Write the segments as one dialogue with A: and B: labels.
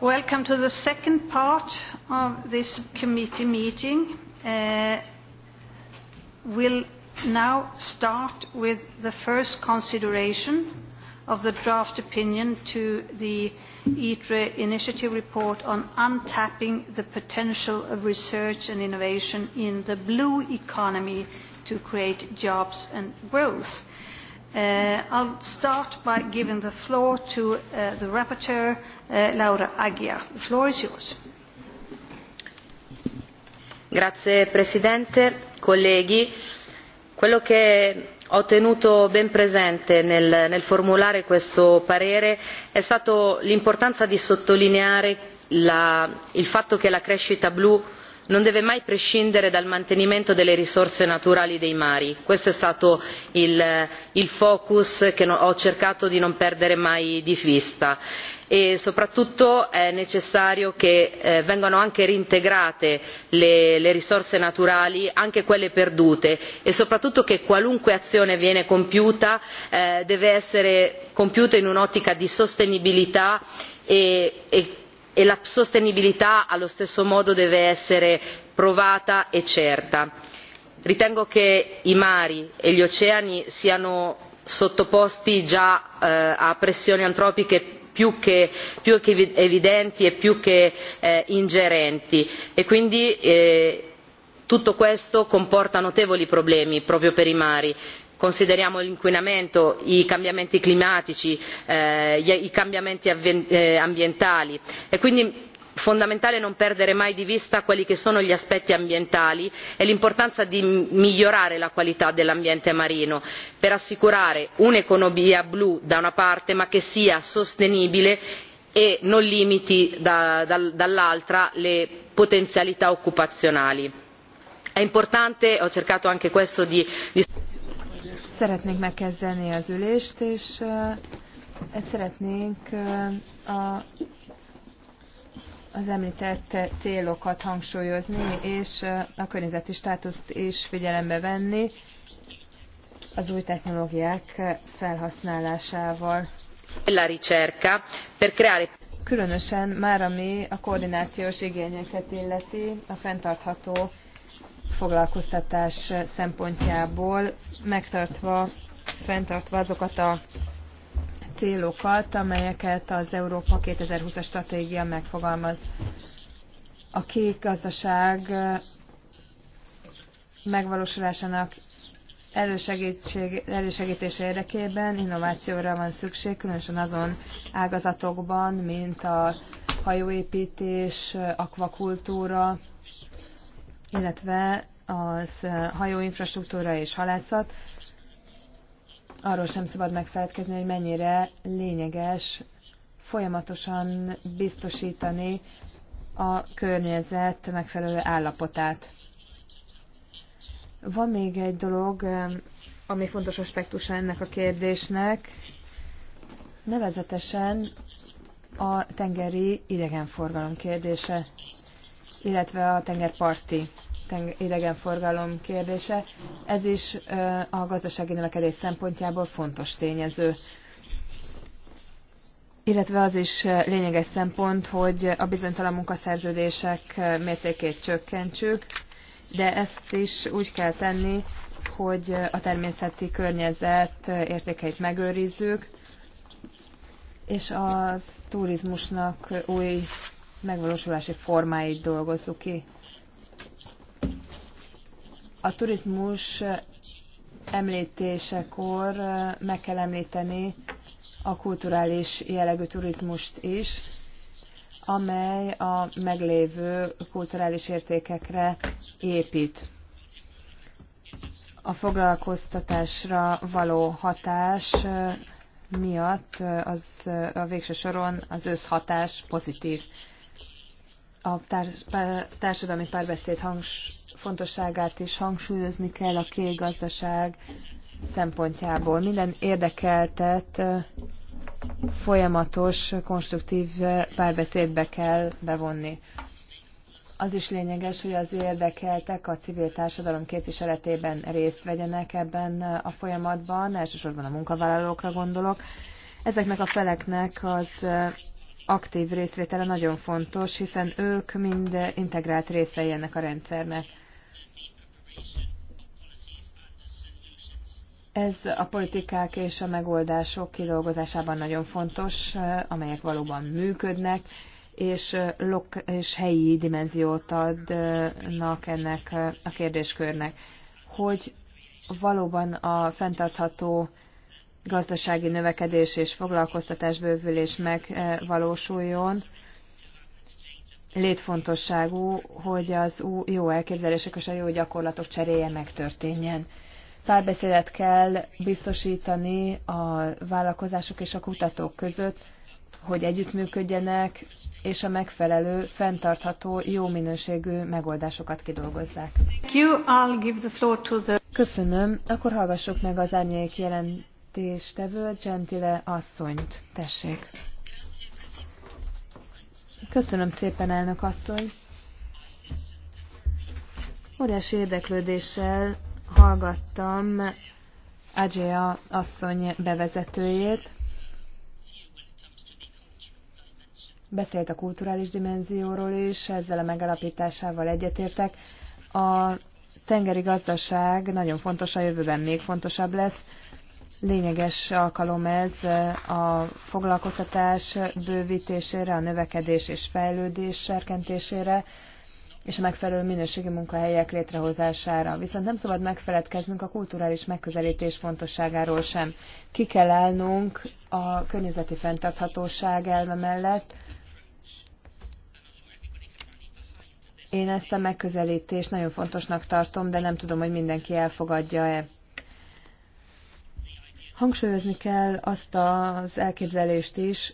A: Welcome to the second part of this committee meeting. Uh, we'll now start with the first consideration of the draft opinion to the ITRE initiative report on untapping the potential of research and innovation in the blue economy to create jobs and growth. Uh, Uh, I'll start by giving the floor to uh, the rapporteur, uh, Laura Agia. The
B: floor is yours. Grazie Presidente, colleghi. Quello che ho tenuto ben presente nel, nel formulare questo parere è stato l'importanza di sottolineare la, il fatto che la crescita blu non deve mai prescindere dal mantenimento delle risorse naturali dei mari questo è stato il, focus che ho cercato di non perdere mai di vista e soprattutto è necessario che eh, vengano anche reintegrate le, risorse naturali anche quelle perdute e soprattutto che qualunque azione viene compiuta eh, deve essere compiuta in un'ottica di sostenibilità e, e e la sostenibilità allo stesso modo deve essere provata e certa. ritengo che i mari e gli oceani siano sottoposti già eh, a pressioni antropiche più che evidenti e più che eh, ingerenti e quindi eh, tutto questo comporta notevoli problemi proprio per i mari consideriamo l'inquinamento i cambiamenti climatici eh, i cambiamenti eh, ambientali è e quindi fondamentale non perdere mai di vista quelli che sono gli aspetti ambientali e l'importanza di migliorare la qualità dell'ambiente marino per assicurare un'economia blu da una parte ma che sia sostenibile e non limiti dall'altra le potenzialità occupazionali. è importante ho cercato anche questo di
A: Szeretnénk megkezdeni az ülést, és szeretnénk a, az említett célokat hangsúlyozni, és a környezeti státuszt is figyelembe venni az új technológiák felhasználásával.
B: La ricerca per creare
A: különösen már ami a koordinációs igényeket illeti a fenntartható foglalkoztatás szempontjából, megtartva, fenntartva azokat a célokat, amelyeket az Európa 2020-as stratégia megfogalmaz. A kék gazdaság megvalósulásának elősegítése érdekében innovációra van szükség, különösen azon ágazatokban, mint a hajóépítés, akvakultúra, illetve az hajóinfrastruktúra és halászat. Arról sem szabad megfeledkezni, hogy mennyire lényeges folyamatosan biztosítani a környezet megfelelő állapotát. Van még egy dolog, ami fontos aspektusa ennek a kérdésnek, nevezetesen a tengeri idegenforgalom kérdése illetve a tengerparti idegenforgalom kérdése. Ez is a gazdasági növekedés szempontjából fontos tényező. Illetve az is lényeges szempont, hogy a bizonytalan munkaszerződések mértékét csökkentsük, de ezt is úgy kell tenni, hogy a természeti környezet értékeit megőrizzük, és a turizmusnak új megvalósulási formáit dolgozzuk ki. A turizmus említésekor meg kell említeni a kulturális jellegű turizmust is, amely a meglévő kulturális értékekre épít. A foglalkoztatásra való hatás miatt az a végső soron az összhatás pozitív a társadalmi párbeszéd hangs, fontosságát is hangsúlyozni kell a két gazdaság szempontjából. Minden érdekeltet folyamatos, konstruktív párbeszédbe kell bevonni. Az is lényeges, hogy az érdekeltek a civil társadalom képviseletében részt vegyenek ebben a folyamatban, elsősorban a munkavállalókra gondolok. Ezeknek a feleknek az aktív részvétele nagyon fontos, hiszen ők mind integrált részei ennek a rendszernek. Ez a politikák és a megoldások kidolgozásában nagyon fontos, amelyek valóban működnek, és, lok- és helyi dimenziót adnak ennek a kérdéskörnek, hogy valóban a fenntartható gazdasági növekedés és foglalkoztatás bővülés megvalósuljon. Létfontosságú, hogy az jó elképzelések és a jó gyakorlatok cseréje megtörténjen. Párbeszédet kell biztosítani a vállalkozások és a kutatók között, hogy együttműködjenek, és a megfelelő, fenntartható, jó minőségű megoldásokat kidolgozzák. Köszönöm. Akkor hallgassuk meg az árnyék jelen jelentéstevő Gentile asszonyt. Tessék. Köszönöm szépen, elnök asszony. Óriási érdeklődéssel hallgattam Ajea asszony bevezetőjét. Beszélt a kulturális dimenzióról is, ezzel a megalapításával egyetértek. A tengeri gazdaság nagyon fontos, a jövőben még fontosabb lesz. Lényeges alkalom ez eh, a foglalkoztatás bővítésére, a növekedés és fejlődés serkentésére, és a megfelelő minőségi munkahelyek létrehozására. Viszont nem szabad megfeledkeznünk a kulturális megközelítés fontosságáról sem. Ki kell állnunk a környezeti fenntarthatóság elve mellett. Én ezt a megközelítést nagyon fontosnak tartom, de nem tudom, hogy mindenki elfogadja-e. Hangsúlyozni kell azt az elképzelést is,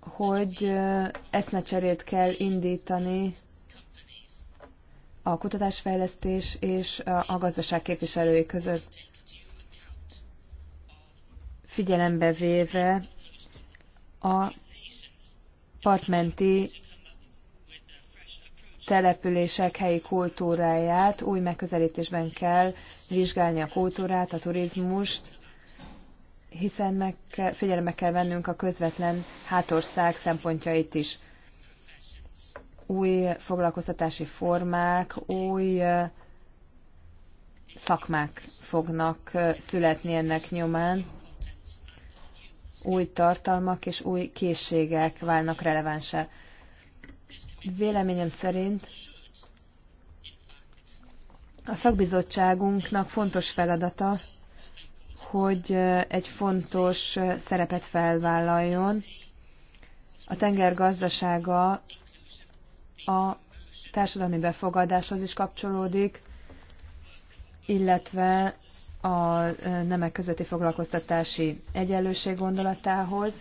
A: hogy eszmecserét kell indítani a kutatásfejlesztés és a gazdaság képviselői között. Figyelembe véve a partmenti települések helyi kultúráját, új megközelítésben kell vizsgálni a kultúrát, a turizmust, hiszen meg kell, figyelembe kell vennünk a közvetlen hátország szempontjait is. Új foglalkoztatási formák, új szakmák fognak születni ennek nyomán, új tartalmak és új készségek válnak relevánsá. Véleményem szerint a szakbizottságunknak fontos feladata, hogy egy fontos szerepet felvállaljon. A tenger gazdasága a társadalmi befogadáshoz is kapcsolódik, illetve a nemek közötti foglalkoztatási egyenlőség gondolatához.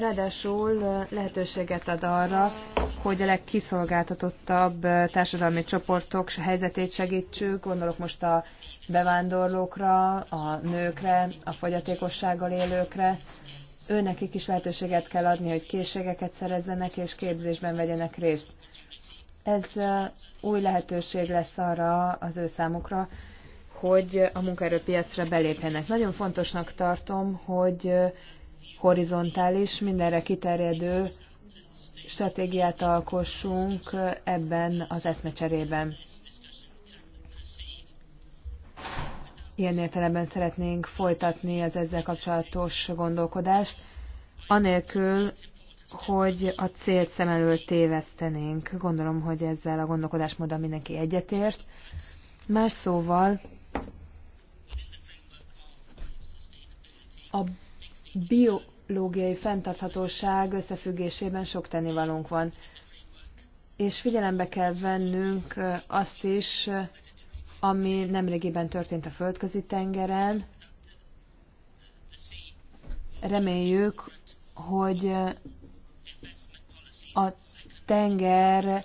A: Ráadásul lehetőséget ad arra, hogy a legkiszolgáltatottabb társadalmi csoportok helyzetét segítsük. Gondolok most a bevándorlókra, a nőkre, a fogyatékossággal élőkre. Őnekik is lehetőséget kell adni, hogy készségeket szerezzenek és képzésben vegyenek részt. Ez új lehetőség lesz arra az ő számukra, hogy a munkaerőpiacra belépjenek. Nagyon fontosnak tartom, hogy horizontális, mindenre kiterjedő stratégiát alkossunk ebben az eszmecserében. Ilyen értelemben szeretnénk folytatni az ezzel kapcsolatos gondolkodást, anélkül, hogy a célt szem elől tévesztenénk. Gondolom, hogy ezzel a gondolkodásmóddal mindenki egyetért. Más szóval, a bio ökológiai fenntarthatóság összefüggésében sok tennivalónk van. És figyelembe kell vennünk azt is, ami nemrégiben történt a földközi tengeren. Reméljük, hogy a tenger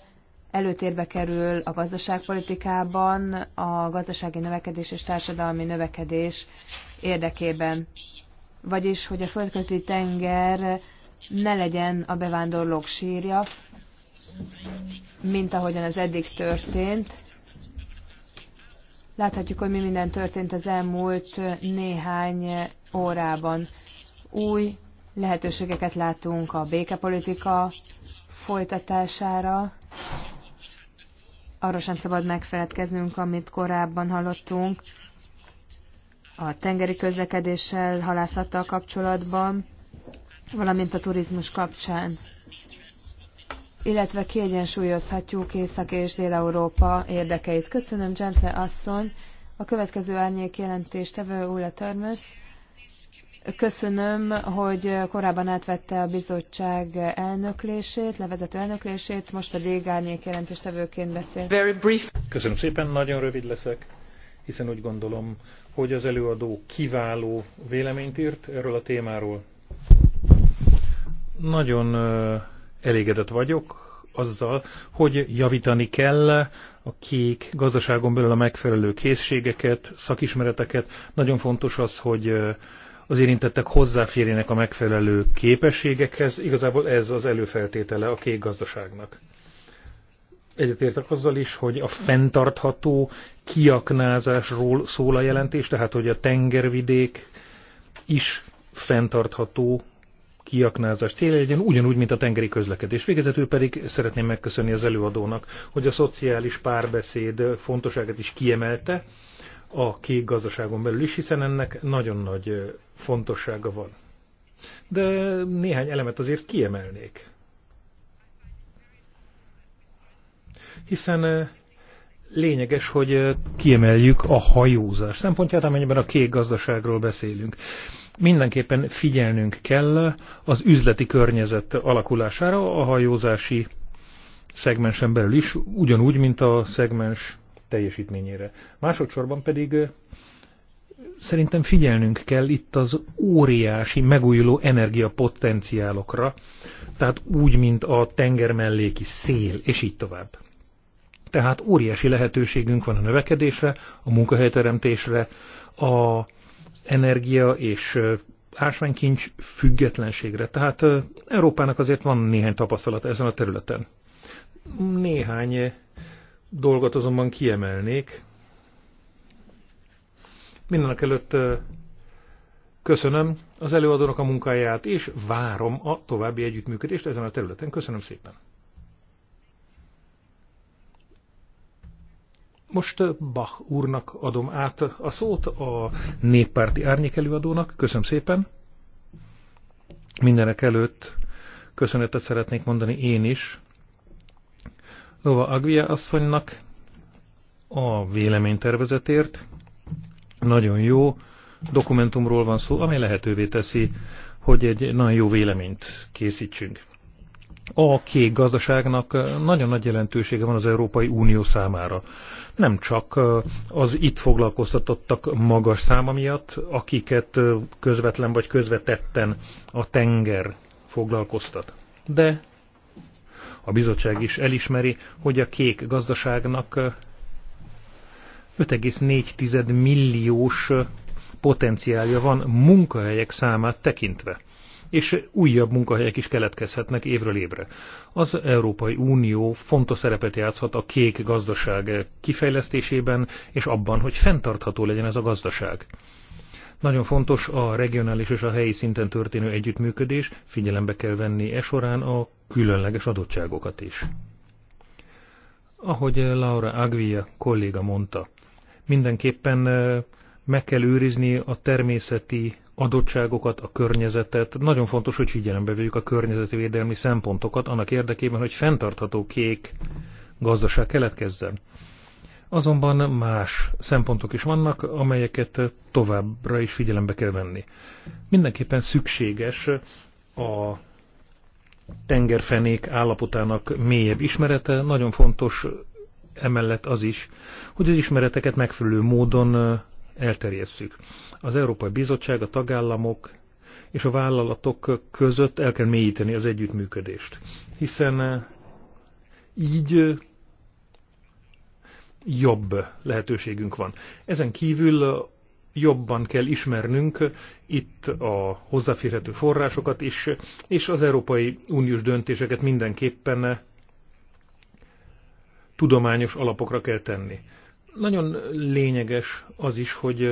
A: előtérbe kerül a gazdaságpolitikában, a gazdasági növekedés és társadalmi növekedés érdekében vagyis hogy a földközi tenger ne legyen a bevándorlók sírja, mint ahogyan az eddig történt. Láthatjuk, hogy mi minden történt az elmúlt néhány órában. Új lehetőségeket látunk a békepolitika folytatására. Arról sem szabad megfeledkeznünk, amit korábban hallottunk a tengeri közlekedéssel, halászattal kapcsolatban, valamint a turizmus kapcsán. Illetve kiegyensúlyozhatjuk Észak- és Dél-Európa érdekeit. Köszönöm, Jense asszony. A következő árnyék tevő Ulla Törmös. Köszönöm, hogy korábban átvette a bizottság elnöklését, levezető elnöklését, most a dégárnyék jelentéstevőként beszél. Very
C: brief.
D: Köszönöm szépen, nagyon rövid leszek hiszen úgy gondolom, hogy az előadó kiváló véleményt írt erről a témáról. Nagyon elégedett vagyok azzal, hogy javítani kell a kék gazdaságon belül a megfelelő készségeket, szakismereteket. Nagyon fontos az, hogy az érintettek hozzáférjenek a megfelelő képességekhez. Igazából ez az előfeltétele a kék gazdaságnak. Egyetértek azzal is, hogy a fenntartható kiaknázásról szól a jelentés, tehát hogy a tengervidék is fenntartható kiaknázás célja legyen, ugyanúgy, mint a tengeri közlekedés. Végezetül pedig szeretném megköszönni az előadónak, hogy a szociális párbeszéd fontosságát is kiemelte a kék gazdaságon belül is, hiszen ennek nagyon nagy fontossága van. De néhány elemet azért kiemelnék. hiszen eh, lényeges, hogy eh, kiemeljük a hajózás szempontját, amennyiben a kék gazdaságról beszélünk. Mindenképpen figyelnünk kell az üzleti környezet alakulására a hajózási szegmensen belül is, ugyanúgy, mint a szegmens teljesítményére. Másodszorban pedig eh, szerintem figyelnünk kell itt az óriási megújuló energiapotenciálokra, tehát úgy, mint a tenger melléki szél, és így tovább. Tehát óriási lehetőségünk van a növekedésre, a munkahelyteremtésre, a energia és ásványkincs függetlenségre. Tehát Európának azért van néhány tapasztalata ezen a területen. Néhány dolgot azonban kiemelnék. Mindenek előtt köszönöm az előadónak a munkáját, és várom a további együttműködést ezen a területen. Köszönöm szépen! Most eh, Bach úrnak adom át a szót, a néppárti árnyékelőadónak. Köszönöm szépen. Mindenek előtt köszönetet szeretnék mondani én is. Lova Agvia asszonynak a véleménytervezetért. Nagyon jó dokumentumról van szó, ami lehetővé teszi, hogy egy nagyon jó véleményt készítsünk a kék gazdaságnak nagyon nagy jelentősége van az Európai Unió számára. Nem csak az itt foglalkoztatottak magas száma miatt, akiket közvetlen vagy közvetetten a tenger foglalkoztat, de a bizottság is elismeri, hogy a kék gazdaságnak 5,4 milliós potenciálja van munkahelyek számát tekintve és újabb munkahelyek is keletkezhetnek évről évre. Az Európai Unió fontos szerepet játszhat a kék gazdaság kifejlesztésében, és abban, hogy fenntartható legyen ez a gazdaság. Nagyon fontos a regionális és a helyi szinten történő együttműködés, figyelembe kell venni e során a különleges adottságokat is. Ahogy Laura Agvia kolléga mondta, mindenképpen eh, meg kell őrizni a természeti adottságokat, a környezetet. Nagyon fontos, hogy figyelembe vegyük a környezetvédelmi szempontokat annak érdekében, hogy fenntartható kék gazdaság keletkezzen. Azonban más szempontok is vannak, amelyeket továbbra is figyelembe kell venni. Mindenképpen szükséges a tengerfenék állapotának mélyebb ismerete, nagyon fontos emellett az is, hogy az ismereteket megfelelő módon elterjesszük. Az Európai Bizottság, a tagállamok és a vállalatok között el kell mélyíteni az együttműködést, hiszen eh, így eh, jobb lehetőségünk van. Ezen kívül eh, jobban kell ismernünk itt a hozzáférhető forrásokat is, és az Európai Uniós döntéseket mindenképpen tudományos alapokra kell tenni. Nagyon lényeges az is, hogy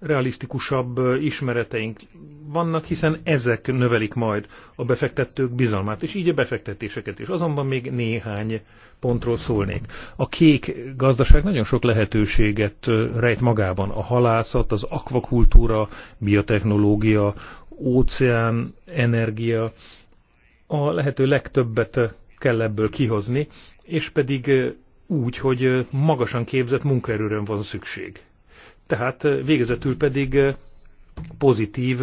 D: realisztikusabb ismereteink vannak, hiszen ezek növelik majd a befektetők bizalmát, és így a befektetéseket is. Azonban még néhány pontról szólnék. A kék gazdaság nagyon sok lehetőséget rejt magában. A halászat, az akvakultúra, biotechnológia, óceán, energia. A lehető legtöbbet kell ebből kihozni, és pedig úgy, hogy magasan képzett munkaerőre van szükség. Tehát végezetül pedig pozitív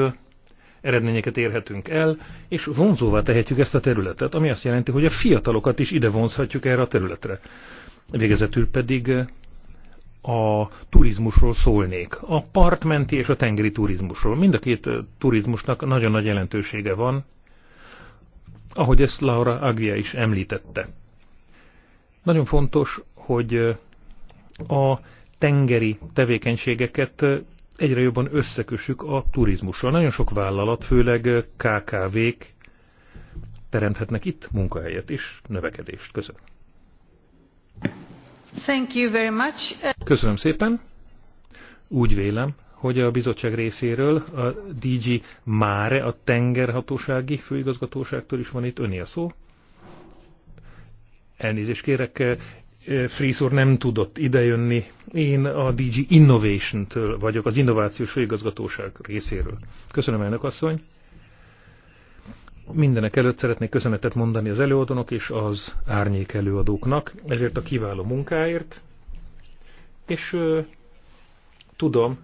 D: eredményeket érhetünk el, és vonzóvá tehetjük ezt a területet, ami azt jelenti, hogy a fiatalokat is ide vonzhatjuk erre a területre. Végezetül pedig a turizmusról szólnék. A partmenti és a tengeri turizmusról. Mind a két turizmusnak nagyon nagy jelentősége van, ahogy ezt Laura Agria is említette. Nagyon fontos, hogy a tengeri tevékenységeket egyre jobban összekössük a turizmussal. Nagyon sok vállalat, főleg KKV-k teremthetnek itt munkahelyet és növekedést. Köszönöm.
C: Thank you very much.
D: Köszönöm szépen. Úgy vélem, hogy a bizottság részéről a DG Máre, a tengerhatósági főigazgatóságtól is van itt öné a szó. Elnézést kérek, eh, eh, Fries úr nem tudott idejönni. Én a DG Innovation-től vagyok, az Innovációs Főigazgatóság részéről. Köszönöm, elnök asszony. Mindenek előtt szeretnék köszönetet mondani az előadónak és az árnyék előadóknak, ezért a kiváló munkáért, és ö, eh, tudom,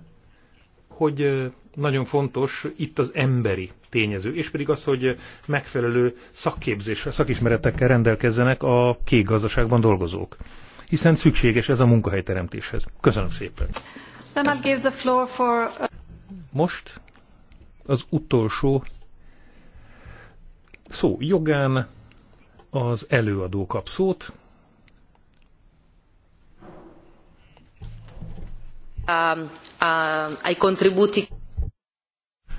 D: hogy ö, nagyon fontos itt az emberi tényező, és pedig az, hogy megfelelő szakképzés, szakismeretekkel rendelkezzenek a kék gazdaságban dolgozók. Hiszen szükséges ez a munkahelyteremtéshez. Köszönöm szépen. Most az utolsó szó jogán az előadó kap szót.
B: Um, um, i contributi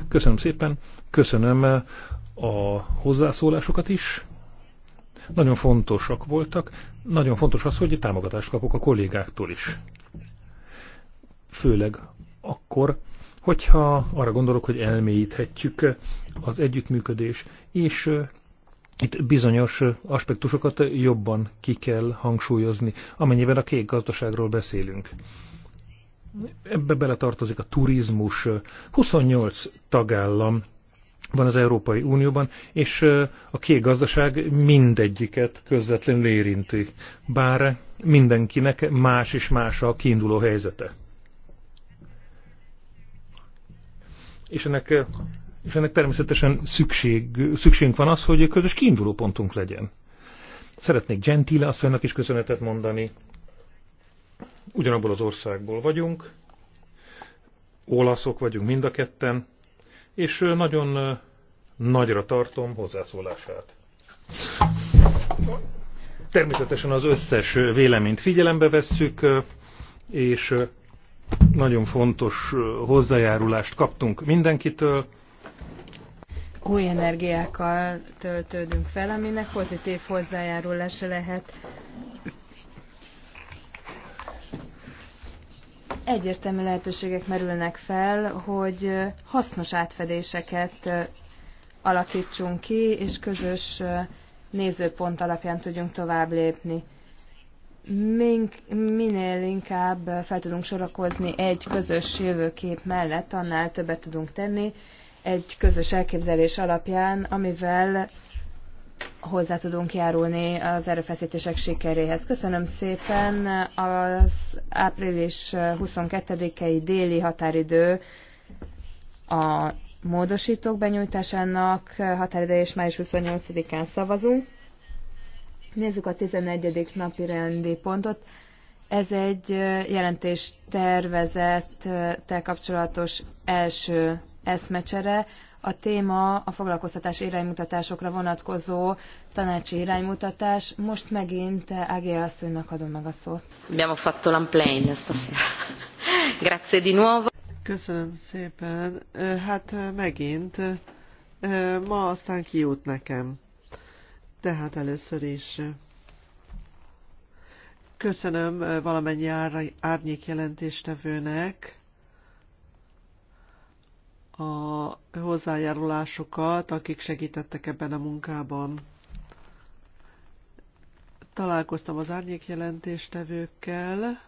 D: Köszönöm szépen, köszönöm eh, a hozzászólásokat is. Nagyon fontosak voltak, nagyon fontos az, hogy támogatást kapok a kollégáktól is. Főleg akkor, hogyha arra gondolok, hogy elmélyíthetjük az együttműködés, és eh, itt bizonyos eh, aspektusokat jobban ki kell hangsúlyozni, amennyiben a kék gazdaságról beszélünk ebbe beletartozik a turizmus. 28 tagállam van az Európai Unióban, és a kék gazdaság mindegyiket közvetlenül érinti, bár mindenkinek más és más a kiinduló helyzete. És ennek, és ennek természetesen szükség, szükségünk van az, hogy közös kiinduló pontunk legyen. Szeretnék Gentile asszonynak is köszönetet mondani, ugyanabból az országból vagyunk, olaszok vagyunk mind a ketten, és nagyon nagyra tartom hozzászólását. Természetesen az összes véleményt figyelembe vesszük, és nagyon fontos hozzájárulást kaptunk mindenkitől.
A: Új energiákkal töltődünk fel, aminek pozitív hozzájárulása lehet egyértelmű lehetőségek merülnek fel, hogy hasznos átfedéseket alakítsunk ki, és közös nézőpont alapján tudjunk tovább lépni. Mink, minél inkább fel tudunk sorakozni egy közös jövőkép mellett, annál többet tudunk tenni, egy közös elképzelés alapján, amivel hozzá tudunk járulni az erőfeszítések sikeréhez. Köszönöm szépen az április 22-i déli határidő a módosítók benyújtásának határideje és május 28-án szavazunk. Nézzük a 11. napi rendi pontot. Ez egy jelentés tervezettel kapcsolatos első eszmecsere a téma a foglalkoztatás iránymutatásokra vonatkozó tanácsi iránymutatás. Most megint Ágé asszonynak adom meg a szót.
B: Abbiamo fatto l'amplane
C: stasera. Grazie di nuovo. Köszönöm szépen. Hát megint ma aztán kijut nekem. Tehát először is köszönöm valamennyi árnyék jelentéstevőnek a hozzájárulásukat, akik segítettek ebben a munkában. Találkoztam az árnyékjelentéstevőkkel,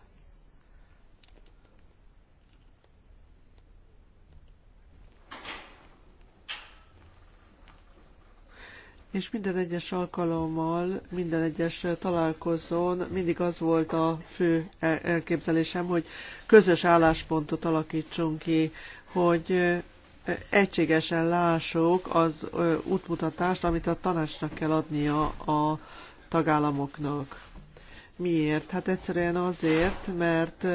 C: és minden egyes alkalommal, minden egyes találkozón mindig az volt a fő elképzelésem, hogy közös álláspontot alakítsunk ki, hogy egységesen lássuk az útmutatást, amit a tanácsnak kell adnia a tagállamoknak. Miért? Hát egyszerűen azért, mert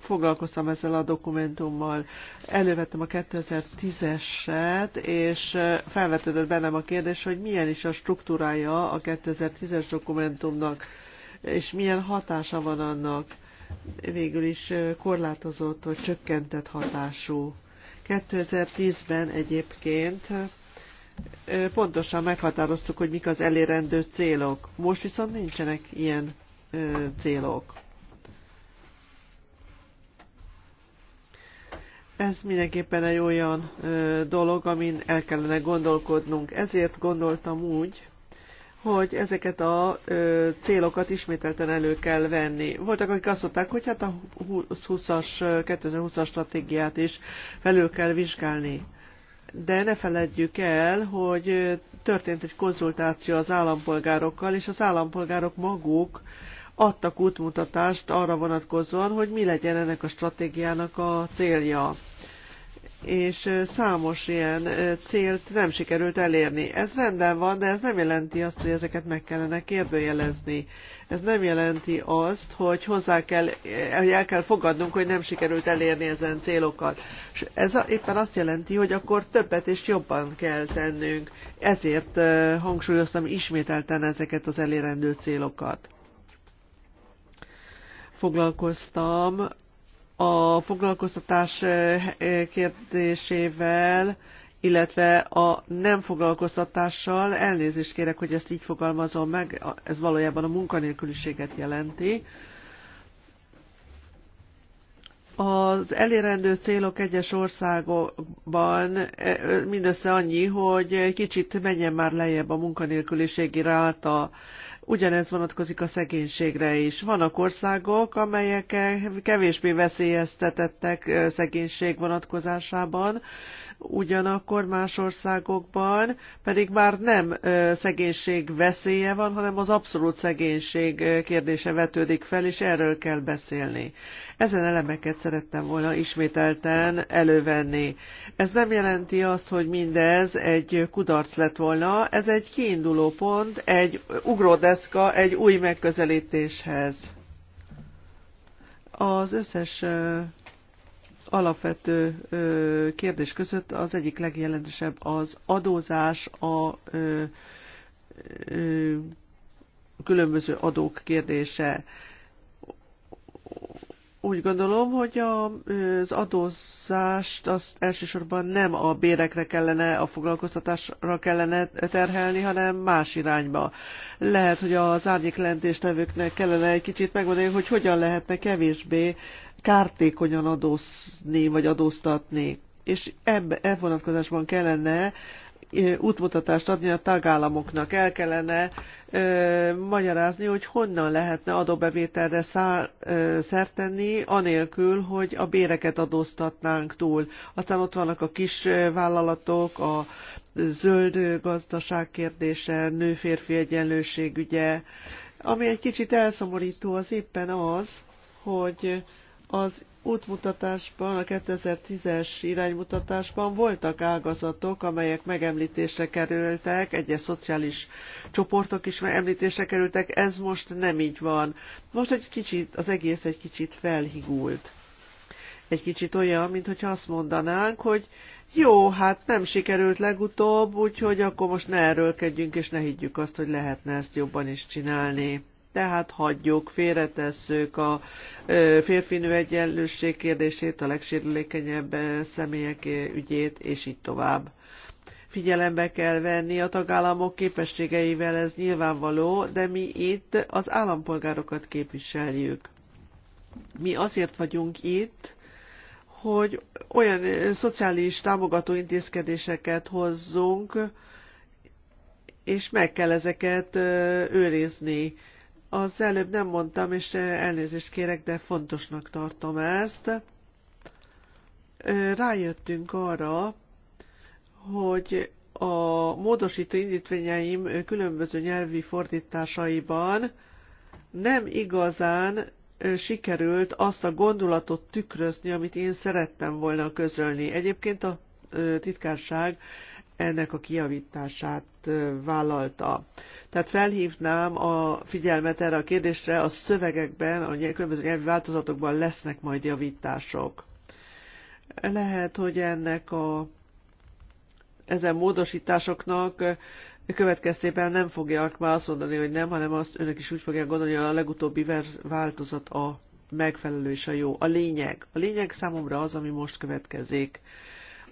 C: foglalkoztam ezzel a dokumentummal. Elővettem a 2010-eset, és felvetődött bennem a kérdés, hogy milyen is a struktúrája a 2010-es dokumentumnak, és milyen hatása van annak. Végül is korlátozott vagy csökkentett hatású. 2010-ben egyébként pontosan meghatároztuk, hogy mik az elérendő célok. Most viszont nincsenek ilyen célok. Ez mindenképpen egy olyan dolog, amin el kellene gondolkodnunk. Ezért gondoltam úgy, hogy ezeket a ö, célokat ismételten elő kell venni. Voltak, akik azt mondták, hogy hát a 2020-as, 2020 stratégiát is felül kell vizsgálni. De ne feledjük el, hogy történt egy konzultáció az állampolgárokkal, és az állampolgárok maguk adtak útmutatást arra vonatkozóan, hogy mi legyen ennek a stratégiának a célja és számos ilyen célt nem sikerült elérni. Ez rendben van, de ez nem jelenti azt, hogy ezeket meg kellene kérdőjelezni. Ez nem jelenti azt, hogy hozzá kell, eh, hogy el kell fogadnunk, hogy nem sikerült elérni ezen célokat. És ez éppen azt jelenti, hogy akkor többet és jobban kell tennünk. Ezért hangsúlyoztam ismételten ezeket az elérendő célokat foglalkoztam a foglalkoztatás eh, eh, kérdésével, illetve a nem foglalkoztatással, elnézést kérek, hogy ezt így fogalmazom meg, ez valójában a munkanélküliséget jelenti. Az elérendő célok egyes országokban eh, mindössze annyi, hogy kicsit menjen már lejjebb a munkanélküliségi ráta. Ugyanez vonatkozik a szegénységre is. Vannak országok, amelyek kevésbé veszélyeztetettek szegénység vonatkozásában, ugyanakkor más országokban pedig már nem szegénység veszélye van, hanem az abszolút szegénység kérdése vetődik fel, és erről kell beszélni. Ezen elemeket szerettem volna ismételten elővenni. Ez nem jelenti azt, hogy mindez egy kudarc lett volna, ez egy kiinduló pont, egy ugródeszka, Francesca egy új megközelítéshez. Az összes alapvető kérdés között az egyik legjelentősebb az adózás, a különböző adók kérdése úgy gondolom, hogy a, az adózást azt elsősorban nem a bérekre kellene, a foglalkoztatásra kellene terhelni, hanem más irányba. Lehet, hogy az árnyéklentéstevőknek kellene egy kicsit megmondani, hogy hogyan lehetne kevésbé kártékonyan adózni vagy adóztatni és ebben e vonatkozásban kellene útmutatást adni a tagállamoknak. El kellene ö, magyarázni, hogy honnan lehetne adóbevételre szár, ö, szert tenni, anélkül, hogy a béreket adóztatnánk túl. Aztán ott vannak a kis vállalatok, a zöld gazdaság kérdése, nő-férfi egyenlőség ügye. Ami egy kicsit elszomorító, az éppen az, hogy az útmutatásban, a 2010-es iránymutatásban voltak ágazatok, amelyek megemlítésre kerültek, egyes szociális csoportok is megemlítésre kerültek, ez most nem így van. Most egy kicsit, az egész egy kicsit felhigult. Egy kicsit olyan, mintha azt mondanánk, hogy jó, hát nem sikerült legutóbb, úgyhogy akkor most ne erőlkedjünk, és ne higgyük azt, hogy lehetne ezt jobban is csinálni tehát hagyjuk, félretesszük a férfinő egyenlőség kérdését, a legsérülékenyebb személyek ügyét, és így tovább. Figyelembe kell venni a tagállamok képességeivel, ez nyilvánvaló, de mi itt az állampolgárokat képviseljük. Mi azért vagyunk itt, hogy olyan szociális támogató intézkedéseket hozzunk, és meg kell ezeket őrizni. Az előbb nem mondtam, és elnézést kérek, de fontosnak tartom ezt. Rájöttünk arra, hogy a módosító indítványaim különböző nyelvi fordításaiban nem igazán sikerült azt a gondolatot tükrözni, amit én szerettem volna közölni. Egyébként a titkárság ennek a kiavítását vállalta. Tehát felhívnám a figyelmet erre a kérdésre, a szövegekben, a különböző nyelvi változatokban lesznek majd javítások. Lehet, hogy ennek a ezen módosításoknak következtében nem fogják már azt mondani, hogy nem, hanem azt önök is úgy fogják gondolni, hogy a legutóbbi változat a megfelelő és a jó. A lényeg. A lényeg számomra az, ami most következik.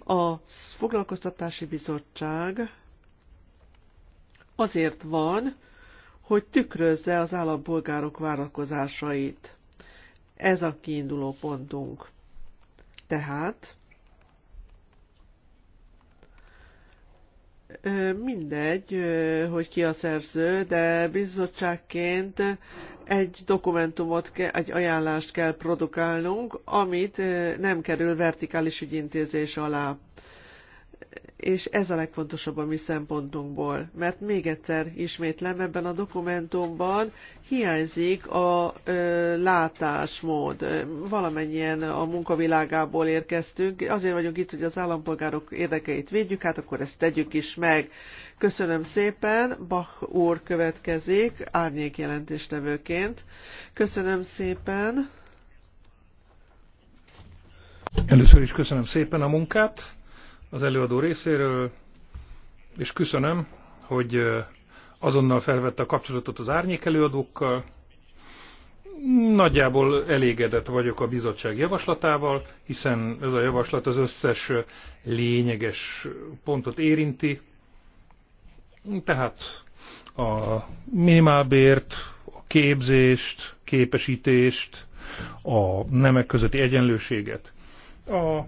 C: A foglalkoztatási bizottság azért van, hogy tükrözze az állampolgárok várakozásait. Ez a kiinduló pontunk. Tehát mindegy, hogy ki a szerző, de bizottságként egy dokumentumot, egy ajánlást kell produkálnunk, amit nem kerül vertikális ügyintézés alá és ez a legfontosabb a mi szempontunkból, mert még egyszer ismétlem, ebben a dokumentumban hiányzik a ö, látásmód. Valamennyien a munkavilágából érkeztünk, azért vagyunk itt, hogy az állampolgárok érdekeit védjük, hát akkor ezt tegyük is meg. Köszönöm szépen, Bach úr következik, árnyék jelentéstevőként. Köszönöm szépen.
D: Először is köszönöm szépen a munkát az előadó részéről, és köszönöm, hogy azonnal felvette a kapcsolatot az árnyék előadókkal. Nagyjából elégedett vagyok a bizottság javaslatával, hiszen ez a javaslat az összes lényeges pontot érinti. Tehát a minimálbért, a képzést, képesítést, a nemek közötti egyenlőséget. A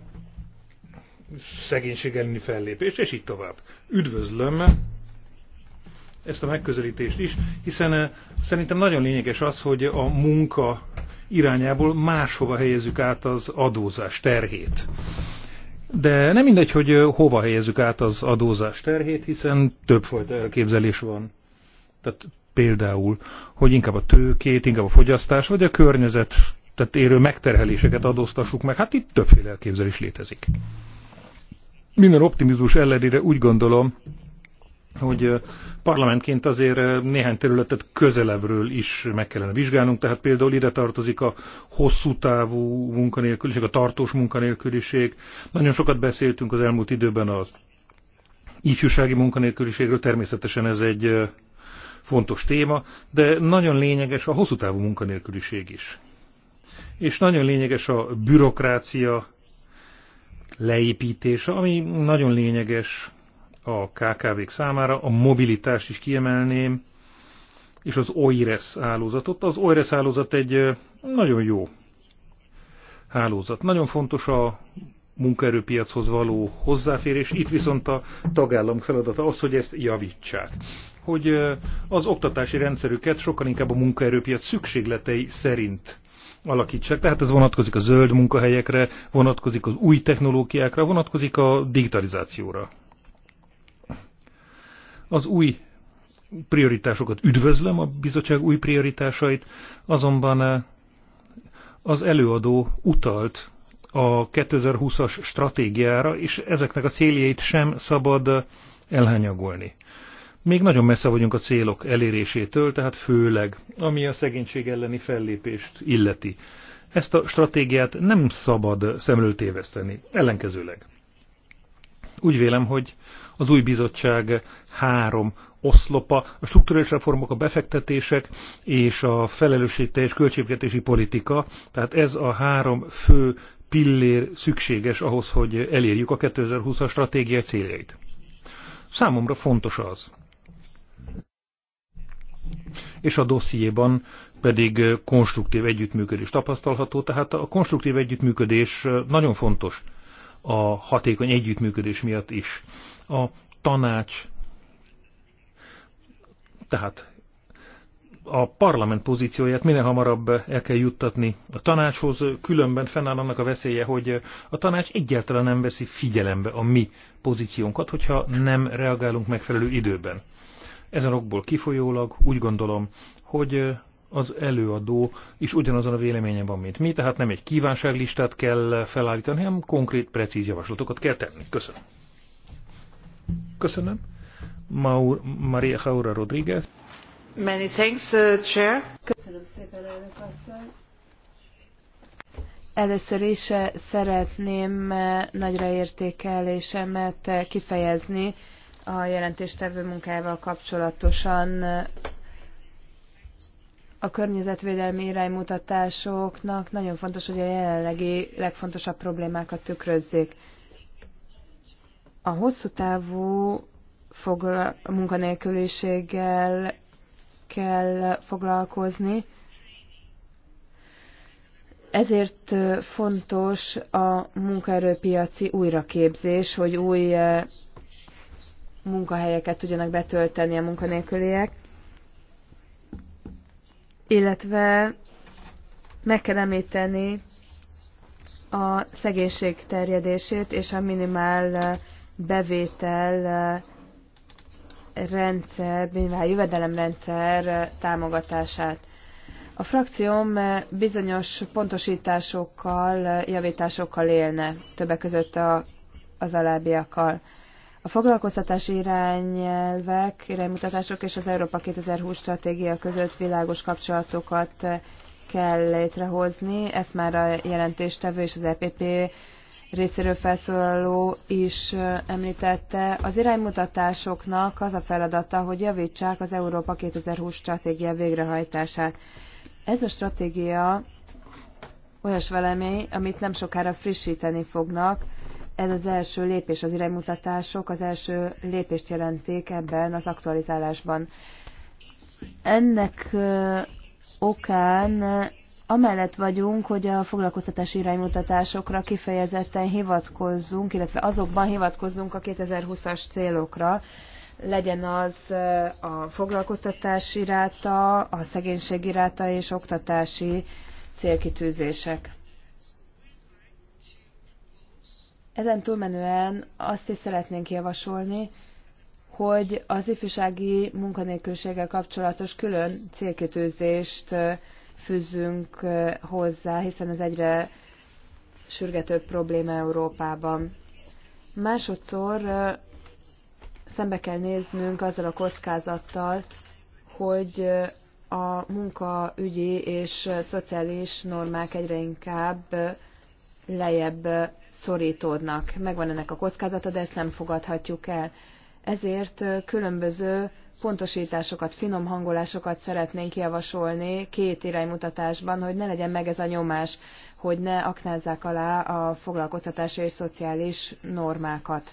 D: szegénység elleni fellépés, és így tovább. Üdvözlöm ezt a megközelítést is, hiszen eh, szerintem nagyon lényeges az, hogy a munka irányából máshova helyezzük át az adózás terhét. De nem mindegy, hogy eh, hova helyezzük át az adózás terhét, hiszen többfajta elképzelés van. Tehát például, hogy inkább a tőkét, inkább a fogyasztás, vagy a környezet, tehát érő megterheléseket adóztassuk meg. Hát itt többféle elképzelés létezik minden optimizmus ellenére úgy gondolom, hogy parlamentként azért néhány területet közelebbről is meg kellene vizsgálnunk, tehát például ide tartozik a hosszú távú munkanélküliség, a tartós munkanélküliség. Nagyon sokat beszéltünk az elmúlt időben az ifjúsági munkanélküliségről, természetesen ez egy fontos téma, de nagyon lényeges a hosszú távú munkanélküliség is. És nagyon lényeges a bürokrácia leépítése, ami nagyon lényeges a KKV-k számára, a mobilitást is kiemelném, és az OIRES hálózatot. Az OIRES hálózat egy nagyon jó hálózat. Nagyon fontos a munkaerőpiachoz való hozzáférés, itt viszont a tagállam feladata az, hogy ezt javítsák. Hogy az oktatási rendszerüket sokkal inkább a munkaerőpiac szükségletei szerint alakítsák. Tehát ez vonatkozik a zöld munkahelyekre, vonatkozik az új technológiákra, vonatkozik a digitalizációra. Az új prioritásokat üdvözlöm, a bizottság új prioritásait, azonban eh, az előadó utalt a 2020-as stratégiára, és ezeknek a céljait sem szabad eh, elhanyagolni. Még nagyon messze vagyunk a célok elérésétől, tehát főleg, ami a szegénység elleni fellépést illeti. Ezt a stratégiát nem szabad szemről téveszteni, ellenkezőleg. Úgy vélem, hogy az új bizottság három oszlopa, a strukturális reformok, a befektetések és a felelősségteljes költségvetési politika, tehát ez a három fő pillér szükséges ahhoz, hogy elérjük a 2020-as stratégia céljait. Számomra fontos az, és a dossziéban pedig konstruktív együttműködés tapasztalható, tehát a konstruktív együttműködés nagyon fontos a hatékony együttműködés miatt is. A tanács, tehát a parlament pozícióját minél hamarabb el kell juttatni a tanácshoz, különben fennáll annak a veszélye, hogy a tanács egyáltalán nem veszi figyelembe a mi pozíciónkat, hogyha nem reagálunk megfelelő időben. Ezen okból kifolyólag úgy gondolom, hogy az előadó is ugyanazon a véleményen van, mint mi, tehát nem egy kívánságlistát kell felállítani, hanem konkrét, precíz javaslatokat kell tenni. Köszönöm. Köszönöm. Maur, Maria Jaura Rodriguez.
C: Many thanks, uh, Chair. Köszönöm szépen, elnök asszony.
A: Először is eh, szeretném eh, nagyra értékelésemet eh, kifejezni a jelentéstevő munkájával kapcsolatosan a környezetvédelmi iránymutatásoknak nagyon fontos, hogy a jelenlegi legfontosabb problémákat tükrözzék. A hosszú távú munkanélküliséggel kell foglalkozni, ezért fontos a munkaerőpiaci újraképzés, hogy új munkahelyeket tudjanak betölteni a munkanélküliek, illetve meg kell említeni a szegénység terjedését és a minimál bevétel rendszer, minimál jövedelemrendszer támogatását. A frakcióm bizonyos pontosításokkal, javításokkal élne, többek között a, az alábbiakkal. A foglalkoztatási irányelvek, iránymutatások és az Európa 2020 stratégia között világos kapcsolatokat kell létrehozni. Ezt már a jelentéstevő és az EPP részéről felszólaló is említette. Az iránymutatásoknak az a feladata, hogy javítsák az Európa 2020 stratégia végrehajtását. Ez a stratégia olyas valami, amit nem sokára frissíteni fognak, ez az első lépés, az iránymutatások az első lépést jelenték ebben az aktualizálásban. Ennek okán amellett vagyunk, hogy a foglalkoztatási iránymutatásokra kifejezetten hivatkozzunk, illetve azokban hivatkozzunk a 2020-as célokra, legyen az a foglalkoztatási ráta, a szegénységi ráta és oktatási célkitűzések. Ezen túlmenően azt is szeretnénk javasolni, hogy az ifjúsági munkanélkülséggel kapcsolatos külön célkitűzést fűzzünk hozzá, hiszen ez egyre sürgetőbb probléma Európában. Másodszor szembe kell néznünk azzal a kockázattal, hogy a munkaügyi és szociális normák egyre inkább lejjebb szorítódnak. Megvan ennek a kockázata, de ezt nem fogadhatjuk el. Ezért különböző pontosításokat, finom hangolásokat szeretnénk javasolni két iránymutatásban, hogy ne legyen meg ez a nyomás, hogy ne aknázzák alá a foglalkoztatási és szociális normákat.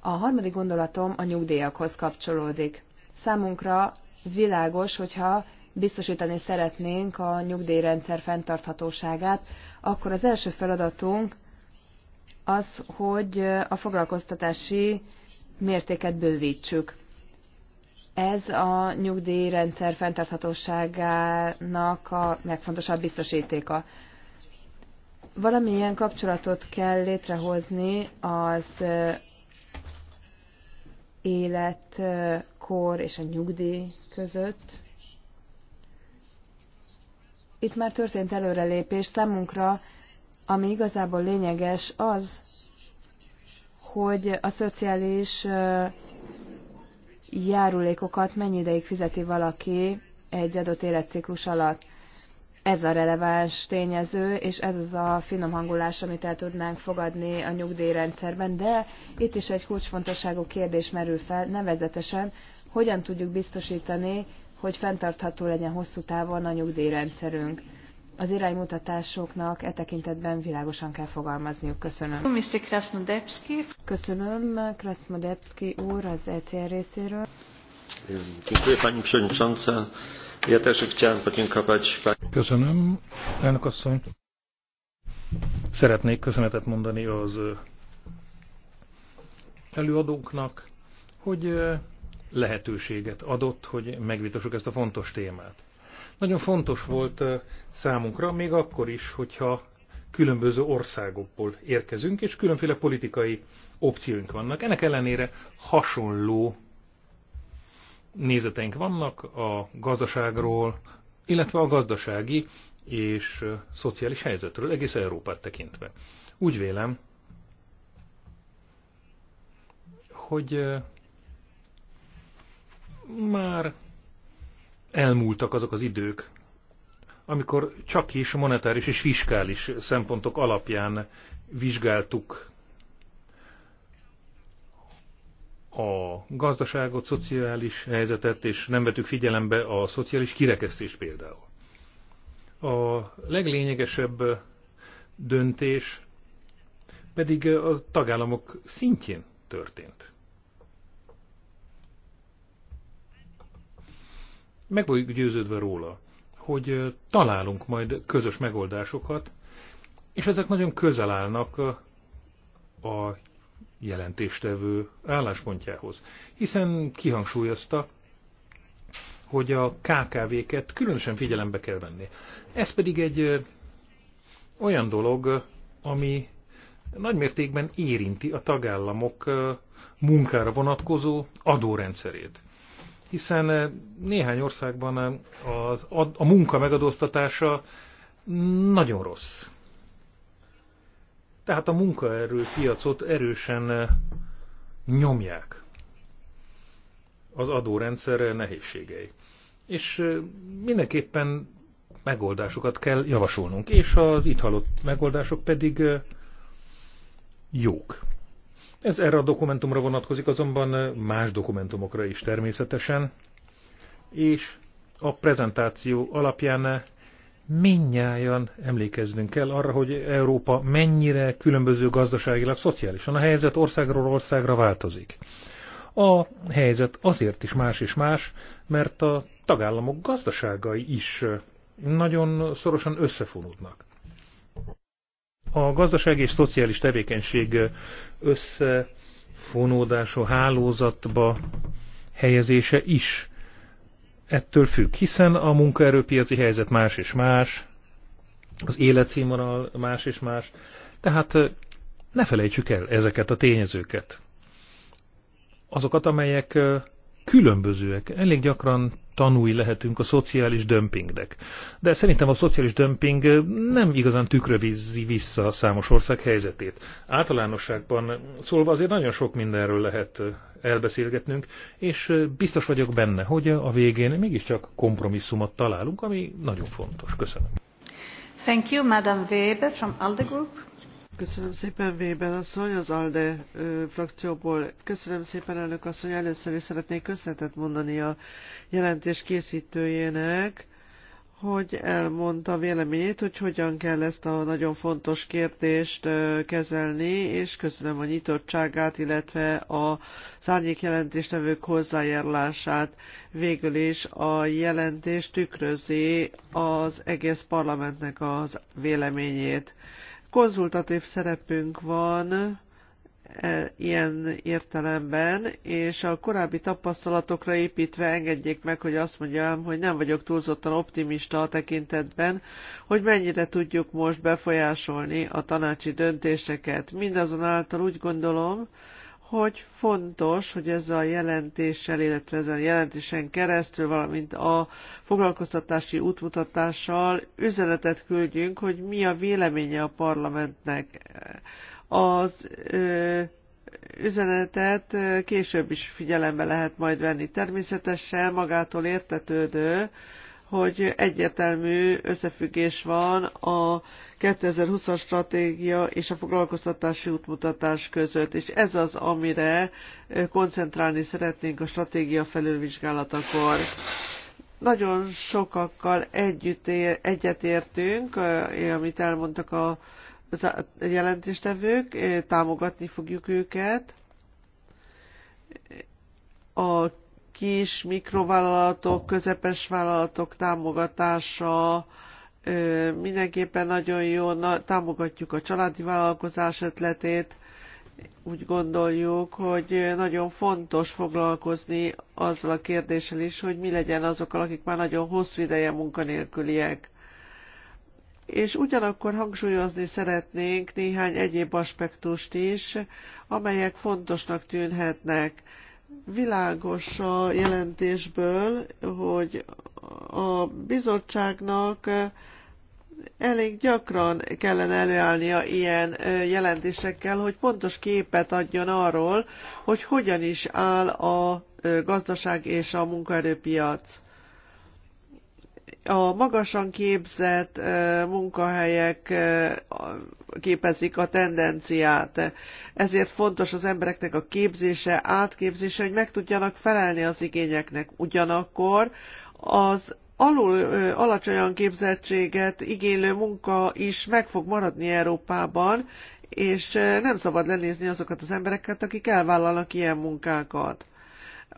A: A harmadik gondolatom a nyugdíjakhoz kapcsolódik. Számunkra világos, hogyha biztosítani szeretnénk a nyugdíjrendszer fenntarthatóságát, akkor az első feladatunk az, hogy a foglalkoztatási mértéket bővítsük. Ez a nyugdíjrendszer fenntarthatóságának a legfontosabb biztosítéka. Valamilyen kapcsolatot kell létrehozni az életkor és a nyugdíj között. Itt már történt előrelépés számunkra, ami igazából lényeges az, hogy a szociális járulékokat mennyi ideig fizeti valaki egy adott életciklus alatt. Ez a releváns tényező, és ez az a finom hangulás, amit el tudnánk fogadni a nyugdíjrendszerben, de itt is egy kulcsfontosságú kérdés merül fel, nevezetesen, hogyan tudjuk biztosítani, hogy fenntartható legyen hosszú távon a nyugdíjrendszerünk. Az iránymutatásoknak e tekintetben világosan kell fogalmazniuk. Köszönöm. Köszönöm Krasnodebski úr az ECR részéről.
C: Pani
D: Köszönöm, elnök asszony. Szeretnék köszönetet mondani az előadóknak, hogy lehetőséget adott, hogy megvitassuk ezt a fontos témát. Nagyon fontos volt számunkra, még akkor is, hogyha különböző országokból érkezünk, és különféle politikai opcióink vannak. Ennek ellenére hasonló nézeteink vannak a gazdaságról, illetve a gazdasági és szociális helyzetről, egész Európát tekintve. Úgy vélem, hogy már elmúltak azok az idők, amikor csak is monetáris és fiskális szempontok alapján vizsgáltuk a gazdaságot, szociális helyzetet, és nem vettük figyelembe a szociális kirekesztést például. A leglényegesebb döntés pedig a tagállamok szintjén történt. meg vagyok győződve róla, hogy találunk majd közös megoldásokat, és ezek nagyon közel állnak a jelentéstevő álláspontjához, hiszen kihangsúlyozta, hogy a KKV-ket különösen figyelembe kell venni. Ez pedig egy olyan dolog, ami nagymértékben érinti a tagállamok munkára vonatkozó adórendszerét hiszen eh, néhány országban eh, az, a, a munka megadóztatása nagyon rossz. Tehát a munkaerő piacot erősen eh, nyomják az adórendszer nehézségei. És mindenképpen megoldásokat kell javasolnunk, és az itt hallott megoldások pedig jók. Ez erre a dokumentumra vonatkozik, azonban más dokumentumokra is természetesen, és a prezentáció alapján minnyáján emlékeznünk kell arra, hogy Európa mennyire különböző gazdaságilag, szociálisan. A helyzet országról országra változik. A helyzet azért is más és más, mert a tagállamok gazdaságai is nagyon szorosan összefonódnak a gazdaság és szociális tevékenység összefonódása, hálózatba helyezése is ettől függ, hiszen a munkaerőpiaci helyzet más és más, az életszínvonal más és más, tehát ne felejtsük el ezeket a tényezőket. Azokat, amelyek különbözőek. Elég gyakran tanúi lehetünk a szociális dömpingnek. De szerintem a szociális dömping nem igazán tükrövízi vissza a számos ország helyzetét. Általánosságban szólva azért nagyon sok mindenről lehet elbeszélgetnünk, és biztos vagyok benne, hogy a végén mégiscsak kompromisszumot találunk, ami nagyon fontos. Köszönöm.
C: Thank you, Madam Weber from Alde Group. Köszönöm szépen, Vében asszony, az ALDE ö, frakcióból. Köszönöm szépen, elnök asszony. Először is szeretnék köszönetet mondani a jelentés készítőjének, hogy elmondta véleményét, hogy hogyan kell ezt a nagyon fontos kérdést ö, kezelni, és köszönöm a nyitottságát, illetve a szárnyék jelentéstevők hozzájárulását. Végül is a jelentés tükrözi az egész parlamentnek az véleményét konzultatív szerepünk van e, ilyen értelemben, és a korábbi tapasztalatokra építve engedjék meg, hogy azt mondjam, hogy nem vagyok túlzottan optimista a tekintetben, hogy mennyire tudjuk most befolyásolni a tanácsi döntéseket. Mindazonáltal úgy gondolom, hogy fontos, hogy ezzel a jelentéssel, illetve ezzel a jelentésen keresztül, valamint a foglalkoztatási útmutatással üzenetet küldjünk, hogy mi a véleménye a parlamentnek. Az ö, üzenetet később is figyelembe lehet majd venni. Természetesen magától értetődő, hogy egyértelmű összefüggés van a 2020-as stratégia és a foglalkoztatási útmutatás között, és ez az, amire koncentrálni szeretnénk a stratégia felülvizsgálatakor. Nagyon sokakkal együtt ér, egyetértünk, amit elmondtak a jelentéstevők, támogatni fogjuk őket. A kis mikrovállalatok, közepes vállalatok támogatása, mindenképpen nagyon jó, na, támogatjuk a családi vállalkozás ötletét, úgy gondoljuk, hogy nagyon fontos foglalkozni azzal a kérdéssel is, hogy mi legyen azokkal, akik már nagyon hosszú ideje munkanélküliek. És ugyanakkor hangsúlyozni szeretnénk néhány egyéb aspektust is, amelyek fontosnak tűnhetnek világos a jelentésből, hogy a bizottságnak eh, elég gyakran kellene előállnia ilyen eh, jelentésekkel, hogy pontos képet adjon arról, hogy hogyan is áll a eh, gazdaság és a munkaerőpiac a magasan képzett munkahelyek képezik a tendenciát. Ezért fontos az embereknek a képzése, átképzése, hogy meg tudjanak felelni az igényeknek. Ugyanakkor az alul alacsonyan képzettséget igénylő munka is meg fog maradni Európában, és nem szabad lenézni azokat az embereket, akik elvállalnak ilyen munkákat.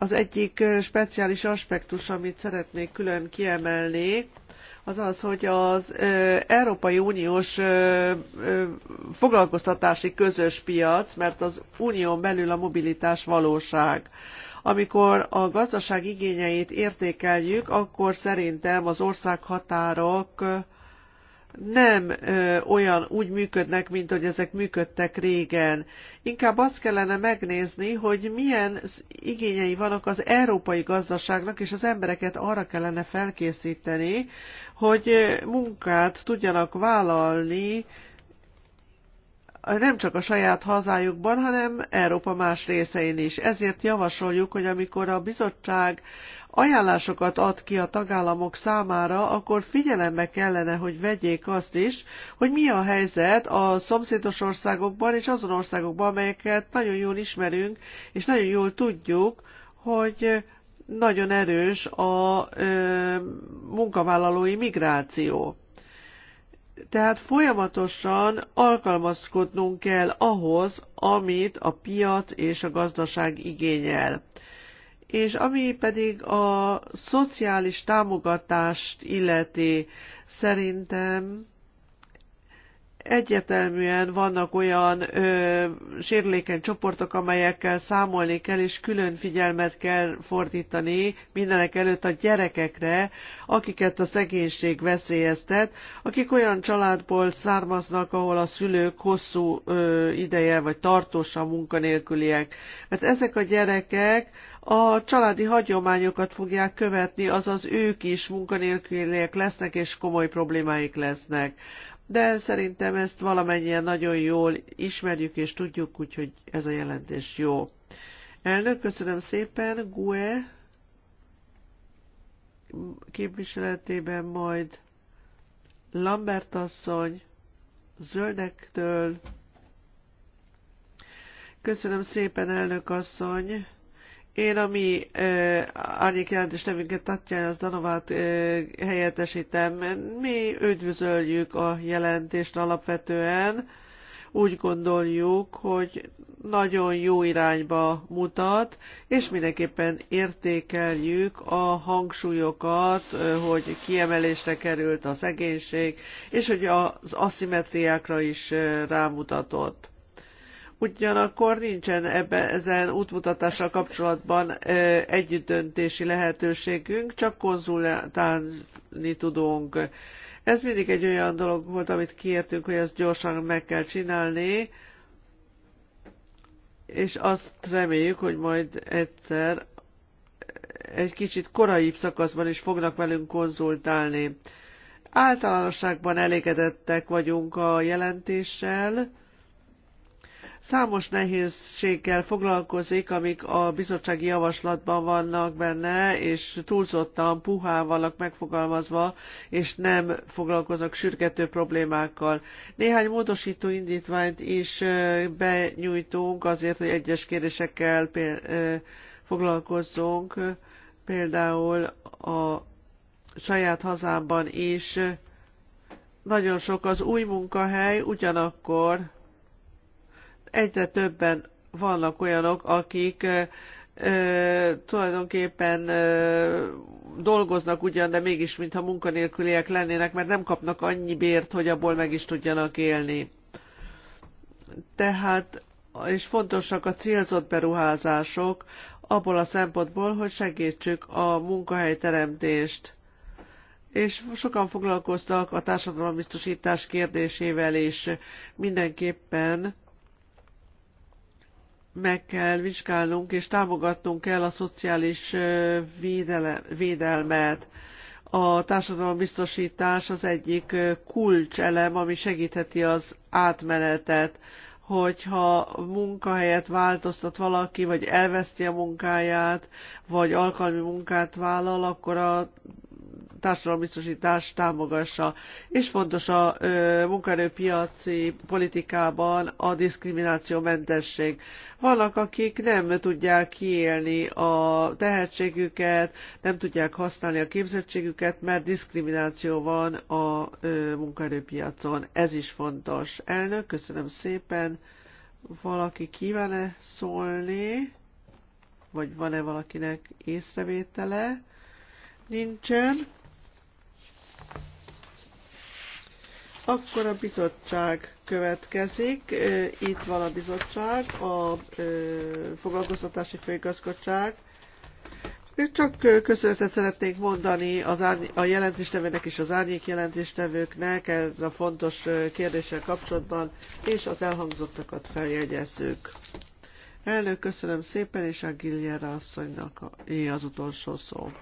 C: Az egyik speciális aspektus, amit szeretnék külön kiemelni, az az, hogy az Európai Uniós foglalkoztatási közös piac, mert az unión belül a mobilitás valóság. Amikor a gazdaság igényeit értékeljük, akkor szerintem az országhatárok határok nem ö, olyan úgy működnek, mint hogy ezek működtek régen. Inkább azt kellene megnézni, hogy milyen igényei vannak az európai gazdaságnak, és az embereket arra kellene felkészíteni, hogy munkát tudjanak vállalni, nem csak a saját hazájukban, hanem Európa más részein is. Ezért javasoljuk, hogy amikor a bizottság ajánlásokat ad ki a tagállamok számára, akkor figyelembe kellene, hogy vegyék azt is, hogy mi a helyzet a szomszédos országokban és azon országokban, amelyeket nagyon jól ismerünk, és nagyon jól tudjuk, hogy nagyon erős a ö, munkavállalói migráció. Tehát folyamatosan alkalmazkodnunk kell ahhoz, amit a piac és a gazdaság igényel és ami pedig a szociális támogatást illeti, szerintem Egyetelműen vannak olyan ö, sérülékeny csoportok, amelyekkel számolni kell, és külön figyelmet kell fordítani mindenek előtt a gyerekekre, akiket a szegénység veszélyeztet, akik olyan családból származnak, ahol a szülők hosszú ö, ideje vagy tartósan munkanélküliek. Mert ezek a gyerekek a családi hagyományokat fogják követni, azaz ők is munkanélküliek lesznek, és komoly problémáik lesznek de szerintem ezt valamennyien nagyon jól ismerjük és tudjuk, úgyhogy ez a jelentés jó. Elnök, köszönöm szépen, GUE képviseletében majd Lambert asszony zöldektől. Köszönöm szépen, elnök asszony. Én a mi árnyék jelentés nevünket az Zdanovát helyettesítem. Mi üdvözöljük a jelentést alapvetően. Úgy gondoljuk, hogy nagyon jó irányba mutat, és mindenképpen értékeljük a hangsúlyokat, hogy kiemelésre került a szegénység, és hogy az aszimetriákra is rámutatott Ugyanakkor nincsen ebben ezen útmutatással kapcsolatban együttdöntési lehetőségünk, csak konzultálni tudunk. Ez mindig egy olyan dolog volt, amit kértünk, hogy ezt gyorsan meg kell csinálni, és azt reméljük, hogy majd egyszer egy kicsit korai szakaszban is fognak velünk konzultálni. Általánosságban elégedettek vagyunk a jelentéssel, Számos nehézséggel foglalkozik, amik a bizottsági javaslatban vannak benne, és túlzottan, puhán vannak megfogalmazva, és nem foglalkoznak sürgető problémákkal. Néhány módosító indítványt is benyújtunk azért, hogy egyes kérdésekkel foglalkozzunk, például a saját hazámban is nagyon sok az új munkahely, ugyanakkor egyre többen vannak olyanok, akik ö, tulajdonképpen ö, dolgoznak ugyan, de mégis mintha munkanélküliek lennének, mert nem kapnak annyi bért, hogy abból meg is tudjanak élni. Tehát, és fontosak a célzott beruházások abból a szempontból, hogy segítsük a munkahelyteremtést. És sokan foglalkoztak a társadalombiztosítás kérdésével, és mindenképpen meg kell vizsgálnunk és támogatnunk kell a szociális védelmet. A biztosítás az egyik kulcselem, ami segítheti az átmenetet, hogyha munkahelyet változtat valaki, vagy elveszti a munkáját, vagy alkalmi munkát vállal, akkor a társadalombiztosítás támogassa, és fontos a munkaerőpiaci politikában a mentesség. Vannak, akik nem tudják kiélni a tehetségüket, nem tudják használni a képzettségüket, mert diszkrimináció van a munkaerőpiacon. Ez is fontos. Elnök, köszönöm szépen. Valaki kíván-e szólni? vagy van-e valakinek észrevétele. Nincsen. Akkor a bizottság következik. Itt van a bizottság, a foglalkoztatási Én Csak köszönetet szeretnék mondani az árny- a jelentéstevőnek és az árnyék jelentéstevőknek ez a fontos kérdéssel kapcsolatban, és az elhangzottakat feljegyezzük. Elnök, köszönöm szépen, és a Gilliára asszonynak az utolsó szó.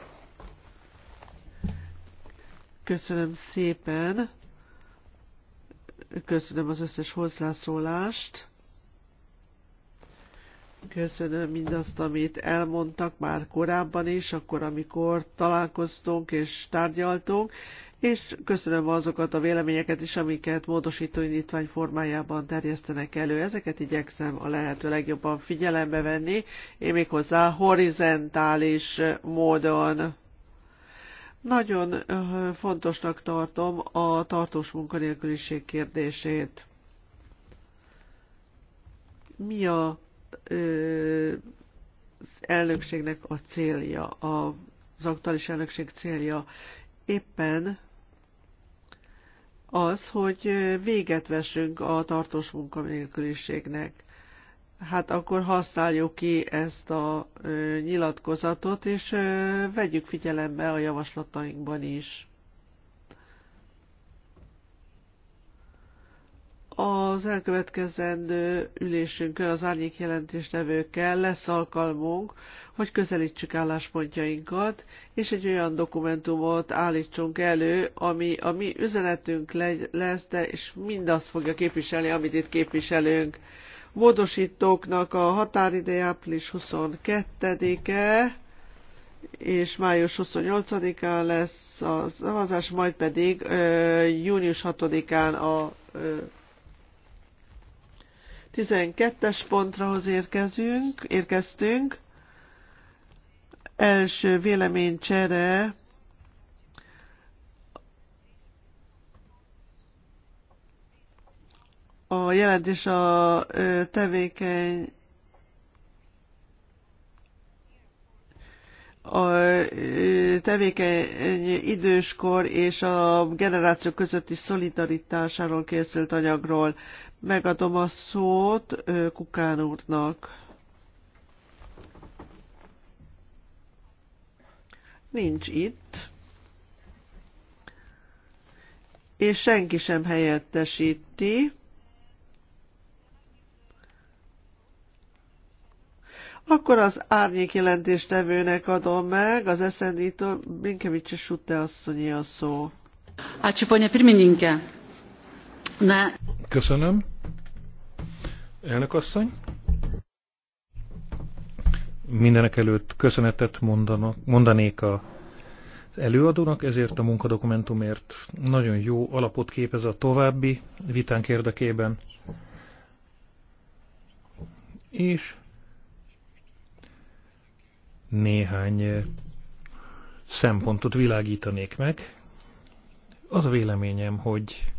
C: Köszönöm szépen köszönöm az összes hozzászólást. Köszönöm mindazt, amit elmondtak már korábban is, akkor, amikor találkoztunk és tárgyaltunk, és köszönöm azokat a véleményeket is, amiket módosító indítvány formájában terjesztenek elő. Ezeket igyekszem a lehető legjobban figyelembe venni, én méghozzá horizontális módon nagyon fontosnak tartom a tartós munkanélküliség kérdését. Mi a, az elnökségnek a célja, az aktuális elnökség célja? Éppen az, hogy véget vessünk a tartós munkanélküliségnek hát akkor használjuk ki ezt a nyilatkozatot, és vegyük figyelembe a javaslatainkban is. az elkövetkezendő ülésünkön az árnyék jelentéstevőkkel lesz alkalmunk, hogy közelítsük álláspontjainkat, és egy olyan dokumentumot állítsunk elő, ami a mi üzenetünk lesz, de és mindazt fogja képviselni, amit itt képviselünk. Módosítóknak a határideje április 22-e, és május 28-án lesz a szavazás, majd pedig ö, június 6-án a ö, 12-es pontrahoz érkezünk, érkeztünk. Első véleménycsere a jelentés a tevékeny a tevékeny időskor és a generáció közötti szolidaritásáról készült anyagról. Megadom a szót Kukán úrnak. Nincs itt. És senki sem helyettesíti. Akkor az árnyék jelentéstevőnek adom meg, az SND-től Minkevics és Sutte asszonyi a szó. Ácsiponya hát, Pirmininke. Ne.
D: Köszönöm. Elnök asszony. Mindenek előtt köszönetet mondanak, mondanék az előadónak, ezért a munkadokumentumért nagyon jó alapot képez a további vitánk érdekében. És néhány eh, szempontot világítanék meg. Az a véleményem, hogy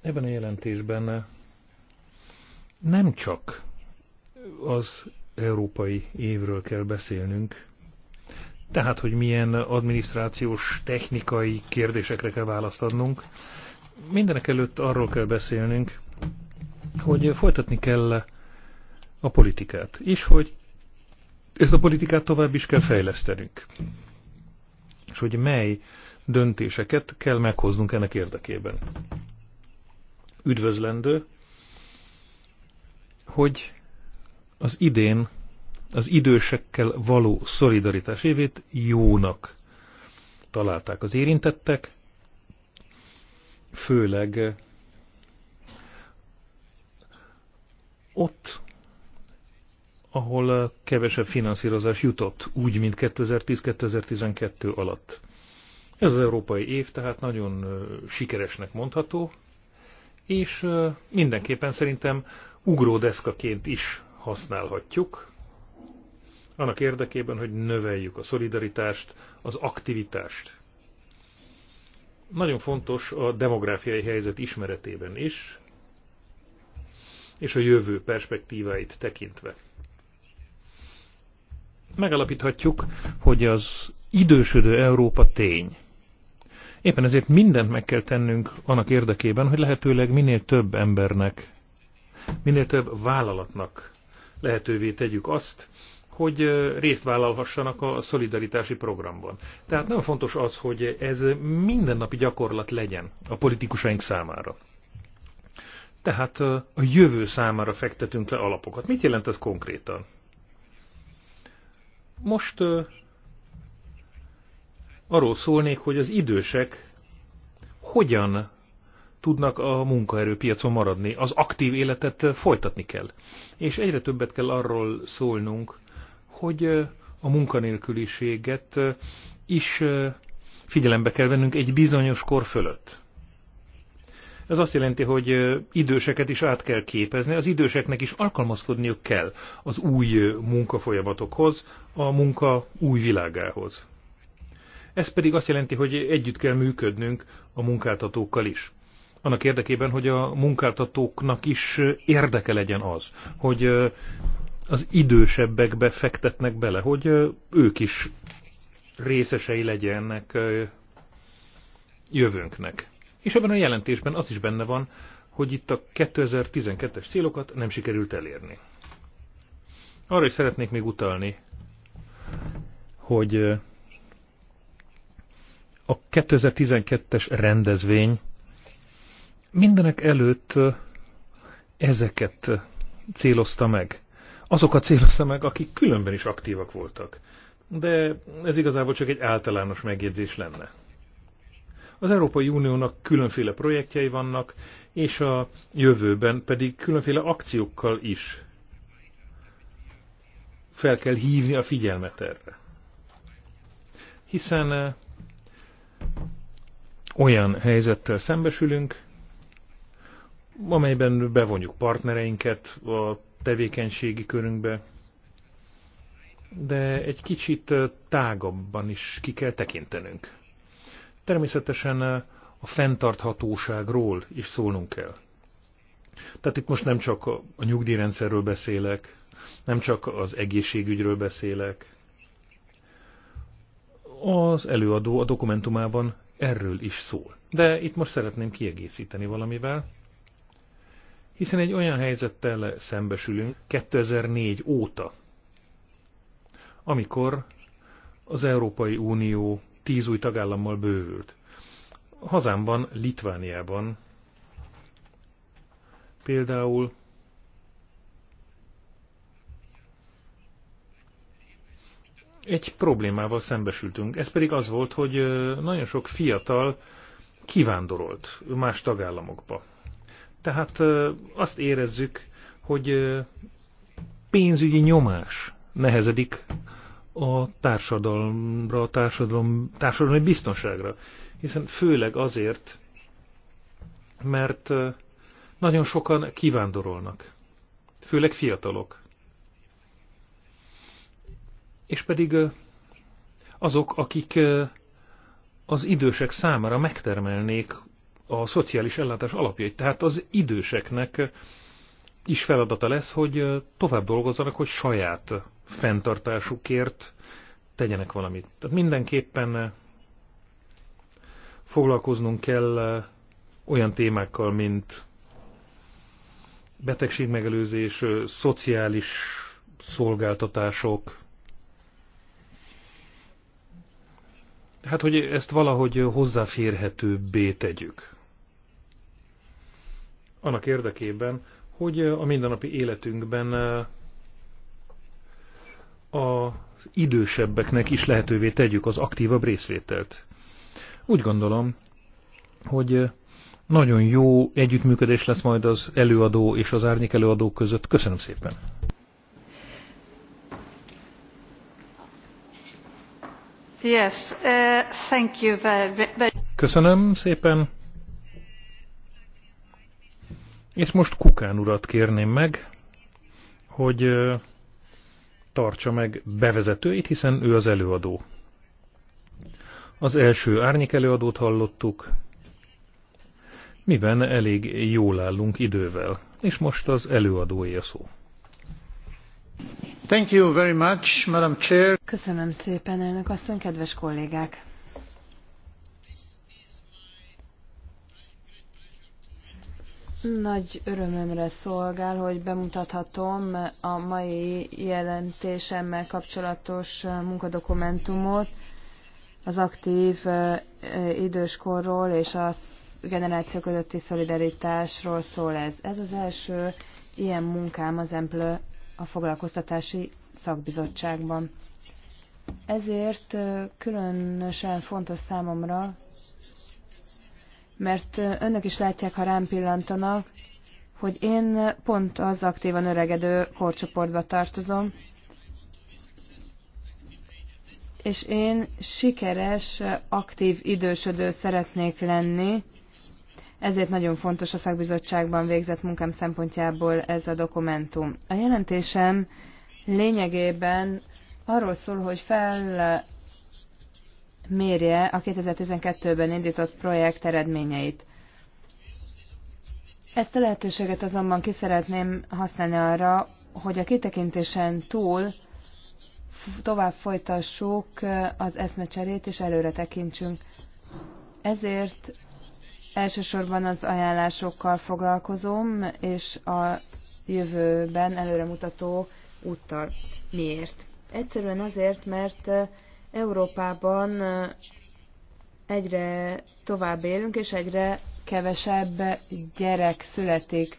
D: ebben a jelentésben eh, nem csak az európai évről kell beszélnünk, tehát, hogy milyen adminisztrációs, technikai kérdésekre kell választ adnunk. Mindenek előtt arról kell beszélnünk, hogy folytatni kell a politikát, és hogy ezt a politikát tovább is kell fejlesztenünk. És hogy mely döntéseket kell meghoznunk ennek érdekében. Üdvözlendő, hogy az idén az idősekkel való szolidaritás évét jónak találták az érintettek, főleg ott, ahol eh, kevesebb finanszírozás jutott, úgy, mint 2010-2012 alatt. Ez az európai év, tehát nagyon eh, sikeresnek mondható, és eh, mindenképpen szerintem ugródeszkaként is használhatjuk, annak érdekében, hogy növeljük a szolidaritást, az aktivitást. Nagyon fontos a demográfiai helyzet ismeretében is, és a jövő perspektíváit tekintve megalapíthatjuk, hogy az idősödő Európa tény. Éppen ezért mindent meg kell tennünk annak érdekében, hogy lehetőleg minél több embernek, minél több vállalatnak lehetővé tegyük azt, hogy részt vállalhassanak a szolidaritási programban. Tehát nem fontos az, hogy ez mindennapi gyakorlat legyen a politikusaink számára. Tehát a jövő számára fektetünk le alapokat. Mit jelent ez konkrétan? Most arról szólnék, hogy az idősek hogyan tudnak a munkaerőpiacon maradni. Az aktív életet folytatni kell. És egyre többet kell arról szólnunk, hogy a munkanélküliséget is figyelembe kell vennünk egy bizonyos kor fölött. Ez azt jelenti, hogy időseket is át kell képezni, az időseknek is alkalmazkodniuk kell az új munkafolyamatokhoz, a munka új világához. Ez pedig azt jelenti, hogy együtt kell működnünk a munkáltatókkal is. Annak érdekében, hogy a munkáltatóknak is érdeke legyen az, hogy az idősebbekbe fektetnek bele, hogy ők is részesei legyenek jövőnknek. És ebben a jelentésben az is benne van, hogy itt a 2012-es célokat nem sikerült elérni. Arra is szeretnék még utalni, hogy eh, a 2012-es rendezvény mindenek előtt eh, ezeket eh, célozta meg. Azokat célozta meg, akik különben is aktívak voltak. De ez igazából csak egy általános megjegyzés lenne. Az Európai Uniónak különféle projektjei vannak, és a jövőben pedig különféle akciókkal is fel kell hívni a figyelmet erre. Hiszen eh, olyan helyzettel szembesülünk, amelyben bevonjuk partnereinket a tevékenységi körünkbe, de egy kicsit eh, tágabban is ki kell tekintenünk. Természetesen eh, a fenntarthatóságról is szólnunk kell. Tehát itt most nem csak a nyugdíjrendszerről beszélek, nem csak az egészségügyről beszélek. Az előadó a dokumentumában erről is szól. De itt most szeretném kiegészíteni valamivel, hiszen egy olyan helyzettel szembesülünk 2004 óta, amikor az Európai Unió tíz új tagállammal bővült. A hazámban, Litvániában például egy problémával szembesültünk. Ez pedig az volt, hogy nagyon sok fiatal kivándorolt más tagállamokba. Tehát azt érezzük, hogy pénzügyi nyomás nehezedik a társadalomra, a társadalom, társadalmi biztonságra. Hiszen főleg azért, mert nagyon sokan kivándorolnak. Főleg fiatalok. És pedig azok, akik az idősek számára megtermelnék a szociális ellátás alapjait. Tehát az időseknek is feladata lesz, hogy tovább dolgozzanak, hogy saját fenntartásukért tegyenek valamit. Tehát mindenképpen eh, foglalkoznunk kell eh, olyan témákkal, mint betegségmegelőzés, eh, szociális szolgáltatások. Hát, hogy ezt valahogy hozzáférhetőbbé tegyük. Annak érdekében, hogy a mindennapi életünkben az idősebbeknek is lehetővé tegyük az aktívabb részvételt. Úgy gondolom, hogy eh, nagyon jó együttműködés lesz majd az előadó és az árnyék előadó között. Köszönöm szépen!
C: Yes, uh, thank you very, very...
D: Köszönöm szépen! És most Kukán urat kérném meg, hogy eh, tartsa meg bevezetőit, hiszen ő az előadó. Az első árnyék előadót hallottuk, mivel elég jól állunk idővel, és most az előadója szó.
A: Thank you very much, Madam Chair. Köszönöm szépen, elnök asszony, kedves kollégák! Nagy örömömre szolgál, hogy bemutathatom a mai jelentésemmel kapcsolatos munkadokumentumot az aktív időskorról és a generáció közötti szolidaritásról szól ez. Ez az első ilyen munkám az Emplő a foglalkoztatási szakbizottságban. Ezért különösen fontos számomra, mert önök is látják, ha rám pillantanak, hogy én pont az aktívan öregedő korcsoportba tartozom, és én sikeres, aktív idősödő szeretnék lenni, ezért nagyon fontos a szakbizottságban végzett munkám szempontjából ez a dokumentum. A jelentésem lényegében arról szól, hogy fel mérje a 2012-ben indított projekt eredményeit. Ezt a lehetőséget azonban ki szeretném használni arra, hogy a kitekintésen túl tovább folytassuk eh, az eszmecserét és előre tekintsünk. Ezért elsősorban az ajánlásokkal foglalkozom, és a jövőben előremutató úttal. Miért? Egyszerűen azért, mert eh, Európában eh, egyre tovább élünk, és egyre kevesebb gyerek születik.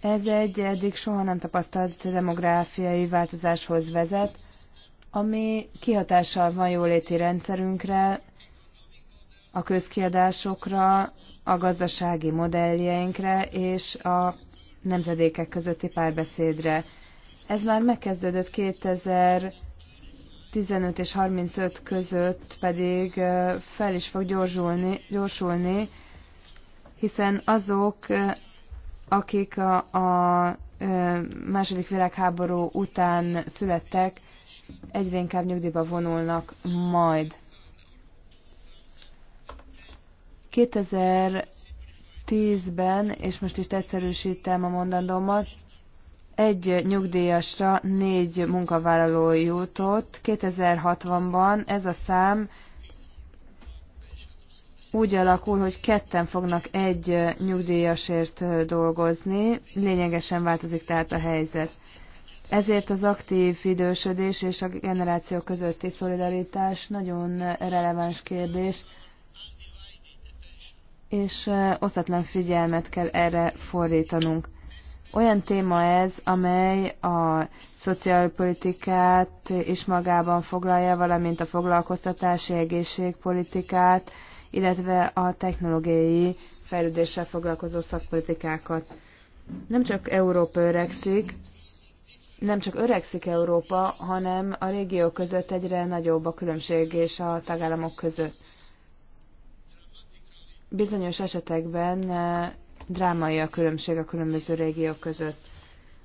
A: Ez egy eddig soha nem tapasztalt demográfiai változáshoz vezet, ami kihatással van jóléti rendszerünkre, a közkiadásokra, a gazdasági modelljeinkre és a nemzedékek közötti párbeszédre. Ez már megkezdődött 2000 15 és 35 között pedig fel is fog gyorsulni, gyorsulni hiszen azok, akik a, a második világháború után születtek, egyre inkább nyugdíjba vonulnak majd. 2010-ben, és most is egyszerűsítem a mondandómat, egy nyugdíjasra négy munkavállaló jutott. 2060-ban ez a szám úgy alakul, hogy ketten fognak egy nyugdíjasért dolgozni, lényegesen változik tehát a helyzet. Ezért az aktív idősödés és a generáció közötti szolidaritás nagyon releváns kérdés, és osztatlan figyelmet kell erre fordítanunk. Olyan téma ez, amely a szociálpolitikát is magában foglalja, valamint a foglalkoztatási egészségpolitikát, illetve a technológiai fejlődéssel foglalkozó szakpolitikákat. Nem csak Európa öregszik, nem csak öregszik Európa, hanem a régió között egyre nagyobb a különbség és a tagállamok között. Bizonyos esetekben drámai a különbség a különböző régiók között.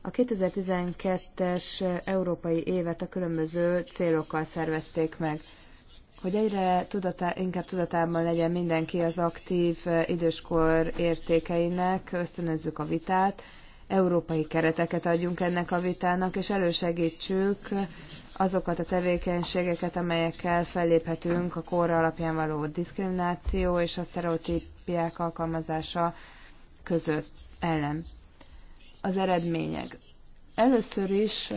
A: A 2012-es európai évet a különböző célokkal szervezték meg. Hogy egyre tudatá, inkább tudatában legyen mindenki az aktív eh, időskor értékeinek, ösztönözzük a vitát, európai kereteket adjunk ennek a vitának, és elősegítsük azokat a tevékenységeket, amelyekkel felléphetünk a kor alapján való diszkrimináció és a sztereotípiák alkalmazása között ellen. Az eredmények. Először is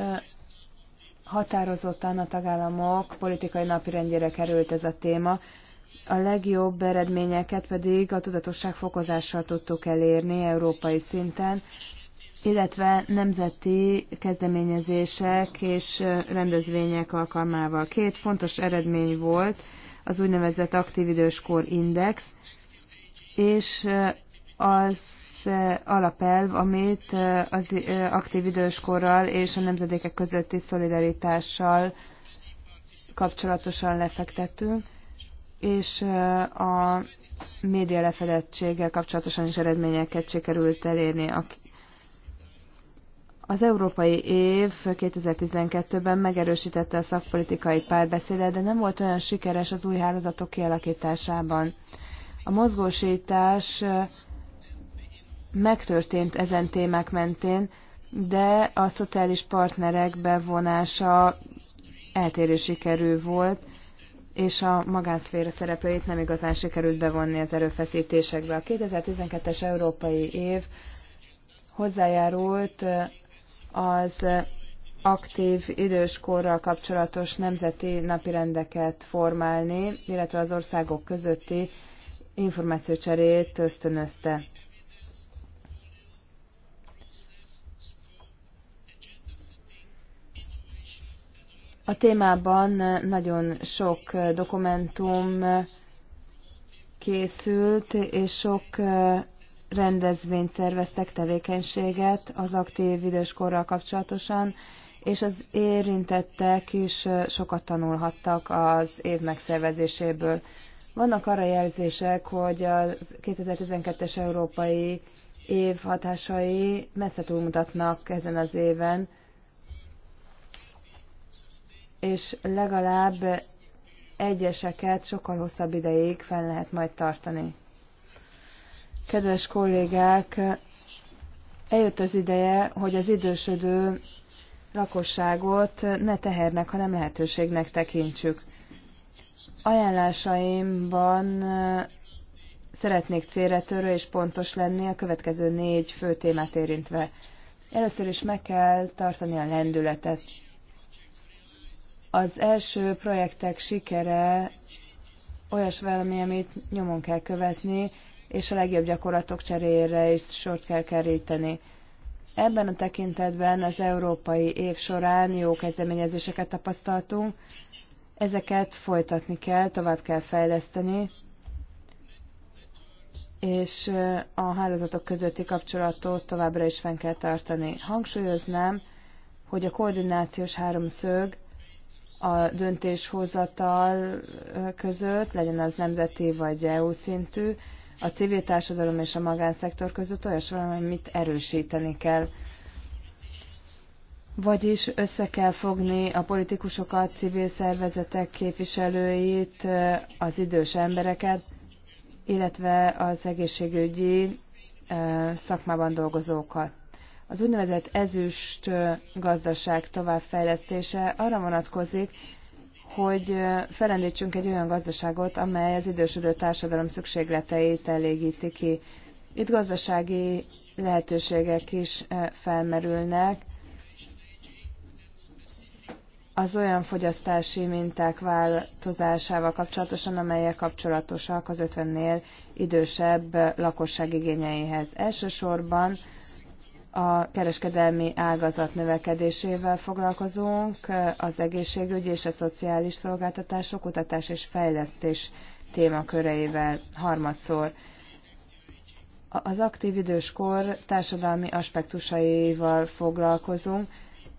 A: határozottan a tagállamok politikai napirendjére került ez a téma, a legjobb eredményeket pedig a tudatosság fokozással tudtuk elérni európai szinten, illetve nemzeti kezdeményezések és rendezvények alkalmával. Két fontos eredmény volt az úgynevezett aktív időskor index, és az alapelv, amit az aktív időskorral és a nemzedékek közötti szolidaritással kapcsolatosan lefektettünk, és a média lefedettséggel kapcsolatosan is eredményeket sikerült elérni. Az Európai Év 2012-ben megerősítette a szakpolitikai párbeszédet, de nem volt olyan sikeres az új hálózatok kialakításában. A mozgósítás megtörtént ezen témák mentén, de a szociális partnerek bevonása eltérő sikerű volt, és a magánszféra szereplőit nem igazán sikerült bevonni az erőfeszítésekbe. A 2012-es európai év hozzájárult az aktív időskorral kapcsolatos nemzeti napirendeket formálni, illetve az országok közötti információcserét ösztönözte. A témában nagyon sok dokumentum készült, és sok rendezvényt szerveztek, tevékenységet az aktív időskorral kapcsolatosan, és az érintettek is sokat tanulhattak az év megszervezéséből. Vannak arra jelzések, hogy a 2012-es európai év hatásai messze túlmutatnak ezen az éven, és legalább egyeseket sokkal hosszabb ideig fenn lehet majd tartani. Kedves kollégák, eljött az ideje, hogy az idősödő lakosságot ne tehernek, hanem lehetőségnek tekintsük. Ajánlásaimban eh, szeretnék célra törő és pontos lenni a következő négy fő témát érintve. Először is meg kell tartani a lendületet. Az első projektek sikere olyas valami, amit nyomon kell követni, és a legjobb gyakorlatok cseréjére is sort kell keríteni. Ebben a tekintetben az európai év során jó kezdeményezéseket tapasztaltunk, ezeket folytatni kell, tovább kell fejleszteni, és a hálózatok közötti kapcsolatot továbbra is fenn kell tartani. Hangsúlyoznám, hogy a koordinációs háromszög a döntéshozatal között, legyen az nemzeti vagy EU szintű, a civil társadalom és a magánszektor között olyas valami, mit erősíteni kell. Vagyis össze kell fogni a politikusokat, civil szervezetek képviselőit, az idős embereket, illetve az egészségügyi szakmában dolgozókat. Az úgynevezett ezüst gazdaság továbbfejlesztése arra vonatkozik, hogy felendítsünk egy olyan gazdaságot, amely az idősödő társadalom szükségleteit elégíti ki. Itt gazdasági lehetőségek is felmerülnek, az olyan fogyasztási minták változásával kapcsolatosan, amelyek kapcsolatosak az 50-nél idősebb lakosság igényeihez. Elsősorban a kereskedelmi ágazat növekedésével foglalkozunk, az egészségügy és a szociális szolgáltatások, kutatás és fejlesztés témaköreivel harmadszor. Az aktív időskor társadalmi aspektusaival foglalkozunk.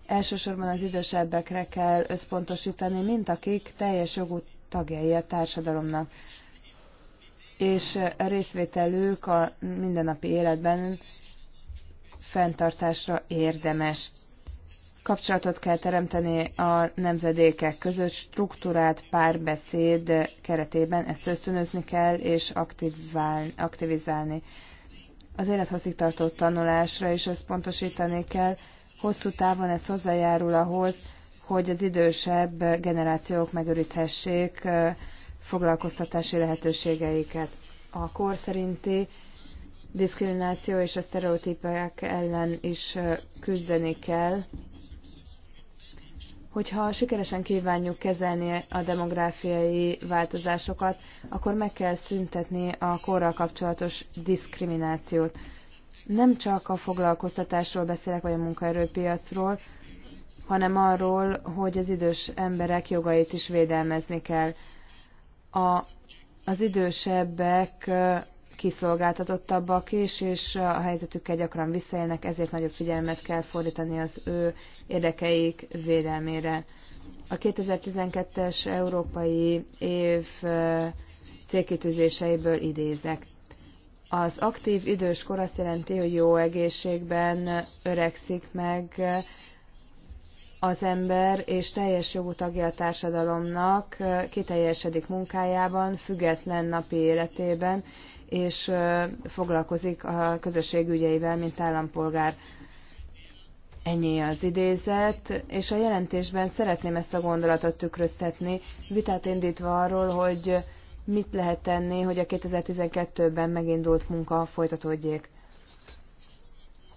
A: Elsősorban az idősebbekre kell összpontosítani, mint akik teljes jogú tagjai a társadalomnak. És a részvételük a mindennapi életben fenntartásra érdemes. Kapcsolatot kell teremteni a nemzedékek között, struktúrált párbeszéd keretében, ezt ösztönözni kell és aktivizálni. Az élethosszígtartó tanulásra is összpontosítani kell, hosszú távon ez hozzájárul ahhoz, hogy az idősebb generációk megőrizhessék foglalkoztatási lehetőségeiket. A kor szerinti diszkrimináció és a sztereotípák ellen is küzdeni kell. Hogyha sikeresen kívánjuk kezelni a demográfiai változásokat, akkor meg kell szüntetni a korral kapcsolatos diszkriminációt. Nem csak a foglalkoztatásról beszélek, vagy a munkaerőpiacról, hanem arról, hogy az idős emberek jogait is védelmezni kell. A, az idősebbek kiszolgáltatottabbak is, és a helyzetükkel gyakran visszaélnek, ezért nagyobb figyelmet kell fordítani az ő érdekeik védelmére. A 2012-es európai év célkitűzéseiből idézek. Az aktív kor azt jelenti, hogy jó egészségben öregszik meg az ember, és teljes jogú tagja a társadalomnak, kiteljesedik munkájában, független napi életében, és foglalkozik a közösség ügyeivel, mint állampolgár. Ennyi az idézet, és a jelentésben szeretném ezt a gondolatot tükröztetni, vitát indítva arról, hogy mit lehet tenni, hogy a 2012-ben megindult munka folytatódjék.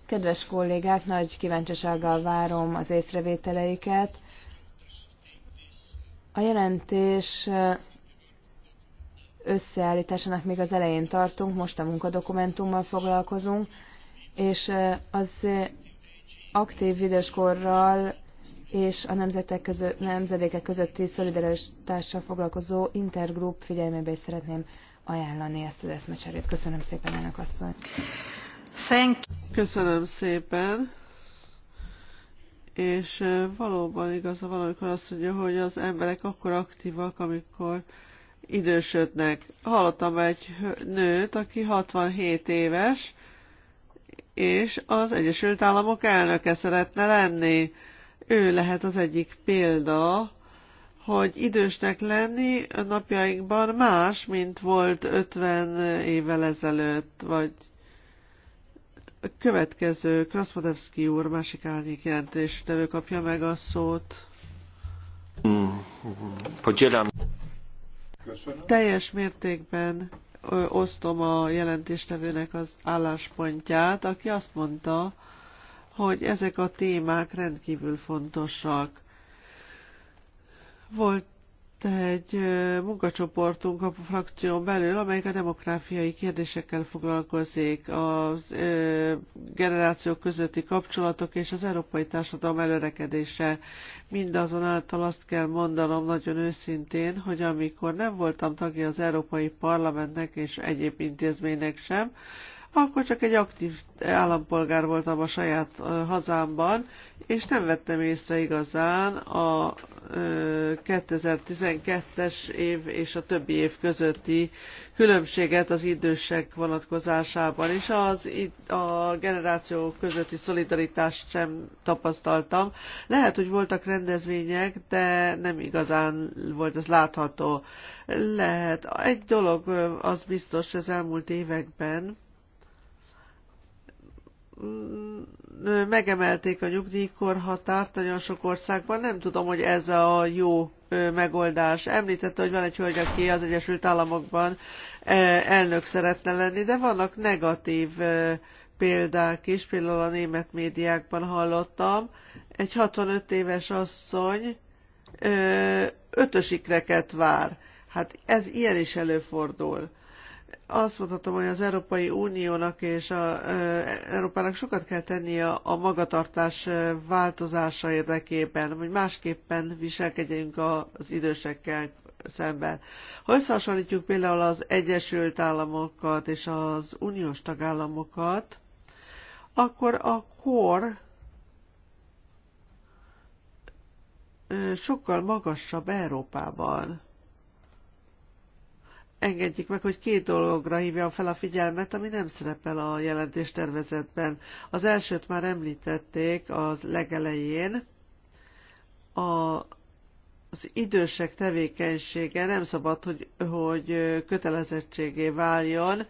A: Kedves kollégák, nagy kíváncsisággal várom az észrevételeiket. A jelentés összeállításának még az elején tartunk, most a munkadokumentummal foglalkozunk, és az aktív időskorral és a nemzetek között, nemzedékek közötti szolidaritással foglalkozó intergroup figyelmébe is szeretném ajánlani ezt az eszmecserét. Köszönöm szépen, elnök asszony.
C: Köszönöm szépen. És valóban igaza van, amikor azt mondja, hogy az emberek akkor aktívak, amikor idősödnek. Hallottam egy nőt, aki 67 éves, és az Egyesült Államok elnöke szeretne lenni. Ő lehet az egyik példa, hogy idősnek lenni a napjainkban más, mint volt 50 évvel ezelőtt, vagy a következő Kraszmodevszki úr másik árnyék jelentéstevő kapja meg a szót.
D: Podzielam Köszönöm.
C: Teljes mértékben osztom a jelentéstevőnek az álláspontját, aki azt mondta, hogy ezek a témák rendkívül fontosak. Volt egy munkacsoportunk a frakción belül, amelyik a demográfiai kérdésekkel foglalkozik, a generációk közötti kapcsolatok és az európai társadalom előrekedése. Mindazonáltal azt kell mondanom nagyon őszintén, hogy amikor nem voltam tagja az Európai Parlamentnek és egyéb intézménynek sem, akkor csak egy aktív állampolgár voltam a saját hazámban, és nem vettem észre igazán a 2012-es év és a többi év közötti különbséget az idősek vonatkozásában, és az, a generációk közötti szolidaritást sem tapasztaltam. Lehet, hogy voltak rendezvények, de nem igazán volt ez látható. Lehet. Egy dolog az biztos az elmúlt években, Mm, megemelték a nyugdíjkorhatárt nagyon sok országban. Nem tudom, hogy ez a jó megoldás. Említette, hogy van egy hölgy, aki az Egyesült Államokban elnök szeretne lenni, de vannak negatív példák is, például a német médiákban hallottam. Egy 65 éves asszony ötösikreket vár. Hát ez ilyen is előfordul azt mondhatom, hogy az Európai Uniónak és a, Európának sokat kell tennie a, a magatartás változása érdekében, hogy másképpen viselkedjünk az idősekkel szemben. Ha összehasonlítjuk például az Egyesült Államokat és az uniós tagállamokat, akkor a kor sokkal magasabb Európában engedjék meg, hogy két dologra hívjam fel a figyelmet, ami nem szerepel a jelentéstervezetben. Az elsőt már említették az legelején, a, az idősek tevékenysége nem szabad, hogy, hogy kötelezettségé váljon,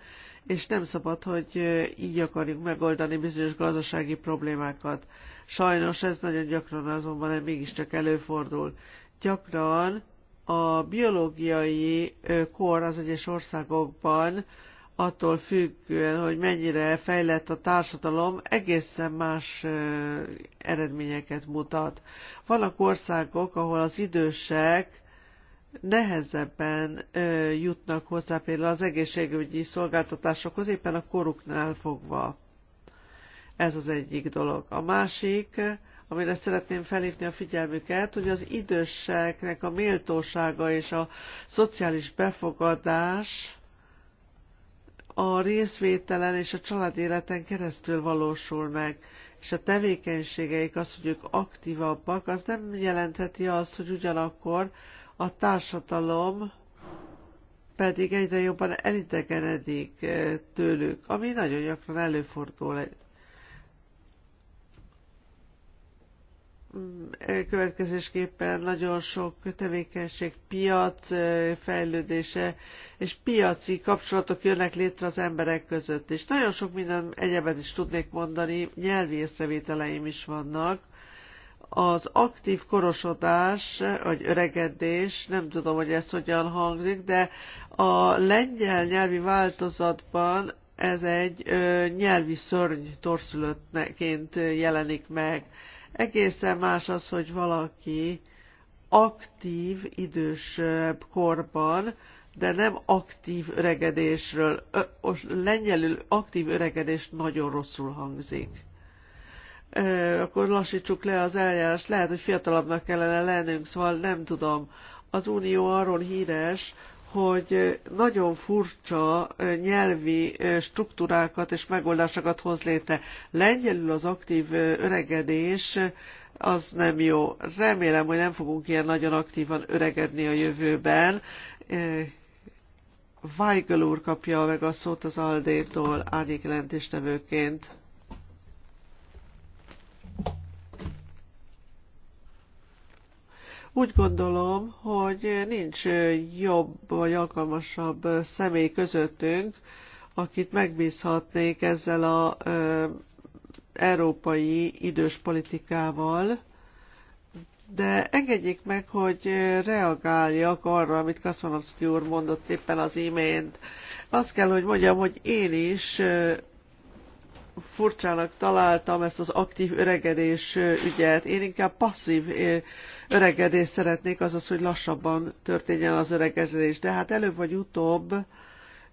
C: és nem szabad, hogy így akarjuk megoldani bizonyos gazdasági problémákat. Sajnos ez nagyon gyakran azonban mégiscsak előfordul. Gyakran a biológiai kor az egyes országokban attól függően, hogy mennyire fejlett a társadalom, egészen más eredményeket mutat. Vannak országok, ahol az idősek nehezebben jutnak hozzá például az egészségügyi szolgáltatásokhoz, éppen a koruknál fogva. Ez az egyik dolog. A másik, amire szeretném felhívni a figyelmüket, hogy az időseknek a méltósága és a szociális befogadás a részvételen és a család életen keresztül valósul meg, és a tevékenységeik az, hogy ők aktívabbak, az nem jelentheti azt, hogy ugyanakkor a társadalom pedig egyre jobban elidegenedik eh, tőlük, ami nagyon gyakran előfordul következésképpen nagyon sok tevékenység, piac fejlődése és piaci kapcsolatok jönnek létre az emberek között. És nagyon sok minden egyebet is tudnék mondani, nyelvi észrevételeim is vannak. Az aktív korosodás, vagy öregedés, nem tudom, hogy ez hogyan hangzik, de a lengyel nyelvi változatban ez egy nyelvi szörny torszülöttként jelenik meg Egészen más az, hogy valaki aktív idősebb korban, de nem aktív öregedésről, lengyelül aktív öregedés nagyon rosszul hangzik. Akkor lassítsuk le az eljárást, lehet, hogy fiatalabbnak kellene lennünk, szóval nem tudom. Az Unió arról híres, hogy nagyon furcsa nyelvi struktúrákat és megoldásokat hoz létre. Lengyelül az aktív öregedés az nem jó. Remélem, hogy nem fogunk ilyen nagyon aktívan öregedni a jövőben. Weigel úr kapja meg a szót az Aldétól árnyék jelentéstevőként. Úgy gondolom, hogy nincs jobb vagy alkalmasabb személy közöttünk, akit megbízhatnék ezzel a európai idős politikával, de engedjék meg, hogy reagáljak arra, amit Kaszmanovszki úr mondott éppen az imént. Azt kell, hogy mondjam, hogy én is furcsának találtam ezt az aktív öregedés ügyet. Én inkább passzív öregedést szeretnék, azaz, hogy lassabban történjen az öregedés. De hát előbb vagy utóbb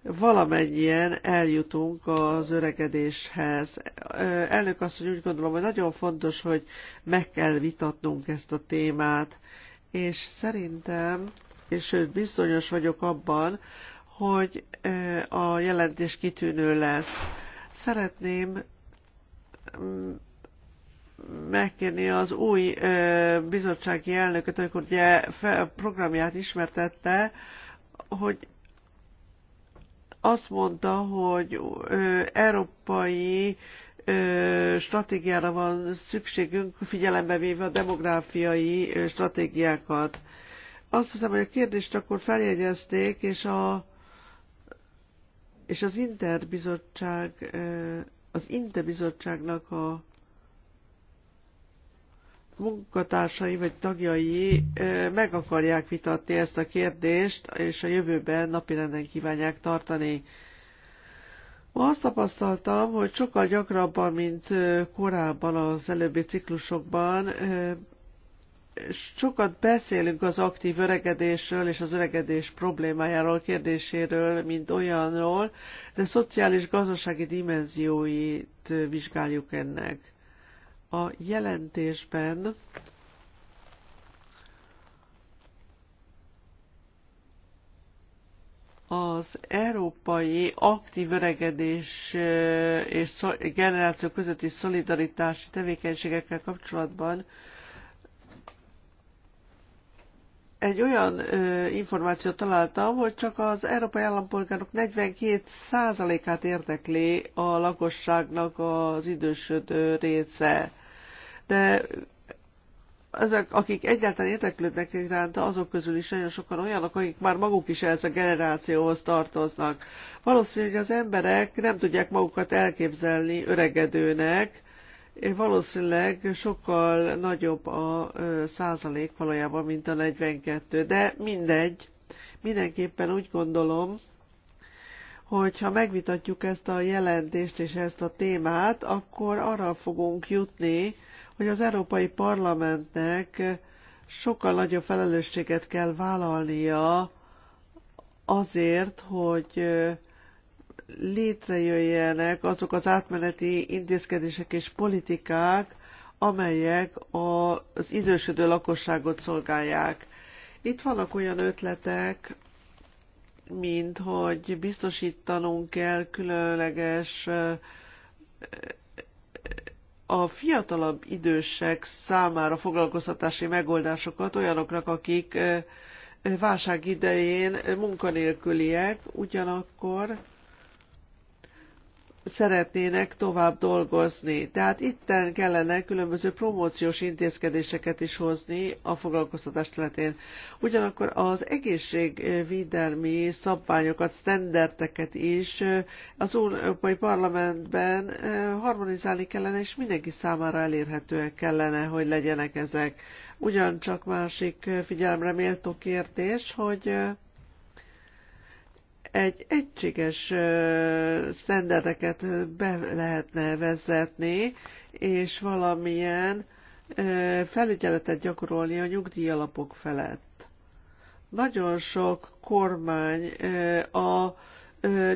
C: valamennyien eljutunk az öregedéshez. Elnök azt, hogy úgy gondolom, hogy nagyon fontos, hogy meg kell vitatnunk ezt a témát, és szerintem, és sőt bizonyos vagyok abban, hogy a jelentés kitűnő lesz Szeretném mm, megkérni az új bizottsági elnököt, amikor ugye programját ismertette, hogy azt mondta, hogy európai stratégiára van szükségünk, figyelembe véve a demográfiai stratégiákat. Azt hiszem, hogy a kérdést akkor feljegyezték, és a és az interbizottság, az interbizottságnak a munkatársai vagy tagjai meg akarják vitatni ezt a kérdést, és a jövőben napirenden kívánják tartani. Ma azt tapasztaltam, hogy sokkal gyakrabban, mint korábban az előbbi ciklusokban sokat beszélünk az aktív öregedésről és az öregedés problémájáról, kérdéséről, mint olyanról, de szociális-gazdasági dimenzióit vizsgáljuk ennek. A jelentésben az európai aktív öregedés eh, és generáció közötti szolidaritási tevékenységekkel kapcsolatban egy olyan ö, információt találtam, hogy csak az európai állampolgárok 42%-át érdekli a lakosságnak az idősödő része. De ezek, akik egyáltalán érdeklődnek iránt, azok közül is nagyon sokan olyanok, akik már maguk is ehhez a generációhoz tartoznak. Valószínű, hogy az emberek nem tudják magukat elképzelni öregedőnek, valószínűleg sokkal nagyobb a százalék valójában, mint a 42, de mindegy. Mindenképpen úgy gondolom, hogy ha megvitatjuk ezt a jelentést és ezt a témát, akkor arra fogunk jutni, hogy az Európai Parlamentnek sokkal nagyobb felelősséget kell vállalnia azért, hogy létrejöjjenek azok az átmeneti intézkedések és politikák, amelyek az idősödő lakosságot szolgálják. Itt vannak olyan ötletek, mint hogy biztosítanunk kell különleges a fiatalabb idősek számára foglalkoztatási megoldásokat olyanoknak, akik válság idején munkanélküliek, ugyanakkor szeretnének tovább dolgozni. Tehát itten kellene különböző promóciós intézkedéseket is hozni a foglalkoztatás területén. Ugyanakkor az egészségvédelmi szabványokat, standardeket is az Európai Parlamentben harmonizálni kellene, és mindenki számára elérhetőek kellene, hogy legyenek ezek. Ugyancsak másik figyelemre méltó kérdés, hogy egy egységes sztenderdeket be lehetne vezetni, és valamilyen felügyeletet gyakorolni a nyugdíjalapok felett. Nagyon sok kormány a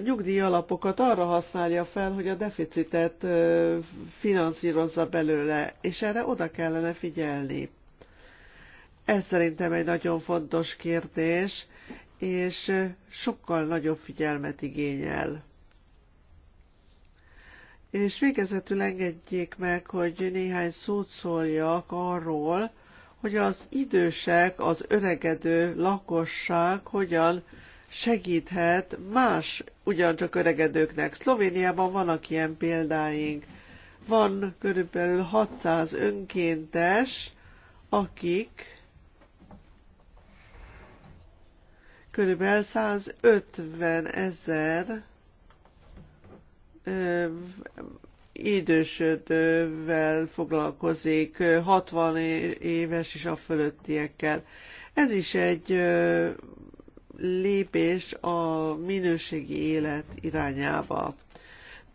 C: nyugdíjalapokat arra használja fel, hogy a deficitet finanszírozza belőle, és erre oda kellene figyelni. Ez szerintem egy nagyon fontos kérdés, és sokkal nagyobb figyelmet igényel. És végezetül engedjék meg, hogy néhány szót szóljak arról, hogy az idősek, az öregedő lakosság hogyan segíthet más ugyancsak öregedőknek. Szlovéniában vannak ilyen példáink. Van körülbelül 600 önkéntes, akik körülbelül 150 ezer idősödővel foglalkozik, 60 éves és a fölöttiekkel. Ez is egy lépés a minőségi élet irányába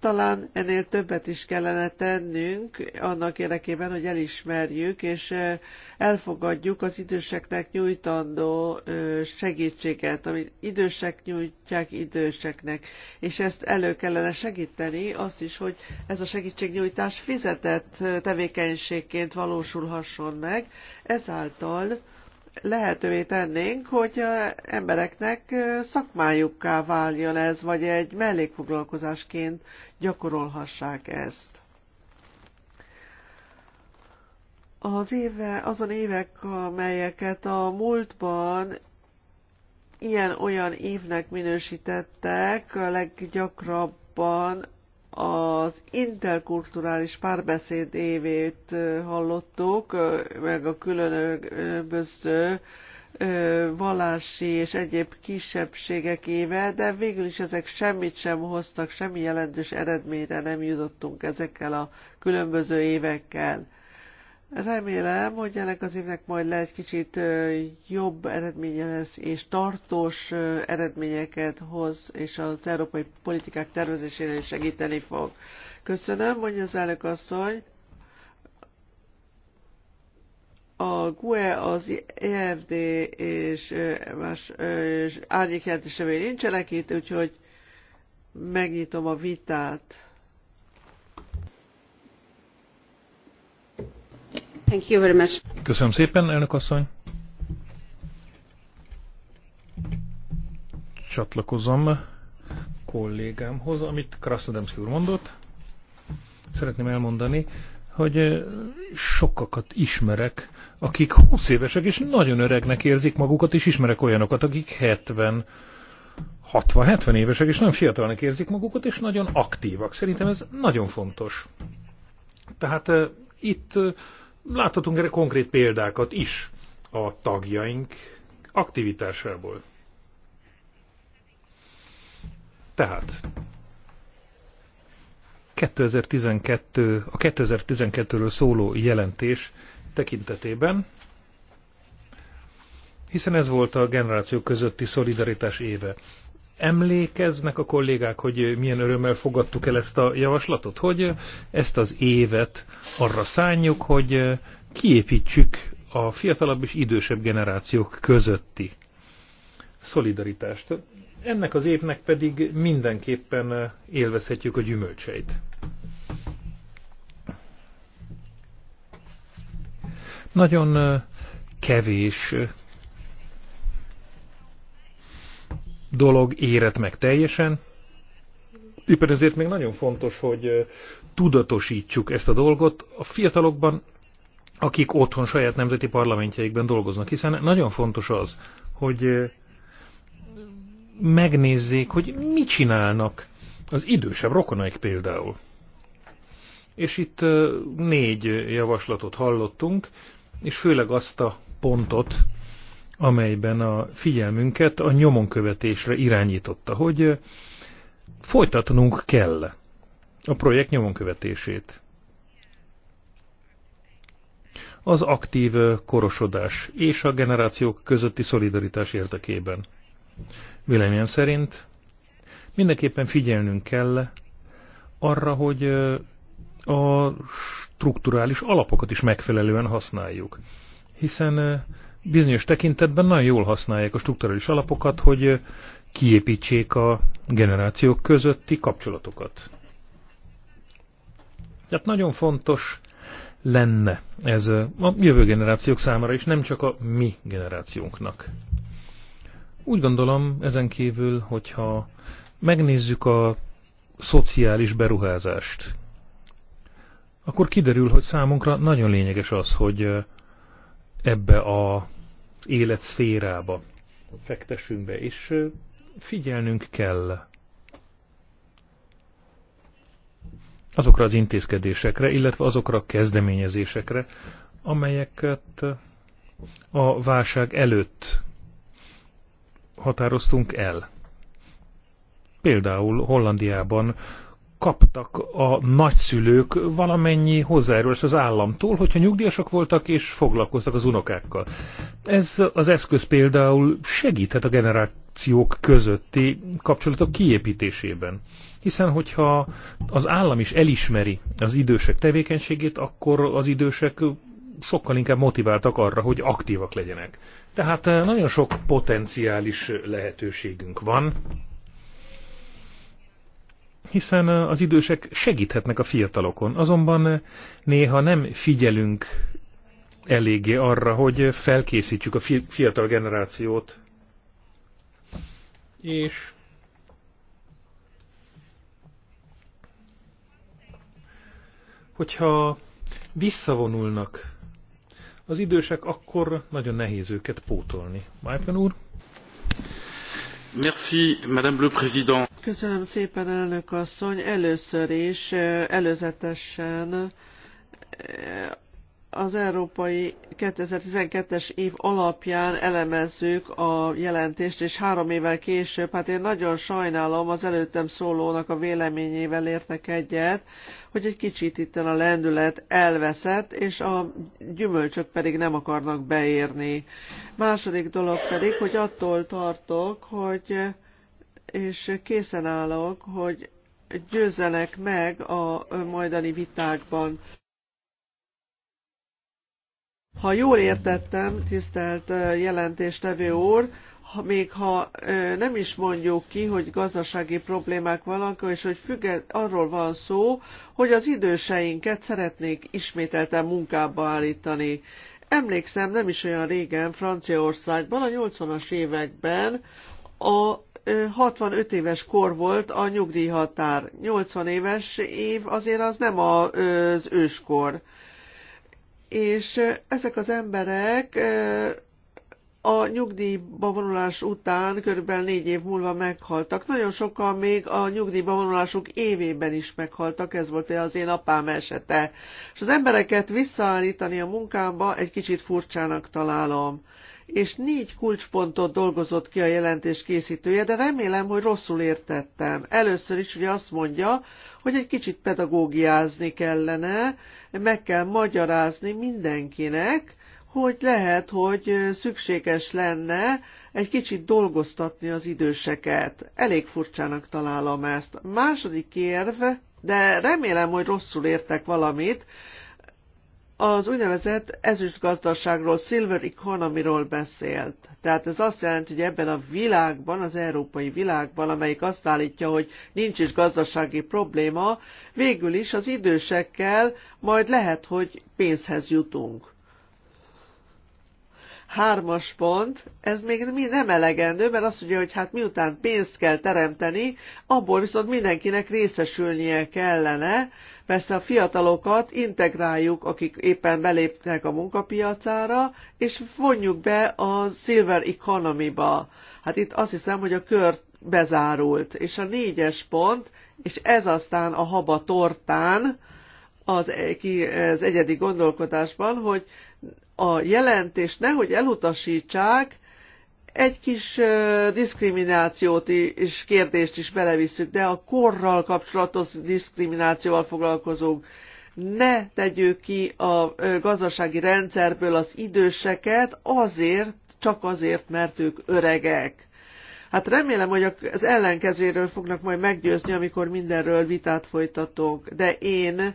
C: talán ennél többet is kellene tennünk annak érdekében, hogy elismerjük és elfogadjuk az időseknek nyújtandó segítséget, amit idősek nyújtják időseknek, és ezt elő kellene segíteni, azt is, hogy ez a segítségnyújtás fizetett tevékenységként valósulhasson meg, ezáltal lehetővé tennénk, hogy embereknek szakmájukká váljon ez, vagy egy mellékfoglalkozásként gyakorolhassák ezt. Az éve, azon évek, amelyeket a múltban ilyen-olyan évnek minősítettek, a leggyakrabban az interkulturális párbeszéd évét hallottuk, meg a különböző vallási és egyéb kisebbségek éve, de végül is ezek semmit sem hoztak, semmi jelentős eredményre nem jutottunk ezekkel a különböző évekkel. Remélem, hogy ennek az évnek majd le egy kicsit jobb eredménye lesz, és tartós eredményeket hoz, és az európai politikák tervezésére is segíteni fog. Köszönöm, mondja az elnök asszony. A GUE, az EFD és más árnyékjelentésevői nincsenek itt, úgyhogy megnyitom a vitát. Thank you very much.
B: Köszönöm
D: szépen, elnök asszony. Csatlakozom kollégámhoz, amit Krasnodemszki úr mondott. Szeretném elmondani, hogy eh, sokakat ismerek, akik 20 évesek és nagyon öregnek érzik magukat, és ismerek olyanokat, akik 70 60-70 évesek, és nagyon fiatalnak érzik magukat, és nagyon aktívak. Szerintem ez nagyon fontos. Tehát uh, itt uh, Láthatunk erre konkrét példákat is a tagjaink aktivitásából. Tehát 2012, a 2012-ről szóló jelentés tekintetében, hiszen ez volt a generáció közötti szolidaritás éve. Emlékeznek a kollégák, hogy milyen örömmel fogadtuk el ezt a javaslatot, hogy ezt az évet arra szánjuk, hogy kiépítsük a fiatalabb és idősebb generációk közötti szolidaritást. Ennek az évnek pedig mindenképpen élvezhetjük a gyümölcseit. Nagyon kevés dolog érett meg teljesen. Éppen ezért még nagyon fontos, hogy tudatosítsuk ezt a dolgot a fiatalokban, akik otthon saját nemzeti parlamentjeikben dolgoznak, hiszen nagyon fontos az, hogy megnézzék, hogy mit csinálnak az idősebb rokonaik például. És itt négy javaslatot hallottunk, és főleg azt a pontot, amelyben a figyelmünket a nyomonkövetésre irányította, hogy folytatnunk kell a projekt nyomonkövetését. Az aktív korosodás és a generációk közötti szolidaritás érdekében. Véleményem szerint mindenképpen figyelnünk kell arra, hogy a strukturális alapokat is megfelelően használjuk. Hiszen bizonyos tekintetben nagyon jól használják a strukturális alapokat, hogy kiépítsék a generációk közötti kapcsolatokat. Tehát nagyon fontos lenne ez a jövő generációk számára is, nem csak a mi generációnknak. Úgy gondolom ezen kívül, hogyha megnézzük a szociális beruházást, akkor kiderül, hogy számunkra nagyon lényeges az, hogy ebbe a életszférába fektessünk be, és figyelnünk kell azokra az intézkedésekre, illetve azokra a kezdeményezésekre, amelyeket a válság előtt határoztunk el. Például Hollandiában kaptak a nagyszülők valamennyi hozzájárulást az államtól, hogyha nyugdíjasok voltak és foglalkoztak az unokákkal. Ez az eszköz például segíthet a generációk közötti kapcsolatok kiépítésében. Hiszen, hogyha az állam is elismeri az idősek tevékenységét, akkor az idősek sokkal inkább motiváltak arra, hogy aktívak legyenek. Tehát eh, nagyon sok potenciális lehetőségünk van, hiszen az idősek segíthetnek a fiatalokon, azonban néha nem figyelünk eléggé arra, hogy felkészítsük a fiatal generációt. És hogyha visszavonulnak az idősek, akkor nagyon nehéz őket pótolni. Májpen úr?
C: Köszönöm szépen, elnök asszony. Először is eh, előzetesen eh, az európai 2012-es év alapján elemezzük a jelentést, és három évvel később, hát én nagyon sajnálom, az előttem szólónak a véleményével értek egyet, hogy egy kicsit itten a lendület elveszett, és a gyümölcsök pedig nem akarnak beérni. Második dolog pedig, hogy attól tartok, hogy és készen állok, hogy győzzenek meg a majdani vitákban. Ha jól értettem, tisztelt jelentéstevő úr, ha, még ha nem is mondjuk ki, hogy gazdasági problémák vannak, és hogy függet, arról van szó, hogy az időseinket szeretnék ismételten munkába állítani. Emlékszem, nem is olyan régen Franciaországban, a 80-as években a 65 éves kor volt a nyugdíjhatár. 80 éves év azért az nem az őskor és ezek az emberek a nyugdíjba vonulás után körülbelül négy év múlva meghaltak. Nagyon sokan még a nyugdíjba vonulásuk évében is meghaltak, ez volt például az én apám esete. És az embereket visszaállítani a munkába egy kicsit furcsának találom és négy kulcspontot dolgozott ki a jelentés készítője, de remélem, hogy rosszul értettem. Először is ugye azt mondja, hogy egy kicsit pedagógiázni kellene, meg kell magyarázni mindenkinek, hogy lehet, hogy szükséges lenne egy kicsit dolgoztatni az időseket. Elég furcsának találom ezt. Második érv, de remélem, hogy rosszul értek valamit, az úgynevezett ezüst gazdaságról, silver economy-ról beszélt. Tehát ez azt jelenti, hogy ebben a világban, az európai világban, amelyik azt állítja, hogy nincs is gazdasági probléma, végül is az idősekkel majd lehet, hogy pénzhez jutunk. Hármas pont, ez még nem elegendő, mert azt ugye, hogy hát miután pénzt kell teremteni, abból viszont mindenkinek részesülnie kellene, Persze a fiatalokat integráljuk, akik éppen belépnek a munkapiacára, és vonjuk be a Silver Economy-ba. Hát itt azt hiszem, hogy a kör bezárult. És a négyes pont, és ez aztán a haba tortán, az, ki, az egyedi gondolkodásban, hogy a jelentést nehogy elutasítsák, egy kis diszkriminációt és kérdést is belevisszük, de a korral kapcsolatos diszkriminációval foglalkozunk. Ne tegyük ki a gazdasági rendszerből az időseket azért, csak azért, mert ők öregek. Hát remélem, hogy az ellenkezéről fognak majd meggyőzni, amikor mindenről vitát folytatok, De én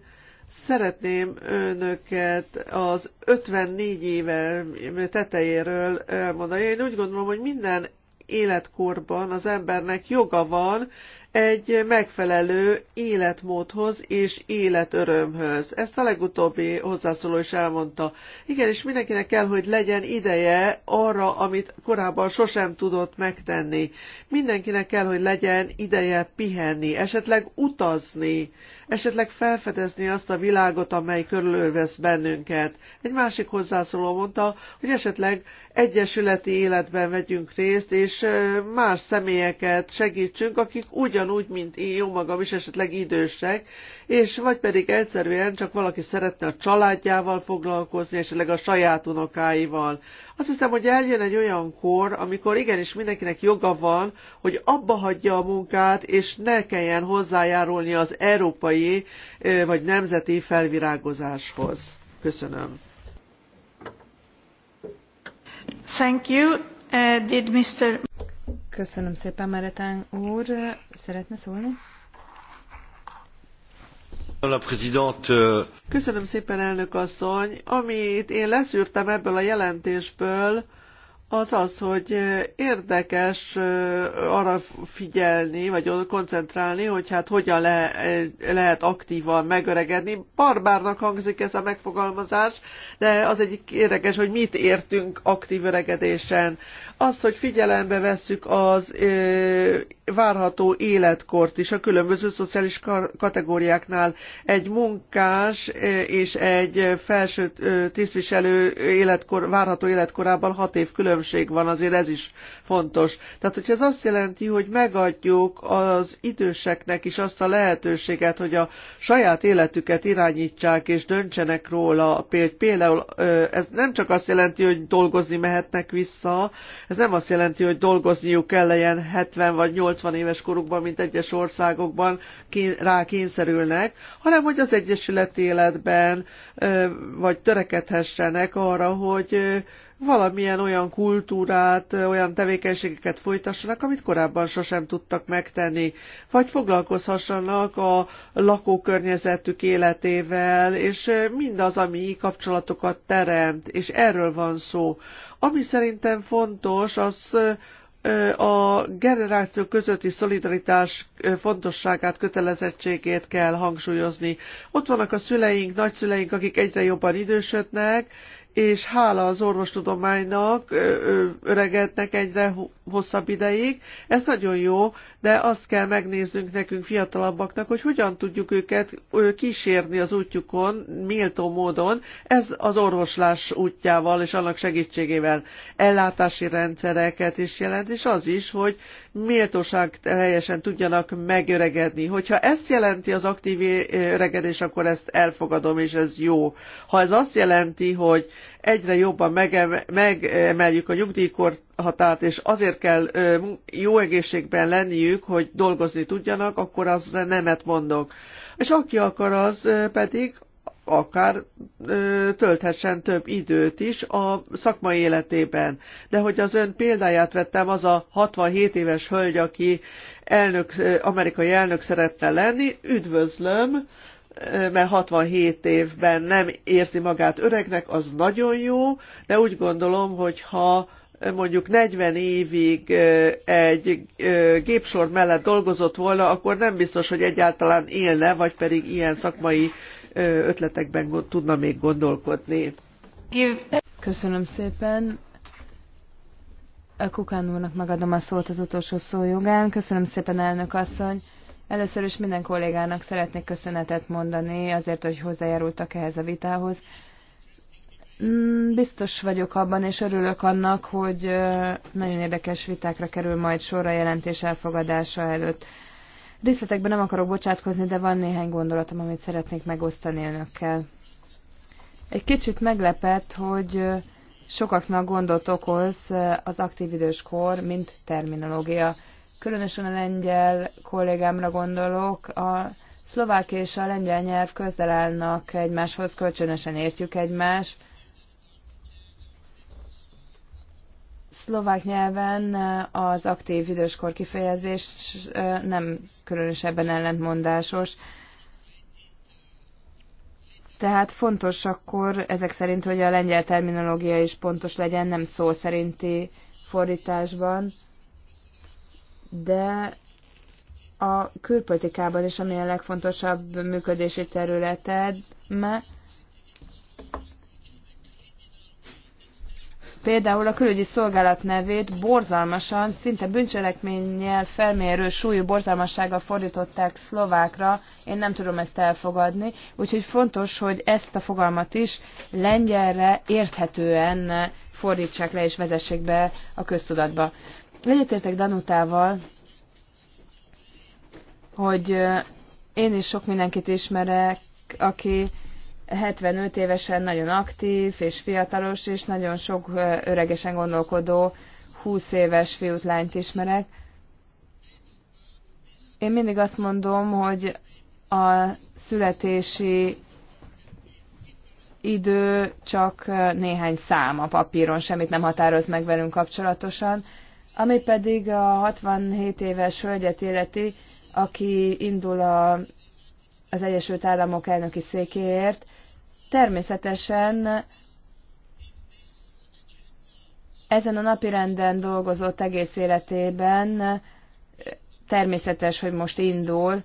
C: Szeretném önöket az 54 éve tetejéről mondani. Én úgy gondolom, hogy minden életkorban az embernek joga van egy megfelelő életmódhoz és életörömhöz. Ezt a legutóbbi hozzászóló is elmondta. Igen, és mindenkinek kell, hogy legyen ideje arra, amit korábban sosem tudott megtenni. Mindenkinek kell, hogy legyen ideje pihenni, esetleg utazni, esetleg felfedezni azt a világot, amely körülvesz bennünket. Egy másik hozzászóló mondta, hogy esetleg egyesületi életben vegyünk részt, és más személyeket segítsünk, akik ugyanúgy, mint én, jó magam is esetleg idősek, és vagy pedig egyszerűen csak valaki szeretne a családjával foglalkozni, esetleg a saját unokáival. Azt hiszem, hogy eljön egy olyan kor, amikor igenis mindenkinek joga van, hogy abba hagyja a munkát, és ne kelljen hozzájárulni az európai európai vagy nemzeti felvirágozáshoz. Köszönöm.
A: Thank you. Uh, did Mr. Köszönöm szépen, Meretán úr.
C: Szeretne szólni? Euh, Köszönöm szépen, elnök asszony. Amit én leszűrtem ebből a jelentésből, az az, hogy érdekes arra figyelni, vagy koncentrálni, hogy hát hogyan le, lehet aktívan megöregedni. Barbárnak hangzik ez a megfogalmazás, de az egyik érdekes, hogy mit értünk aktív öregedésen. Azt, hogy figyelembe vesszük az várható életkort is a különböző szociális kategóriáknál. Egy munkás és egy felső tisztviselő életkor, várható életkorában hat év különbség különbség van, azért ez is fontos. Tehát, hogyha ez azt jelenti, hogy megadjuk az időseknek is azt a lehetőséget, hogy a saját életüket irányítsák és döntsenek róla, például ez nem csak azt jelenti, hogy dolgozni mehetnek vissza, ez nem azt jelenti, hogy dolgozniuk kelljen 70 vagy 80 éves korukban, mint egyes országokban rá kényszerülnek, hanem hogy az egyesület életben vagy törekedhessenek arra, hogy valamilyen olyan kultúrát, olyan tevékenységeket folytassanak, amit korábban sosem tudtak megtenni, vagy foglalkozhassanak a lakókörnyezetük életével, és mindaz, ami kapcsolatokat teremt, és erről van szó. Ami szerintem fontos, az a generáció közötti szolidaritás fontosságát, kötelezettségét kell hangsúlyozni. Ott vannak a szüleink, nagyszüleink, akik egyre jobban idősödnek, és hála az orvostudománynak öregednek egyre hosszabb ideig. Ez nagyon jó, de azt kell megnéznünk nekünk fiatalabbaknak, hogy hogyan tudjuk őket kísérni az útjukon, méltó módon, ez az orvoslás útjával és annak segítségével ellátási rendszereket is jelent, és az is, hogy méltóság teljesen tudjanak megöregedni. Hogyha ezt jelenti az aktív öregedés, akkor ezt elfogadom, és ez jó. Ha ez azt jelenti, hogy egyre jobban megemeljük a nyugdíjkort hatát és azért kell jó egészségben lenniük, hogy dolgozni tudjanak, akkor azra nemet mondok. És aki akar, az pedig akár ö, tölthessen több időt is a szakmai életében. De hogy az ön példáját vettem, az a 67 éves hölgy, aki elnök, amerikai elnök szeretne lenni, üdvözlöm, mert 67 évben nem érzi magát öregnek, az nagyon jó, de úgy gondolom, hogy ha mondjuk 40 évig egy gépsor mellett dolgozott volna, akkor nem biztos, hogy egyáltalán élne, vagy pedig ilyen szakmai ötletekben tudna még gondolkodni.
A: Köszönöm szépen. A Kukán úrnak megadom a szót az utolsó szó jogán. Köszönöm szépen, elnök asszony. Először is minden kollégának szeretnék köszönetet mondani azért, hogy hozzájárultak ehhez a vitához. Mm, biztos vagyok abban, és örülök annak, hogy nagyon érdekes vitákra kerül majd sor a jelentés elfogadása előtt. Részletekben nem akarok bocsátkozni, de van néhány gondolatom, amit szeretnék megosztani önökkel. Egy kicsit meglepett, hogy sokaknak gondot okoz az aktív időskor, mint terminológia. Különösen a lengyel kollégámra gondolok, a szlovák és a lengyel nyelv közel állnak egymáshoz, kölcsönösen értjük egymást, szlovák nyelven eh, az aktív időskor kifejezés eh, nem különösebben ellentmondásos. Tehát fontos akkor ezek szerint, hogy a lengyel terminológia is pontos legyen, nem szó szerinti fordításban, de a külpolitikában is, ami a legfontosabb működési területed, mert Például a külügyi szolgálat nevét borzalmasan, szinte bűncselekménnyel felmérő súlyú borzalmassággal fordították szlovákra. Én nem tudom ezt elfogadni, úgyhogy fontos, hogy ezt a fogalmat is lengyelre érthetően fordítsák le és vezessék be a köztudatba. Legyetértek Danutával, hogy én is sok mindenkit ismerek, aki 75 évesen nagyon aktív és fiatalos, és nagyon sok öregesen gondolkodó 20 éves fiút, lányt ismerek. Én mindig azt mondom, hogy a születési idő csak néhány szám a papíron, semmit nem határoz meg velünk kapcsolatosan. Ami pedig a 67 éves hölgyet életi, aki indul a az Egyesült Államok elnöki székéért, természetesen ezen a napirenden dolgozott egész életében természetes, hogy most indul.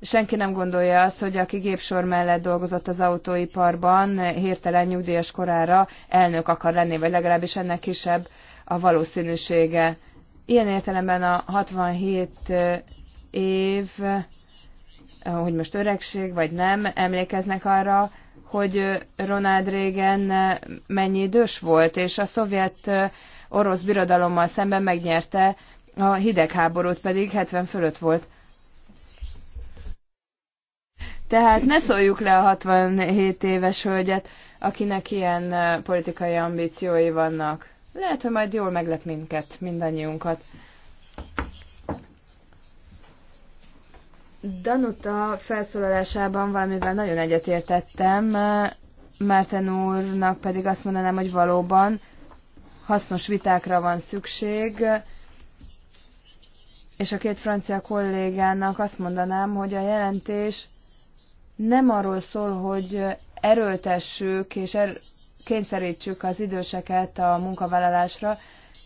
A: Senki nem gondolja azt, hogy aki gépsor mellett dolgozott az autóiparban, hirtelen nyugdíjas korára elnök akar lenni, vagy legalábbis ennek kisebb a valószínűsége. Ilyen értelemben a 67 év hogy most öregség vagy nem, emlékeznek arra, hogy Ronald Reagan mennyi idős volt, és a szovjet orosz birodalommal szemben megnyerte a hidegháborút, pedig 70 fölött volt. Tehát ne szóljuk le a 67 éves hölgyet, akinek ilyen politikai ambíciói vannak. Lehet, hogy majd jól meglep minket, mindannyiunkat. Danuta felszólalásában valamivel nagyon egyetértettem, Márten úrnak pedig azt mondanám, hogy valóban hasznos vitákra van szükség, és a két francia kollégának azt mondanám, hogy a jelentés nem arról szól, hogy erőltessük és er- kényszerítsük az időseket a munkavállalásra,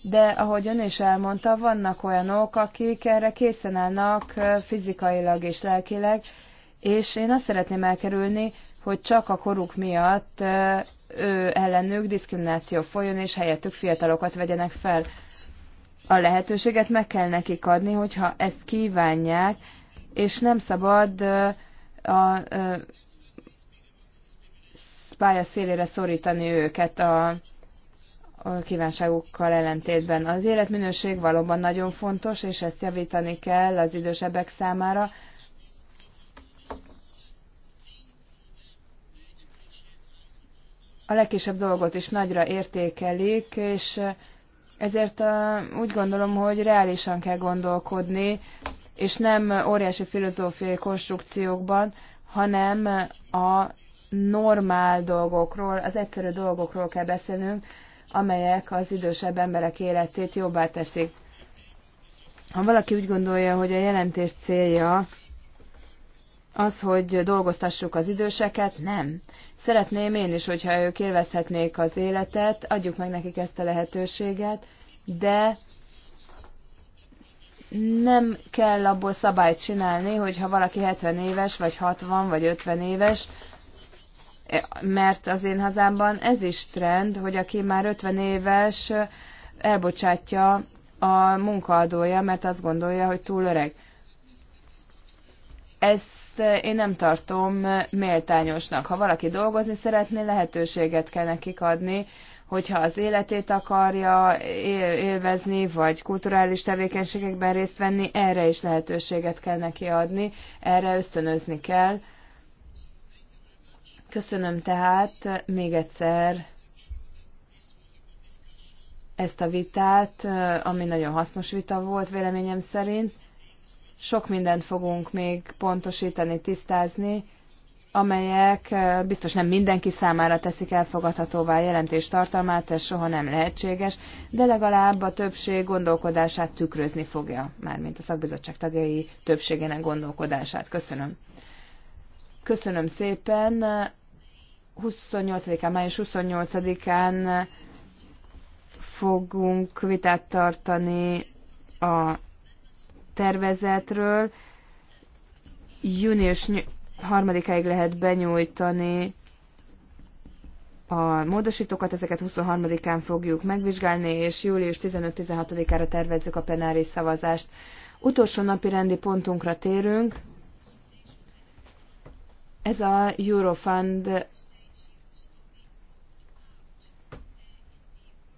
A: de ahogy ön is elmondta, vannak olyanok, akik erre készen állnak fizikailag és lelkileg, és én azt szeretném elkerülni, hogy csak a koruk miatt ő ellenük diszkrimináció folyjon, és helyettük fiatalokat vegyenek fel. A lehetőséget meg kell nekik adni, hogyha ezt kívánják, és nem szabad a pálya szélére szorítani őket a kívánságukkal ellentétben. Az életminőség valóban nagyon fontos, és ezt javítani kell az idősebbek számára. A legkisebb dolgot is nagyra értékelik, és ezért úgy gondolom, hogy reálisan kell gondolkodni, és nem óriási filozófiai konstrukciókban, hanem a normál dolgokról, az egyszerű dolgokról kell beszélnünk, amelyek az idősebb emberek életét jobbá teszik. Ha valaki úgy gondolja, hogy a jelentés célja az, hogy dolgoztassuk az időseket, nem. Szeretném én is, hogyha ők élvezhetnék az életet, adjuk meg nekik ezt a lehetőséget, de nem kell abból szabályt csinálni, hogy ha valaki 70 éves, vagy 60, vagy 50 éves, mert az én hazámban ez is trend, hogy aki már 50 éves, elbocsátja a munkaadója, mert azt gondolja, hogy túl öreg. Ezt én nem tartom méltányosnak. Ha valaki dolgozni szeretné, lehetőséget kell nekik adni, hogyha az életét akarja élvezni, vagy kulturális tevékenységekben részt venni, erre is lehetőséget kell neki adni, erre ösztönözni kell Köszönöm tehát még egyszer ezt a vitát, ami nagyon hasznos vita volt véleményem szerint. Sok mindent fogunk még pontosítani, tisztázni, amelyek biztos nem mindenki számára teszik elfogadhatóvá jelentés tartalmát, ez soha nem lehetséges, de legalább a többség gondolkodását tükrözni fogja, mármint a szakbizottság tagjai többségének gondolkodását. Köszönöm. Köszönöm szépen. 28-án, május 28-án fogunk vitát tartani a tervezetről. Június 3-áig lehet benyújtani a módosítókat, ezeket 23-án fogjuk megvizsgálni, és július 15-16-ára tervezzük a plenáris szavazást. Utolsó napi rendi pontunkra térünk. Ez a Eurofund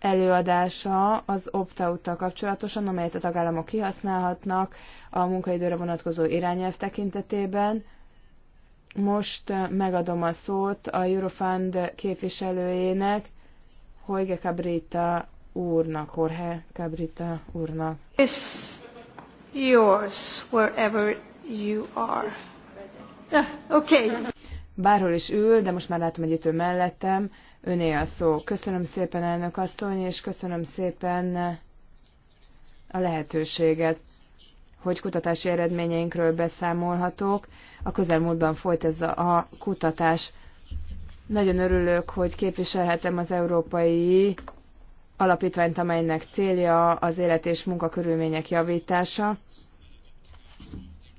A: előadása az opt-out-tal kapcsolatosan, amelyet a tagállamok kihasználhatnak a munkaidőre vonatkozó irányelv tekintetében. Most eh, megadom a szót a Eurofund képviselőjének, Hoige Cabrita úrnak, Jorge Cabrita úrnak. It's yours, wherever you are. Ah, okay. Bárhol is ül, de most már látom, hogy itt ő mellettem öné a szó. Köszönöm szépen, elnök asszony, és köszönöm szépen a lehetőséget, hogy kutatási eredményeinkről beszámolhatok. A közelmúltban folyt ez a kutatás. Nagyon örülök, hogy képviselhetem az európai alapítványt, amelynek célja az élet és munkakörülmények javítása.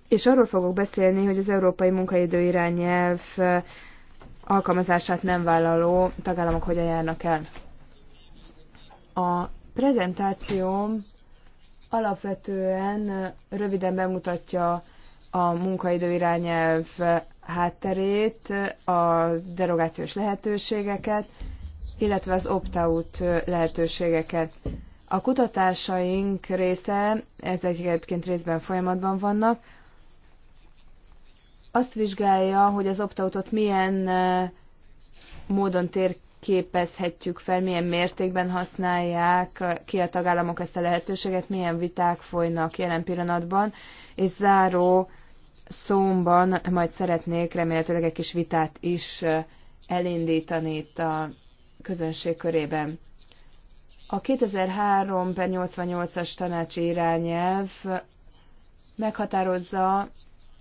A: És arról fogok beszélni, hogy az Európai Munkaidő irányelv alkalmazását nem vállaló tagállamok hogyan járnak el. A prezentációm alapvetően röviden bemutatja a munkaidőirányelv hátterét, a derogációs lehetőségeket, illetve az opt-out lehetőségeket. A kutatásaink része, ez egyébként részben folyamatban vannak, azt vizsgálja, hogy az optautot milyen módon térképezhetjük fel, milyen mértékben használják ki a tagállamok ezt a lehetőséget, milyen viták folynak jelen pillanatban, és záró szómban majd szeretnék remélhetőleg egy kis vitát is elindítani itt a közönség körében. A 2003 per 88-as tanácsi irányelv meghatározza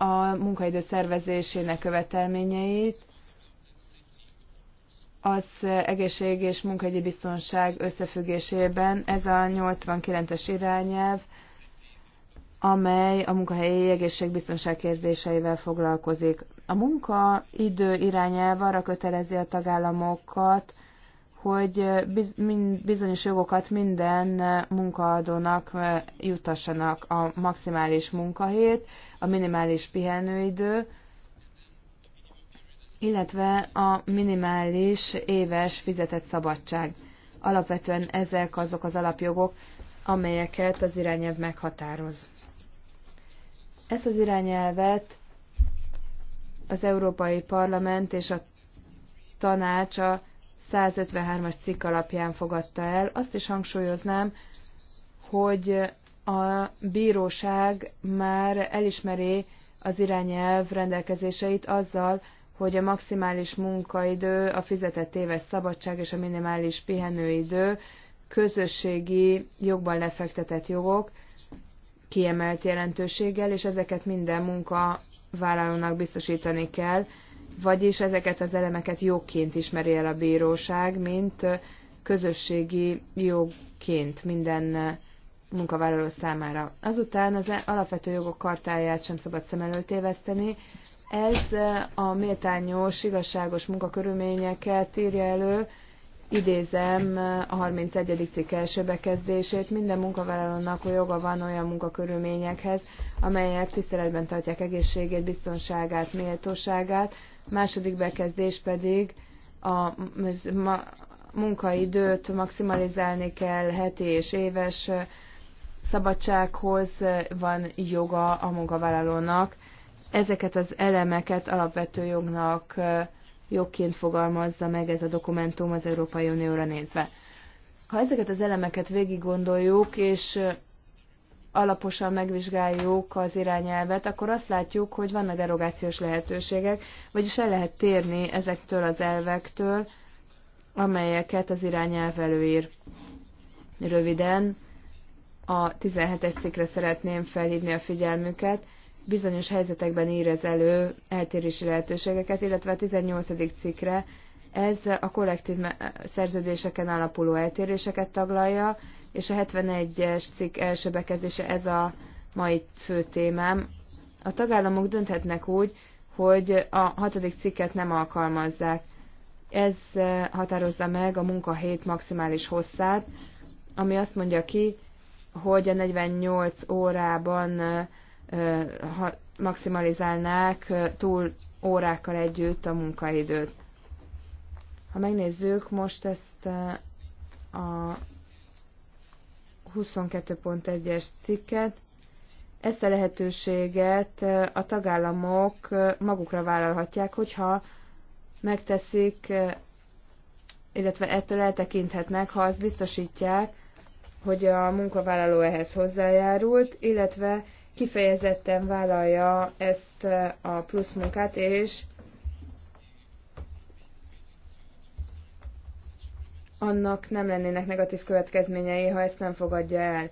A: a munkaidő szervezésének követelményeit, az egészség és munkahelyi biztonság összefüggésében. Ez a 89-es irányelv, amely a munkahelyi egészségbiztonság kérdéseivel foglalkozik. A munkaidő irányelv arra kötelezi a tagállamokat, hogy bizonyos jogokat minden munkaadónak eh, jutassanak a maximális munkahét, a minimális pihenőidő, illetve a minimális éves fizetett szabadság. Alapvetően ezek azok az alapjogok, amelyeket az irányelv meghatároz. Ezt az irányelvet az Európai Parlament és a tanács a 153-as cikk alapján fogadta el. Azt is hangsúlyoznám, hogy a bíróság már elismeri az irányelv rendelkezéseit azzal, hogy a maximális munkaidő, a fizetett éves szabadság és a minimális pihenőidő közösségi jogban lefektetett jogok kiemelt jelentőséggel, és ezeket minden munkavállalónak biztosítani kell, vagyis ezeket az elemeket jogként ismeri el a bíróság, mint közösségi jogként minden munkavállaló számára. Azután az alapvető jogok kartáját sem szabad szem előtt téveszteni. Ez a méltányos, igazságos munkakörülményeket írja elő, idézem a 31. cikk első bekezdését, minden munkavállalónak joga van olyan munkakörülményekhez, amelyek tiszteletben tartják egészségét, biztonságát, méltóságát, második bekezdés pedig a munkaidőt maximalizálni kell heti és éves szabadsághoz van joga a munkavállalónak. Ezeket az elemeket alapvető jognak jogként fogalmazza meg ez a dokumentum az Európai Unióra nézve. Ha ezeket az elemeket végig gondoljuk, és alaposan megvizsgáljuk az irányelvet, akkor azt látjuk, hogy vannak derogációs lehetőségek, vagyis el lehet térni ezektől az elvektől, amelyeket az irányelv előír. Röviden, a 17-es cikkre szeretném felhívni a figyelmüket. Bizonyos helyzetekben érez elő eltérési lehetőségeket, illetve a 18. cikkre ez a kollektív szerződéseken alapuló eltéréseket taglalja, és a 71-es cikk első bekezdése ez a mai fő témám. A tagállamok dönthetnek úgy, hogy a hatodik cikket nem alkalmazzák. Ez határozza meg a munkahét maximális hosszát, ami azt mondja ki, hogy a 48 órában ha maximalizálnák túl órákkal együtt a munkaidőt. Ha megnézzük most ezt a 22.1-es cikket, ezt a lehetőséget a tagállamok magukra vállalhatják, hogyha megteszik, illetve ettől eltekinthetnek, ha azt biztosítják, hogy a munkavállaló ehhez hozzájárult, illetve kifejezetten vállalja ezt a plusz munkát, és annak nem lennének negatív következményei, ha ezt nem fogadja el.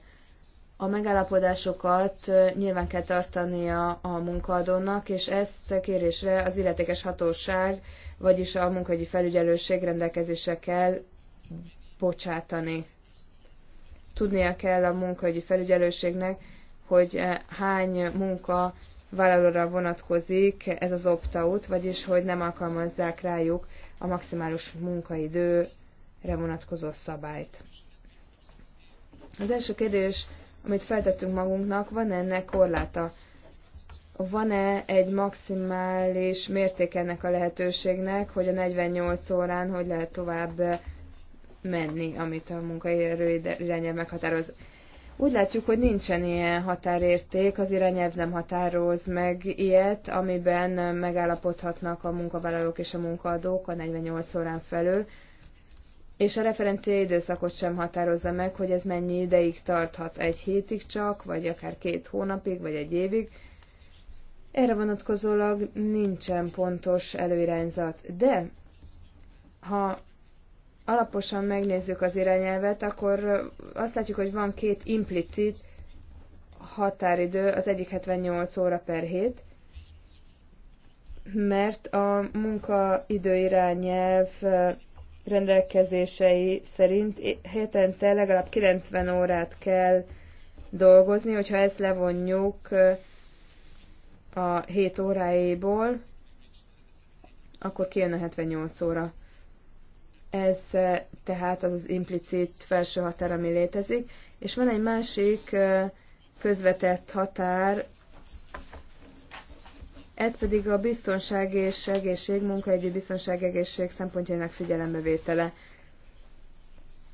A: A megállapodásokat nyilván kell tartania a munkaadónak, és ezt kérésre az illetékes hatóság, vagyis a munkahogyi felügyelőség rendelkezésre kell bocsátani. Tudnia kell a munkahogyi felügyelőségnek, hogy eh, hány munka vállalóra vonatkozik ez az opt-out, vagyis hogy nem alkalmazzák rájuk a maximális munkaidőre vonatkozó szabályt. Az első kérdés, amit feltettünk magunknak, van -e ennek korláta? Van-e egy maximális mérték ennek a lehetőségnek, hogy a 48 órán hogy lehet tovább menni, amit a munkaerő irányelv meghatároz. Úgy látjuk, hogy nincsen ilyen határérték, az irányelv nem határoz meg ilyet, amiben megállapodhatnak a munkavállalók és a munkaadók a 48 órán felül, és a referencia időszakot sem határozza meg, hogy ez mennyi ideig tarthat, egy hétig csak, vagy akár két hónapig, vagy egy évig. Erre vonatkozólag nincsen pontos előirányzat, de ha alaposan megnézzük az irányelvet, akkor azt látjuk, hogy van két implicit határidő, az egyik 78 óra per hét, mert a munkaidő irányelv rendelkezései szerint hetente legalább 90 órát kell dolgozni, hogyha ezt levonjuk a 7 óráiból, akkor kijön a 78 óra. Ez eh, tehát az az implicit felső határ, ami létezik. És van egy másik eh, közvetett határ, ez pedig a biztonság és egészség, munkaügyi biztonság egészség szempontjának figyelembevétele.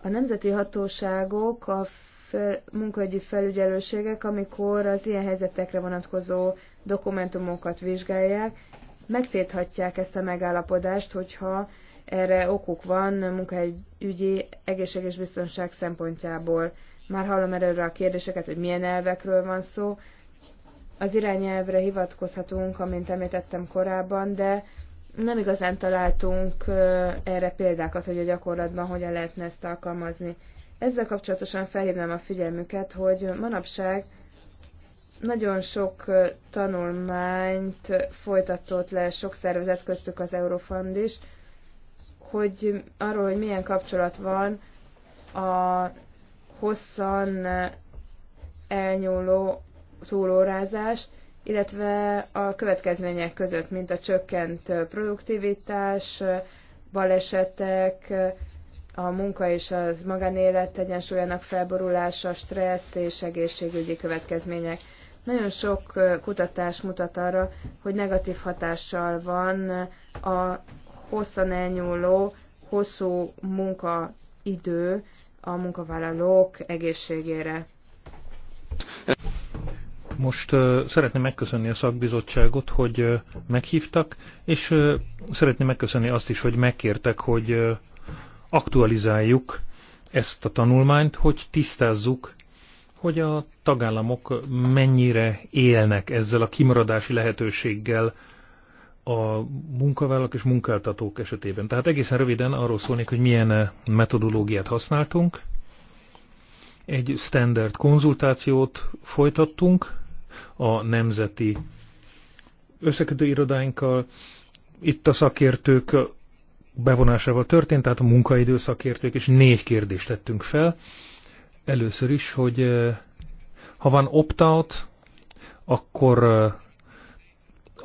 A: A nemzeti hatóságok, a munkaügyi felügyelőségek, amikor az ilyen helyzetekre vonatkozó dokumentumokat vizsgálják, megtéthatják ezt a megállapodást, hogyha erre okuk van munkaügyi egészséges biztonság szempontjából. Már hallom erről a kérdéseket, hogy milyen elvekről van szó. Az irányelvre hivatkozhatunk, amint említettem korábban, de nem igazán találtunk erre példákat, hogy a gyakorlatban hogyan lehetne ezt alkalmazni. Ezzel kapcsolatosan felhívnám a figyelmüket, hogy manapság nagyon sok tanulmányt folytatott le sok szervezet, köztük az Eurofund is, hogy arról, hogy milyen kapcsolat van a hosszan elnyúló szólórázás, illetve a következmények között, mint a csökkent produktivitás, balesetek, a munka és a magánélet egyensúlyának felborulása, stressz és egészségügyi következmények. Nagyon sok kutatás mutat arra, hogy negatív hatással van a hosszan elnyúló, hosszú munkaidő a munkavállalók egészségére.
D: Most uh, szeretném megköszönni a szakbizottságot, hogy uh, meghívtak, és uh, szeretném megköszönni azt is, hogy megkértek, hogy uh, aktualizáljuk ezt a tanulmányt, hogy tisztázzuk, hogy a tagállamok mennyire élnek ezzel a kimaradási lehetőséggel, a munkavállalók és munkáltatók esetében. Tehát egészen röviden arról szólnék, hogy milyen metodológiát használtunk. Egy standard konzultációt folytattunk a nemzeti összekötő irodáinkkal. Itt a szakértők bevonásával történt, tehát a munkaidő szakértők, és négy kérdést tettünk fel. Először is, hogy eh, ha van opt-out, akkor eh,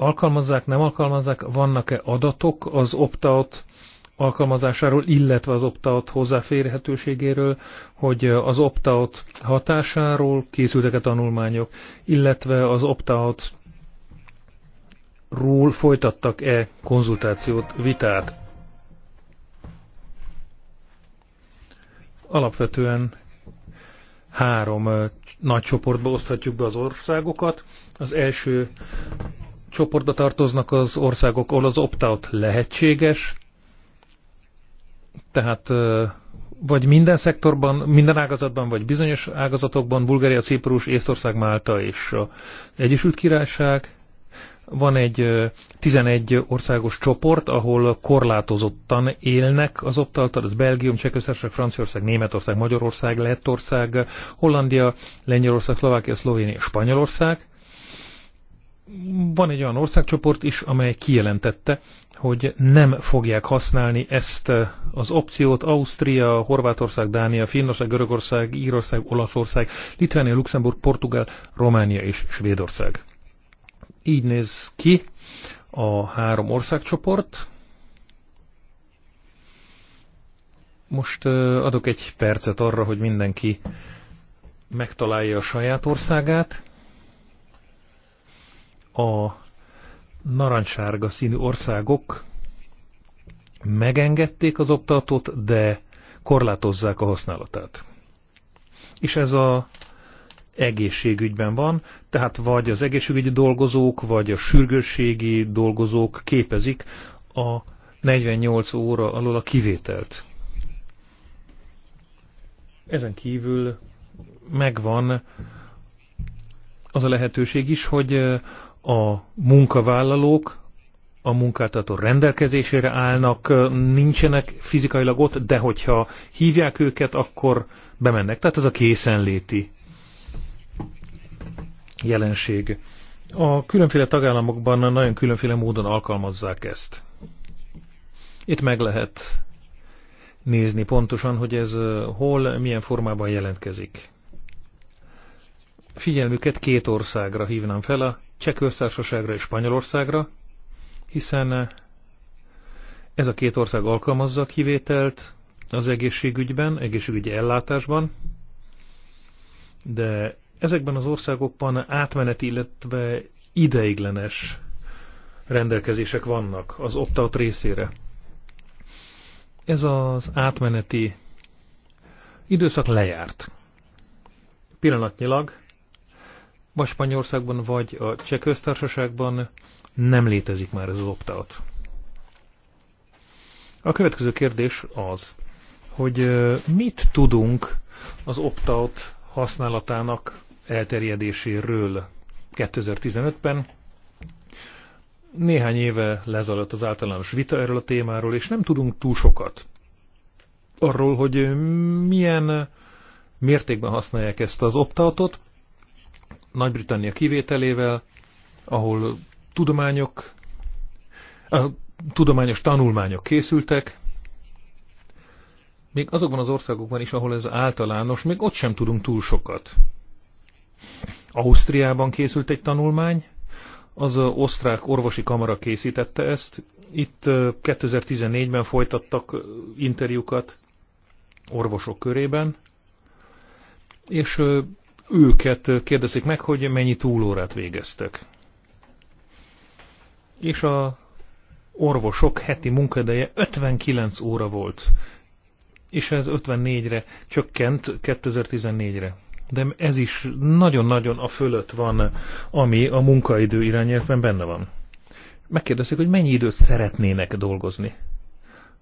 D: alkalmazzák, nem alkalmazzák, vannak-e adatok az opt-out alkalmazásáról, illetve az opt-out hozzáférhetőségéről, hogy az opt-out hatásáról készültek-e tanulmányok, illetve az opt-out ról folytattak-e konzultációt, vitát. Alapvetően három nagy csoportba oszthatjuk be az országokat. Az első csoportba tartoznak az országok, ahol az opt-out lehetséges, tehát vagy minden szektorban, minden ágazatban, vagy bizonyos ágazatokban, Bulgária, Ciprus, Észtország, Málta és az Egyesült Királyság. Van egy 11 országos csoport, ahol korlátozottan élnek az optaltal, az Belgium, Csehköztársaság, Franciaország, Németország, Magyarország, Lettország, Hollandia, Lengyelország, Szlovákia, Szlovénia, Spanyolország van egy olyan országcsoport is, amely kijelentette, hogy nem fogják használni ezt eh, az opciót. Ausztria, Horvátország, Dánia, Finnország, Görögország, Írország, Olaszország, Litvánia, Luxemburg, Portugál, Románia és Svédország. Így néz ki a három országcsoport. Most eh, adok egy percet arra, hogy mindenki megtalálja a saját országát a narancsárga színű országok megengedték az optatot, de korlátozzák a használatát. És ez a egészségügyben van, tehát vagy az egészségügyi dolgozók, vagy a sürgősségi dolgozók képezik a 48 óra alól a kivételt. Ezen kívül megvan az a lehetőség is, hogy a munkavállalók a munkáltató rendelkezésére állnak, nincsenek fizikailag ott, de hogyha hívják őket, akkor bemennek. Tehát ez a készenléti jelenség. A különféle tagállamokban nagyon különféle módon alkalmazzák ezt. Itt meg lehet nézni pontosan, hogy ez hol, milyen formában jelentkezik. Figyelmüket két országra hívnám fel, a Csehköztársaságra és Spanyolországra, hiszen ez a két ország alkalmazza a kivételt az egészségügyben, egészségügyi ellátásban, de ezekben az országokban átmeneti, illetve ideiglenes rendelkezések vannak az opt-out részére. Ez az átmeneti időszak lejárt. Pillanatnyilag vagy Spanyolországban, vagy a Cseh köztársaságban nem létezik már ez az opt -out. A következő kérdés az, hogy mit tudunk az opt-out használatának elterjedéséről 2015-ben. Néhány éve lezajlott az általános vita erről a témáról, és nem tudunk túl sokat arról, hogy milyen mértékben használják ezt az opt nagy-Britannia kivételével, ahol tudományok, a tudományos tanulmányok készültek, még azokban az országokban is, ahol ez általános, még ott sem tudunk túl sokat. Ausztriában készült egy tanulmány, az osztrák orvosi kamara készítette ezt. Itt 2014-ben folytattak interjúkat orvosok körében, és őket kérdezik meg, hogy mennyi túlórát végeztek. És a orvosok heti munkadeje 59 óra volt, és ez 54-re csökkent 2014-re. De ez is nagyon-nagyon a fölött van, ami a munkaidő irányelvben benne van. megkérdezik hogy mennyi időt szeretnének dolgozni.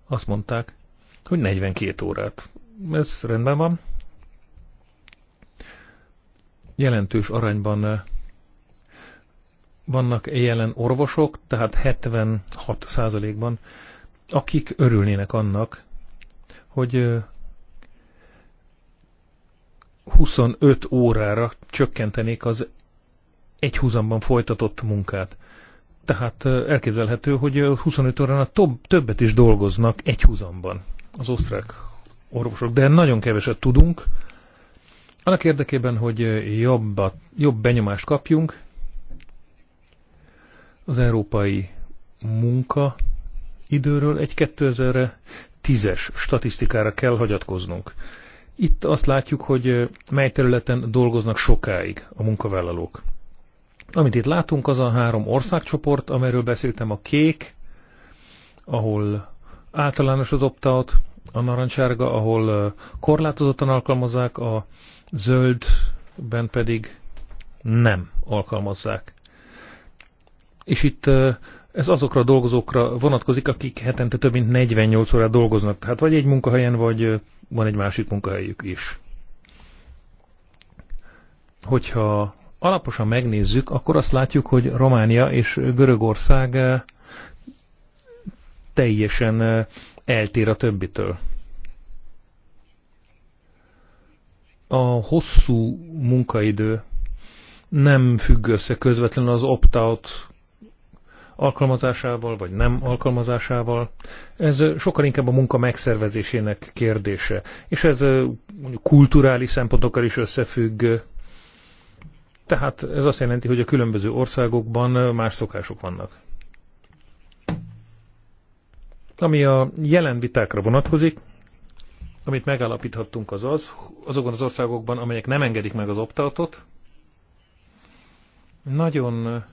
D: Azt mondták, hogy 42 órát. Ez rendben van, jelentős arányban vannak jelen orvosok, tehát 76%-ban, akik örülnének annak, hogy 25 órára csökkentenék az egyhuzamban folytatott munkát. Tehát elképzelhető, hogy 25 órán a több, többet is dolgoznak egyhuzamban az osztrák orvosok. De nagyon keveset tudunk, annak érdekében, hogy jobbat, jobb benyomást kapjunk, az európai munka időről egy 2010-es statisztikára kell hagyatkoznunk. Itt azt látjuk, hogy mely területen dolgoznak sokáig a munkavállalók. Amit itt látunk, az a három országcsoport, amelyről beszéltem, a kék, ahol általános az opt a narancsárga, ahol korlátozottan alkalmazzák a zöldben pedig nem alkalmazzák. És itt ez azokra a dolgozókra vonatkozik, akik hetente több mint 48 órát dolgoznak. Tehát vagy egy munkahelyen, vagy van egy másik munkahelyük is. Hogyha alaposan megnézzük, akkor azt látjuk, hogy Románia és Görögország teljesen eltér a többitől. a hosszú munkaidő nem függ össze közvetlenül az opt-out alkalmazásával, vagy nem alkalmazásával. Ez sokkal inkább a munka megszervezésének kérdése. És ez kulturális szempontokkal is összefügg. Tehát ez azt jelenti, hogy a különböző országokban más szokások vannak. Ami a jelen vitákra vonatkozik, amit megállapíthattunk az az, azokon az országokban, amelyek nem engedik meg az optautot, nagyon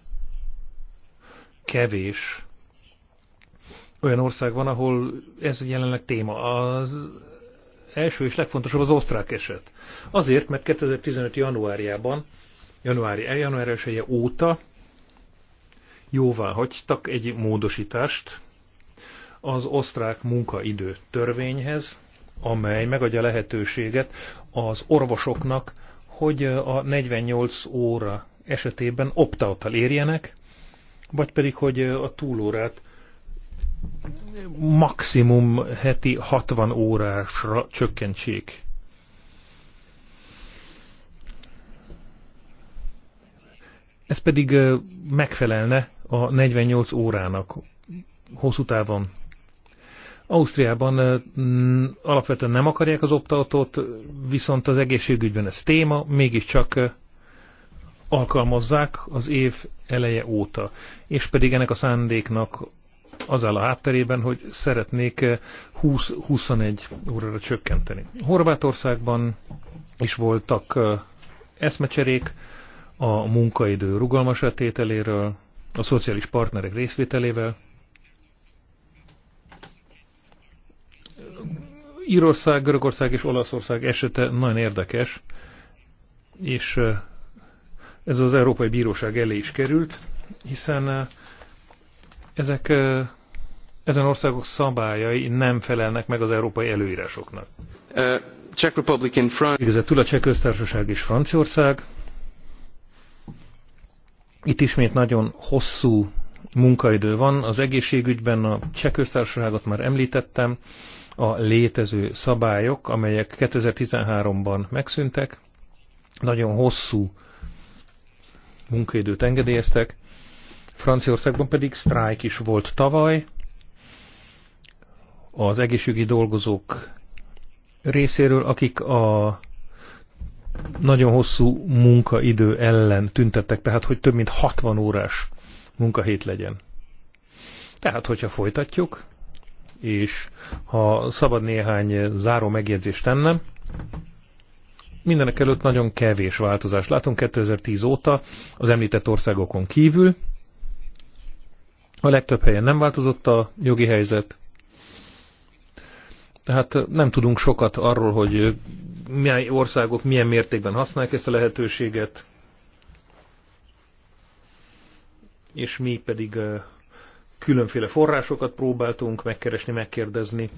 D: kevés olyan ország van, ahol ez jelenleg téma. Az első és legfontosabb az osztrák eset. Azért, mert 2015. januárjában, januári, eh, január 1 óta jóvá hagytak egy módosítást az osztrák munkaidő törvényhez, amely megadja lehetőséget az orvosoknak, hogy a 48 óra esetében opt érjenek, vagy pedig, hogy a túlórát maximum heti 60 órásra csökkentsék. Ez pedig megfelelne a 48 órának hosszú távon Ausztriában eh, mm, alapvetően nem akarják az optautót, viszont az egészségügyben ez téma, mégiscsak eh, alkalmazzák az év eleje óta. És pedig ennek a szándéknak az áll a hátterében, hogy szeretnék 20-21 eh, órára csökkenteni. Horvátországban is voltak eszmecserék a munkaidő rugalmas tételéről, a szociális partnerek részvételével, Írország, Görögország és Olaszország esete nagyon érdekes, és ez az Európai Bíróság elé is került, hiszen ezek, ezen országok szabályai nem felelnek meg az európai előírásoknak. Uh, Czech Republic France. a Cseh Köztársaság és Franciaország. Itt ismét nagyon hosszú munkaidő van az egészségügyben, a Cseh Köztársaságot már említettem, a létező szabályok, amelyek 2013-ban megszűntek, nagyon hosszú munkaidőt engedélyeztek, Franciaországban pedig sztrájk is volt tavaly, az egészségügyi dolgozók részéről, akik a nagyon hosszú munkaidő ellen tüntettek, tehát hogy több mint 60 órás munkahét legyen. Tehát, hogyha folytatjuk, és ha szabad néhány záró megjegyzést tennem, mindenek előtt nagyon kevés változást látunk 2010 óta az említett országokon kívül. A legtöbb helyen nem változott a jogi helyzet, tehát nem tudunk sokat arról, hogy milyen országok milyen mértékben használják ezt a lehetőséget, és mi pedig eh, különféle forrásokat próbáltunk megkeresni, megkérdezni,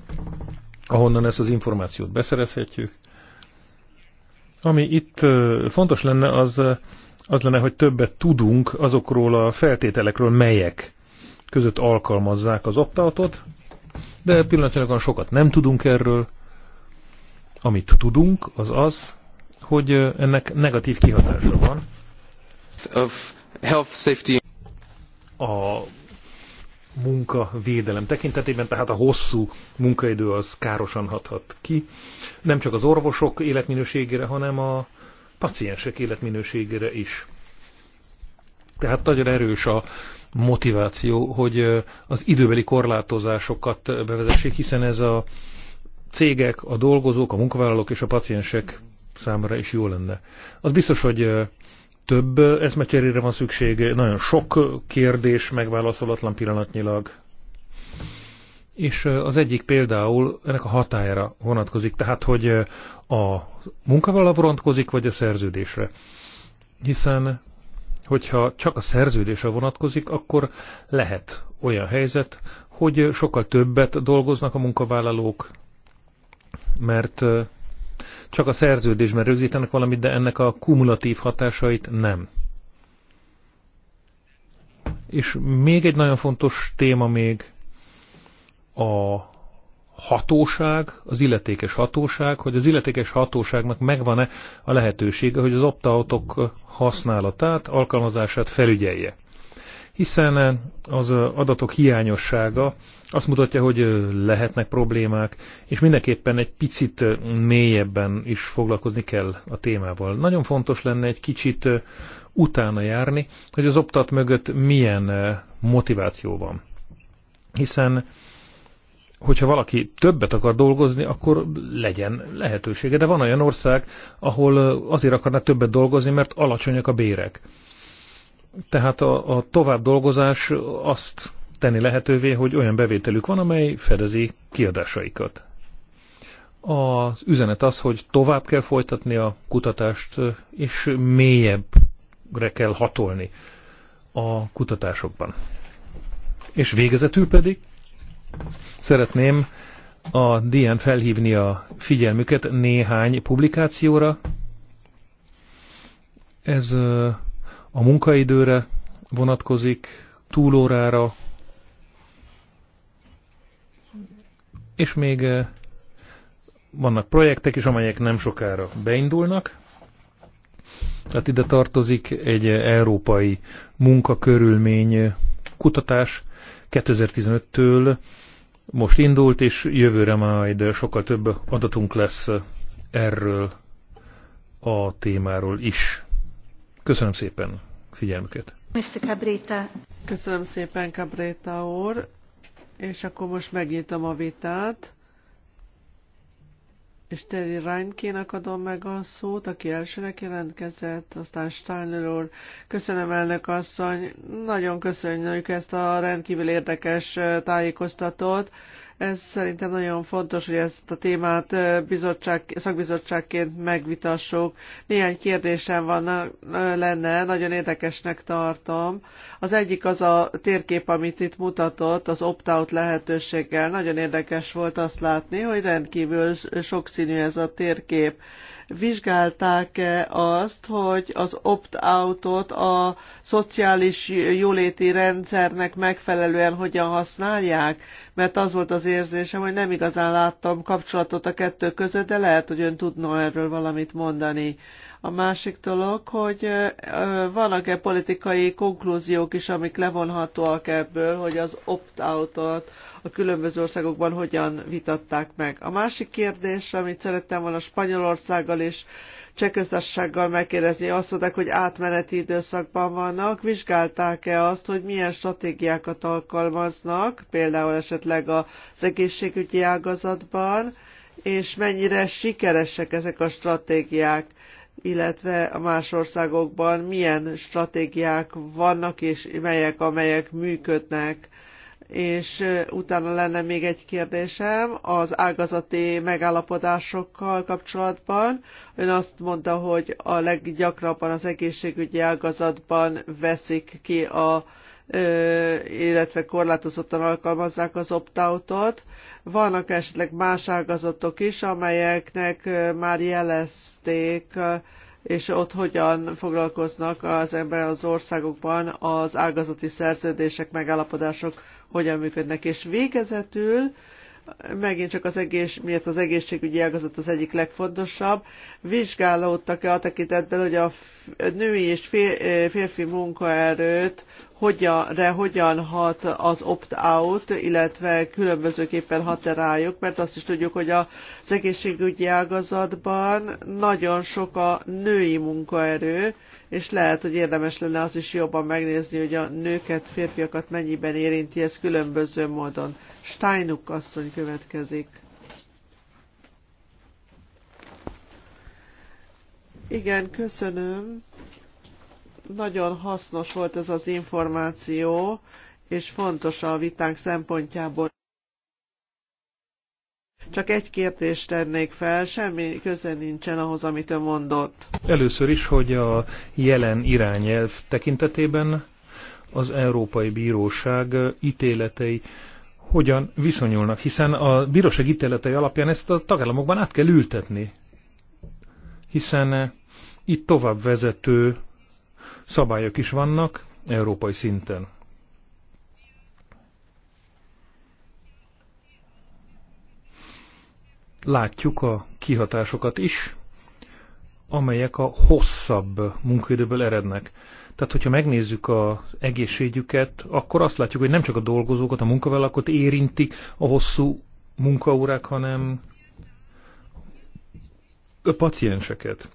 D: ahonnan ezt az információt beszerezhetjük. Ami itt fontos lenne, az, az lenne, hogy többet tudunk azokról a feltételekről, melyek között alkalmazzák az optautot, de pillanatnyilag sokat nem tudunk erről. Amit tudunk, az az, hogy ennek negatív kihatása van. Of health safety. A munkavédelem tekintetében, tehát a hosszú munkaidő az károsan hathat ki, nem csak az orvosok életminőségére, hanem a paciensek életminőségére is. Tehát nagyon erős a motiváció, hogy az időbeli korlátozásokat bevezessék, hiszen ez a cégek, a dolgozók, a munkavállalók és a paciensek számára is jó lenne. Az biztos, hogy több eszmecserére van szükség, nagyon sok kérdés megválaszolatlan pillanatnyilag. És az egyik például ennek a hatájára vonatkozik, tehát hogy a munkavállaló vonatkozik, vagy a szerződésre. Hiszen, hogyha csak a szerződésre vonatkozik, akkor lehet olyan helyzet, hogy sokkal többet dolgoznak a munkavállalók, mert csak a szerződésben rögzítenek valamit, de ennek a kumulatív hatásait nem. És még egy nagyon fontos téma még a hatóság, az illetékes hatóság, hogy az illetékes hatóságnak megvan-e a lehetősége, hogy az opt-outok használatát, alkalmazását felügyelje hiszen eh, az eh, adatok hiányossága azt mutatja, hogy eh, lehetnek problémák, és mindenképpen egy picit mélyebben is foglalkozni kell a témával. Nagyon fontos lenne egy kicsit utána járni, hogy az optat mögött milyen motiváció van. Hiszen hogyha valaki többet akar dolgozni, akkor legyen lehetősége. De van olyan ország, ahol azért akarnak többet dolgozni, mert alacsonyak a bérek. Tehát a, a tovább dolgozás azt tenni lehetővé, hogy olyan bevételük van, amely fedezi kiadásaikat. Az üzenet az, hogy tovább kell folytatni a kutatást, és mélyebbre kell hatolni a kutatásokban. És végezetül pedig szeretném a DN felhívni a figyelmüket néhány publikációra. Ez a munkaidőre vonatkozik, túlórára, és még eh, vannak projektek is, amelyek nem sokára beindulnak. Tehát ide tartozik egy eh, európai munkakörülmény eh, kutatás 2015-től most indult, és jövőre majd sokkal több adatunk lesz erről a témáról is. Köszönöm szépen figyelmüket.
C: Mr. Cabrita. Köszönöm szépen, Cabrita úr. És akkor most megnyitom a vitát. És Terry Reinkének adom meg a szót, aki elsőnek jelentkezett, aztán Steiner úr. Köszönöm, elnök asszony. Nagyon köszönjük ezt a rendkívül érdekes eh, tájékoztatót ez szerintem nagyon fontos, hogy ezt a témát bizottság, szakbizottságként megvitassuk. Néhány kérdésem van, lenne, nagyon érdekesnek tartom. Az egyik az a térkép, amit itt mutatott, az opt-out lehetőséggel. Nagyon érdekes volt azt látni, hogy rendkívül sokszínű ez a térkép vizsgálták-e azt, hogy az opt-outot a szociális jóléti rendszernek megfelelően hogyan használják? Mert az volt az érzésem, hogy nem igazán láttam kapcsolatot a kettő között, de lehet, hogy ön tudna erről valamit mondani. A másik dolog, hogy vannak-e politikai konklúziók is, amik levonhatóak ebből, hogy az opt out ot a különböző országokban hogyan vitatták meg. A másik kérdés, amit szerettem volna Spanyolországgal és Csehköztársasággal megkérdezni, azt mondták, hogy átmeneti időszakban vannak. Vizsgálták-e azt, hogy milyen stratégiákat alkalmaznak, például esetleg az egészségügyi ágazatban, és mennyire sikeresek ezek a stratégiák? illetve a más országokban milyen stratégiák vannak, és melyek, amelyek működnek. És utána lenne még egy kérdésem az ágazati megállapodásokkal kapcsolatban. Ön azt mondta, hogy a leggyakrabban az egészségügyi ágazatban veszik ki a illetve korlátozottan alkalmazzák az opt-outot. Vannak esetleg más ágazatok is, amelyeknek már jelezték, és ott hogyan foglalkoznak az ember az országokban az ágazati szerződések, megállapodások hogyan működnek. És végezetül megint csak az egész, miért az egészségügyi ágazat az egyik legfontosabb, vizsgálódtak-e a tekintetben, hogy a női és férfi munkaerőt hogyanre hogyan hat az opt-out, illetve különbözőképpen hat -e rájuk, mert azt is tudjuk, hogy az egészségügyi ágazatban nagyon sok a női munkaerő, és lehet, hogy érdemes lenne az is jobban megnézni, hogy a nőket, férfiakat mennyiben érinti ez különböző módon. Steinuk asszony következik. Igen, köszönöm. Nagyon hasznos volt ez az információ, és fontos a vitánk szempontjából. Csak egy kérdést tennék fel, semmi köze nincsen ahhoz, amit ön mondott.
D: Először is, hogy a jelen irányelv tekintetében az Európai Bíróság ítéletei hogyan viszonyulnak, hiszen a bíróság ítéletei alapján ezt a tagállamokban át kell ültetni. Hiszen itt tovább vezető Szabályok is vannak európai szinten. Látjuk a kihatásokat is, amelyek a hosszabb munkaidőből erednek. Tehát, hogyha megnézzük az egészségüket, akkor azt látjuk, hogy nem csak a dolgozókat, a munkavállalókat érintik a hosszú munkaórák, hanem a pacienseket.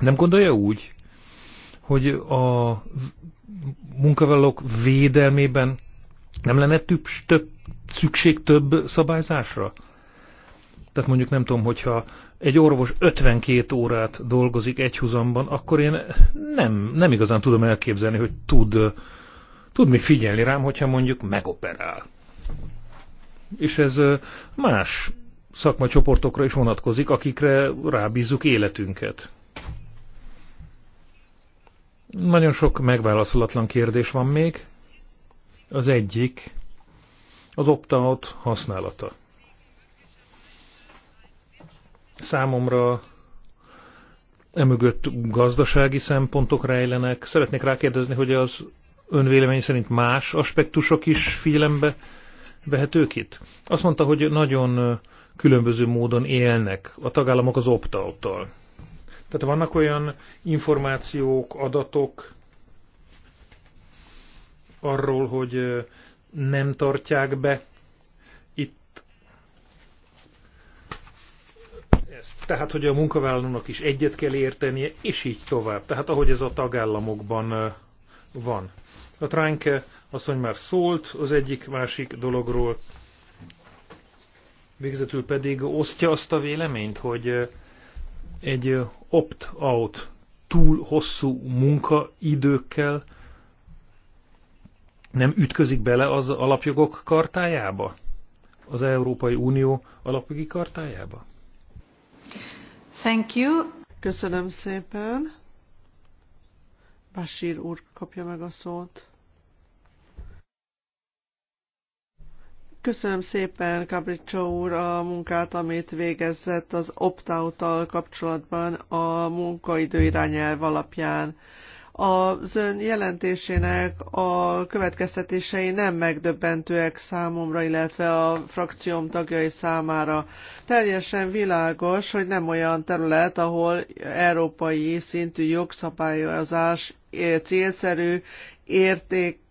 D: Nem gondolja úgy, hogy a munkavállalók védelmében nem lenne több, több, szükség több szabályzásra? Tehát mondjuk nem tudom, hogyha egy orvos 52 órát dolgozik egyhuzamban, akkor én nem, nem igazán tudom elképzelni, hogy tud, tud még figyelni rám, hogyha mondjuk megoperál. És ez más szakmacsoportokra is vonatkozik, akikre rábízzuk életünket. Nagyon sok megválaszolatlan kérdés van még. Az egyik az opt-out használata. Számomra emögött gazdasági szempontok rejlenek. Szeretnék rákérdezni, hogy az önvélemény szerint más aspektusok is figyelembe vehetők itt? Azt mondta, hogy nagyon különböző módon élnek a tagállamok az opt-out-tal. Tehát vannak olyan információk, adatok arról, hogy nem tartják be itt ezt. Tehát, hogy a munkavállalónak is egyet kell értenie, és így tovább. Tehát, ahogy ez a tagállamokban van. A Tránke hogy már szólt az egyik másik dologról, végzetül pedig osztja azt a véleményt, hogy egy opt-out túl hosszú munkaidőkkel nem ütközik bele az alapjogok kartájába? Az Európai Unió alapjogi kartájába?
C: Thank you. Köszönöm szépen. Basír úr kapja meg a szót. Köszönöm szépen, Capriccio úr, a munkát, amit végezett az opt out kapcsolatban a munkaidő irányelv alapján. Az ön jelentésének a következtetései nem megdöbbentőek számomra, illetve a frakcióm tagjai számára. Teljesen világos, hogy nem olyan terület, ahol európai szintű jogszabályozás célszerű, érték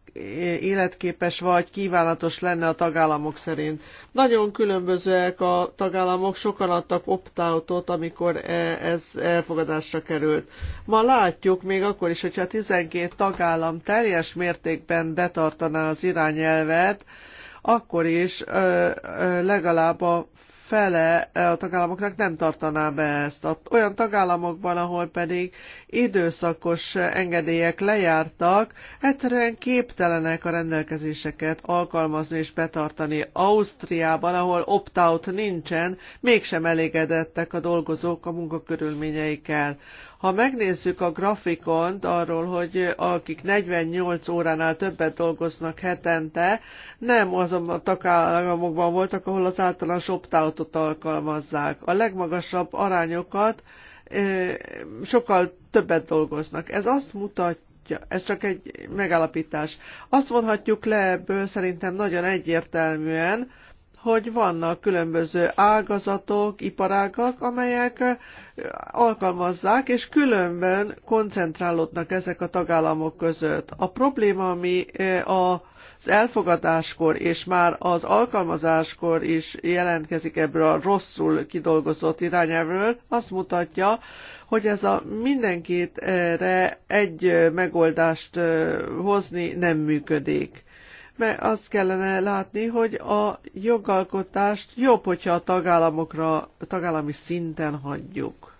C: életképes vagy kívánatos lenne a tagállamok szerint. Nagyon különbözőek a tagállamok, sokan adtak opt-outot, amikor e, ez elfogadásra került. Ma látjuk még akkor is, hogyha 12 tagállam teljes mértékben betartaná az irányelvet, akkor is legalább a fele a tagállamoknak nem tartaná be ezt. Olyan tagállamokban, ahol pedig időszakos engedélyek lejártak, egyszerűen képtelenek a rendelkezéseket alkalmazni és betartani. Ausztriában, ahol opt-out nincsen, mégsem elégedettek a dolgozók a munkakörülményeikkel. Ha megnézzük a grafikont arról, hogy akik 48 óránál többet dolgoznak hetente, nem azon a tagállamokban voltak, ahol az általános opt alkalmazzák. A legmagasabb arányokat sokkal többet dolgoznak. Ez azt mutatja, mutatja. Ez csak egy megállapítás. Azt vonhatjuk le ebből szerintem nagyon egyértelműen, hogy vannak különböző ágazatok, iparágak, amelyek eh, alkalmazzák, és különben koncentrálódnak ezek a tagállamok között. A probléma, ami eh, az elfogadáskor és már az alkalmazáskor is jelentkezik ebből a rosszul kidolgozott irányelvről, azt mutatja, hogy ez a mindenkitre eh, egy megoldást hozni nem működik mert azt kellene látni, hogy a jogalkotást jobb, hogyha a tagállamokra, a tagállami szinten hagyjuk.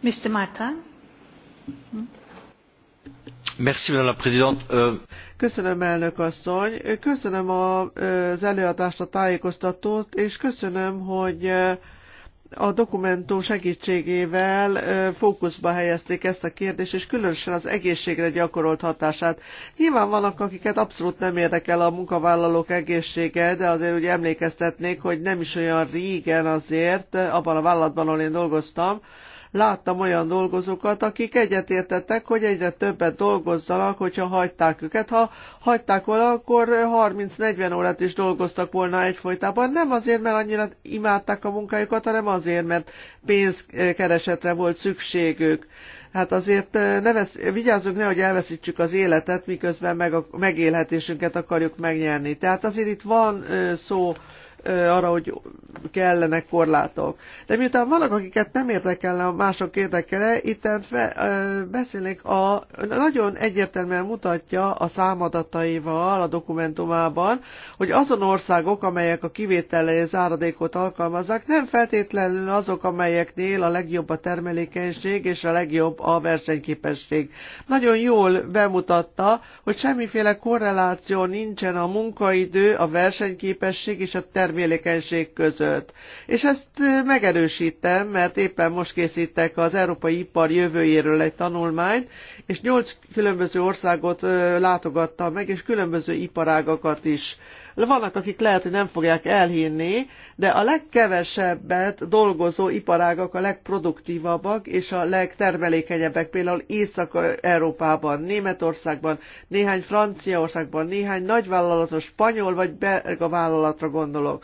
C: Mr. Martin? Hm? Köszönöm, elnök asszony. Köszönöm az előadást, a tájékoztatót, és köszönöm, hogy a dokumentum segítségével fókuszba helyezték ezt a kérdést, és különösen az egészségre gyakorolt hatását. Nyilván vannak, akiket abszolút nem érdekel a munkavállalók egészsége, de azért úgy emlékeztetnék, hogy nem is olyan régen azért, abban a vállalatban, ahol én dolgoztam, láttam olyan dolgozókat, akik egyetértettek, hogy egyre többet dolgozzanak, hogyha hagyták őket. Ha hagyták volna, akkor 30-40 órát is dolgoztak volna egyfolytában. Nem azért, mert annyira imádták a munkájukat, hanem azért, mert pénzkeresetre eh, volt szükségük hát azért eh, ne vesz, vigyázzunk ne, hogy elveszítsük az életet, miközben meg a, megélhetésünket akarjuk megnyerni. Tehát azért itt van eh, szó arra, hogy kellenek korlátok. De miután vannak, akiket nem érdekelne a mások érdekele, itt beszélnék a, nagyon egyértelműen mutatja a számadataival a dokumentumában, hogy azon országok, amelyek a kivételi záradékot alkalmazzák, nem feltétlenül azok, amelyeknél a legjobb a termelékenység és a legjobb a versenyképesség. Nagyon jól bemutatta, hogy semmiféle korreláció nincsen a munkaidő, a versenyképesség és a termelékenység termékenység között. És ezt megerősítem, mert éppen most készítek az európai ipar jövőjéről egy tanulmányt, és nyolc különböző országot látogattam meg, és különböző iparágakat is. Vannak, akik lehet, hogy nem fogják elhinni, de a legkevesebbet dolgozó iparágak a legproduktívabbak és a legtermelékenyebbek, például Észak-Európában, Németországban, néhány Franciaországban, néhány nagyvállalatos spanyol vagy belga vállalatra gondolok.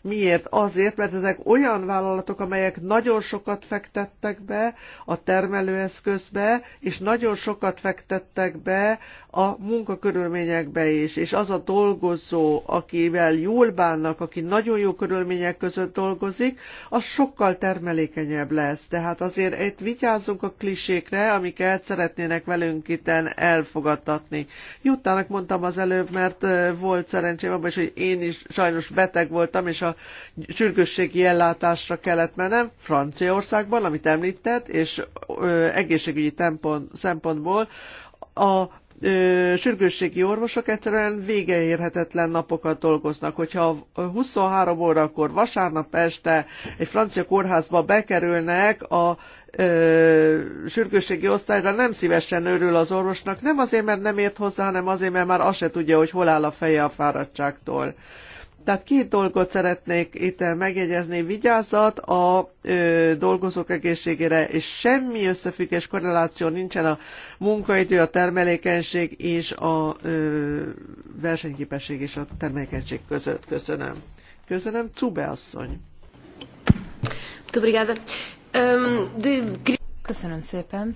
C: Miért? Azért, mert ezek olyan vállalatok, amelyek nagyon sokat fektettek be a termelőeszközbe, és nagyon sokat fektettek be a munkakörülményekbe is. És az a dolgozó, akivel jól bánnak, aki nagyon jó körülmények között dolgozik, az sokkal termelékenyebb lesz. Tehát azért itt vigyázzunk a klisékre, amiket szeretnének velünk itten elfogadtatni. Juttának mondtam az előbb, mert volt szerencsém abban is, hogy én is sajnos beteg voltam, és a sürgősségi ellátásra kellett mennem Franciaországban, amit említett, és ö, egészségügyi tempon, szempontból a ö, sürgősségi orvosok egyszerűen végeérhetetlen napokat dolgoznak. Hogyha 23 órakor vasárnap este egy francia kórházba bekerülnek a ö, sürgősségi osztályra, nem szívesen örül az orvosnak, nem azért, mert nem ért hozzá, hanem azért, mert már azt se tudja, hogy hol áll a feje a fáradtságtól. Tehát két dolgot szeretnék itt megjegyezni. Vigyázat a ö, dolgozók egészségére, és semmi összefüggés, korreláció nincsen a munkaidő, a termelékenység és a ö, versenyképesség és a termelékenység között. Köszönöm. Köszönöm, Cube asszony.
A: Köszönöm szépen.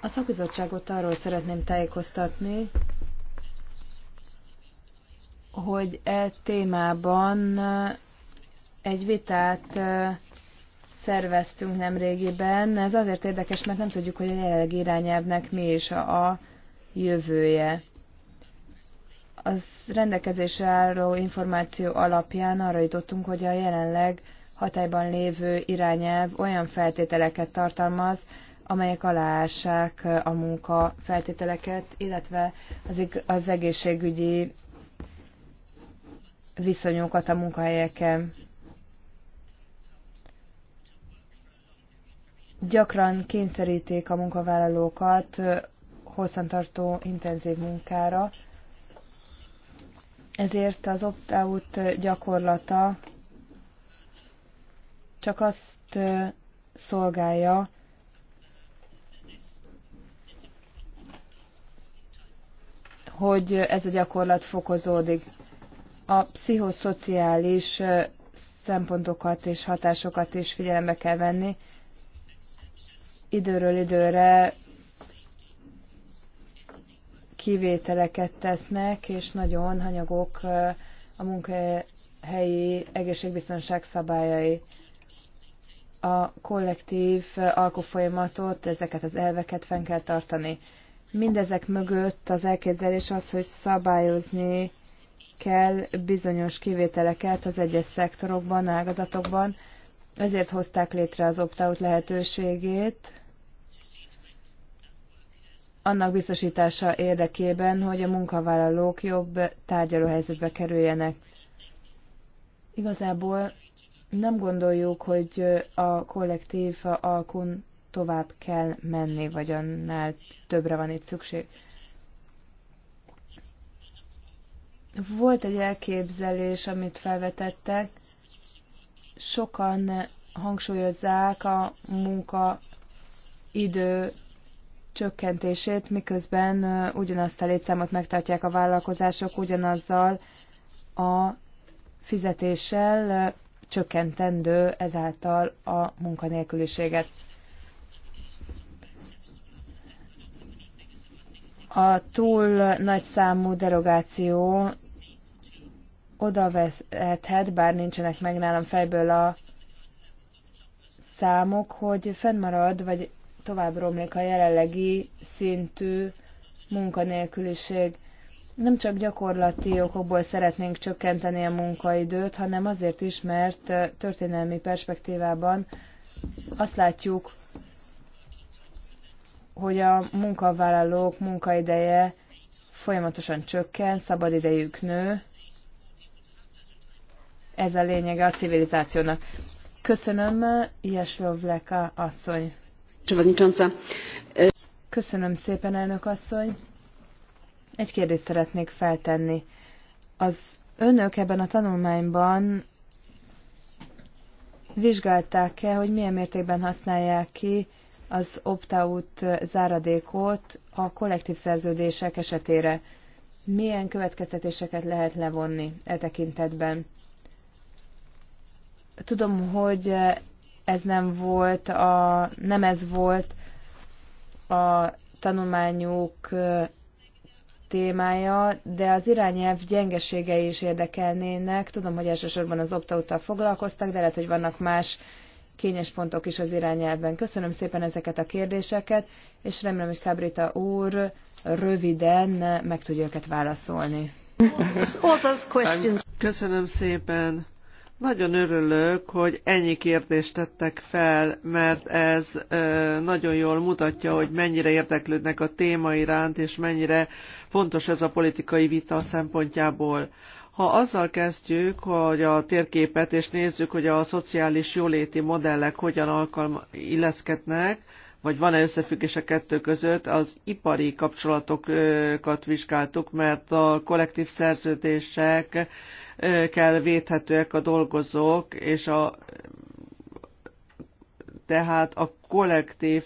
A: A szakbizottságot arról szeretném tájékoztatni, hogy e témában e, egy vitát e, szerveztünk nemrégiben. Ez azért érdekes, mert nem tudjuk, hogy a jelenlegi irányelvnek mi is a jövője. Az rendelkezésre álló információ alapján arra jutottunk, hogy a jelenleg hatályban lévő irányelv olyan feltételeket tartalmaz, amelyek aláássák a munka feltételeket, illetve az, az egészségügyi viszonyokat a munkahelyeken. Gyakran kényszeríték a munkavállalókat hosszantartó intenzív munkára, ezért az opt-out gyakorlata csak azt szolgálja, hogy ez a gyakorlat fokozódik a pszichoszociális szempontokat és hatásokat is figyelembe kell venni. Időről időre kivételeket tesznek, és nagyon hanyagok a munkahelyi egészségbiztonság szabályai. A kollektív alkofolyamatot, ezeket az elveket fenn kell tartani. Mindezek mögött az elképzelés az, hogy szabályozni kell bizonyos kivételeket az egyes szektorokban, ágazatokban, ezért hozták létre az opt-out lehetőségét, annak biztosítása érdekében, hogy a munkavállalók jobb tárgyalóhelyzetbe kerüljenek. Igazából nem gondoljuk, hogy a kollektív alkun tovább kell menni, vagy annál többre van itt szükség. Volt egy elképzelés, amit felvetettek. Sokan hangsúlyozzák a munka idő csökkentését, miközben ugyanazt a létszámot megtartják a vállalkozások ugyanazzal a fizetéssel csökkentendő ezáltal a munkanélküliséget. A túl nagy számú derogáció oda vezethet, bár nincsenek meg nálam fejből a számok, hogy fennmarad, vagy tovább romlik a jelenlegi szintű munkanélküliség. Nem csak gyakorlati okokból szeretnénk csökkenteni a munkaidőt, hanem azért is, mert történelmi perspektívában azt látjuk, hogy a munkavállalók munkaideje folyamatosan csökken, szabadidejük nő, ez a lényege a civilizációnak. Köszönöm, Leka asszony. Köszönöm szépen, elnök asszony. Egy kérdést szeretnék feltenni. Az önök ebben a tanulmányban vizsgálták-e, hogy milyen mértékben használják ki az opt-out záradékot a kollektív szerződések esetére? Milyen következtetéseket lehet levonni e tekintetben? Tudom, hogy ez nem volt a, nem ez volt a tanulmányuk témája, de az irányelv gyengeségei is érdekelnének. Tudom, hogy elsősorban az opt foglalkoztak, de lehet, hogy vannak más kényes pontok is az irányelvben. Köszönöm szépen ezeket a kérdéseket, és remélem, hogy Kábrita úr röviden meg tudja őket válaszolni.
C: Köszönöm szépen. Nagyon örülök, hogy ennyi kérdést tettek fel, mert ez nagyon jól mutatja, hogy mennyire érdeklődnek a téma iránt, és mennyire fontos ez a politikai vita szempontjából. Ha azzal kezdjük, hogy a térképet, és nézzük, hogy a szociális jóléti modellek hogyan alkalma, illeszkednek, vagy van-e összefüggés a kettő között, az ipari kapcsolatokat vizsgáltuk, mert a kollektív szerződések kell védhetőek a dolgozók, és a, tehát a kollektív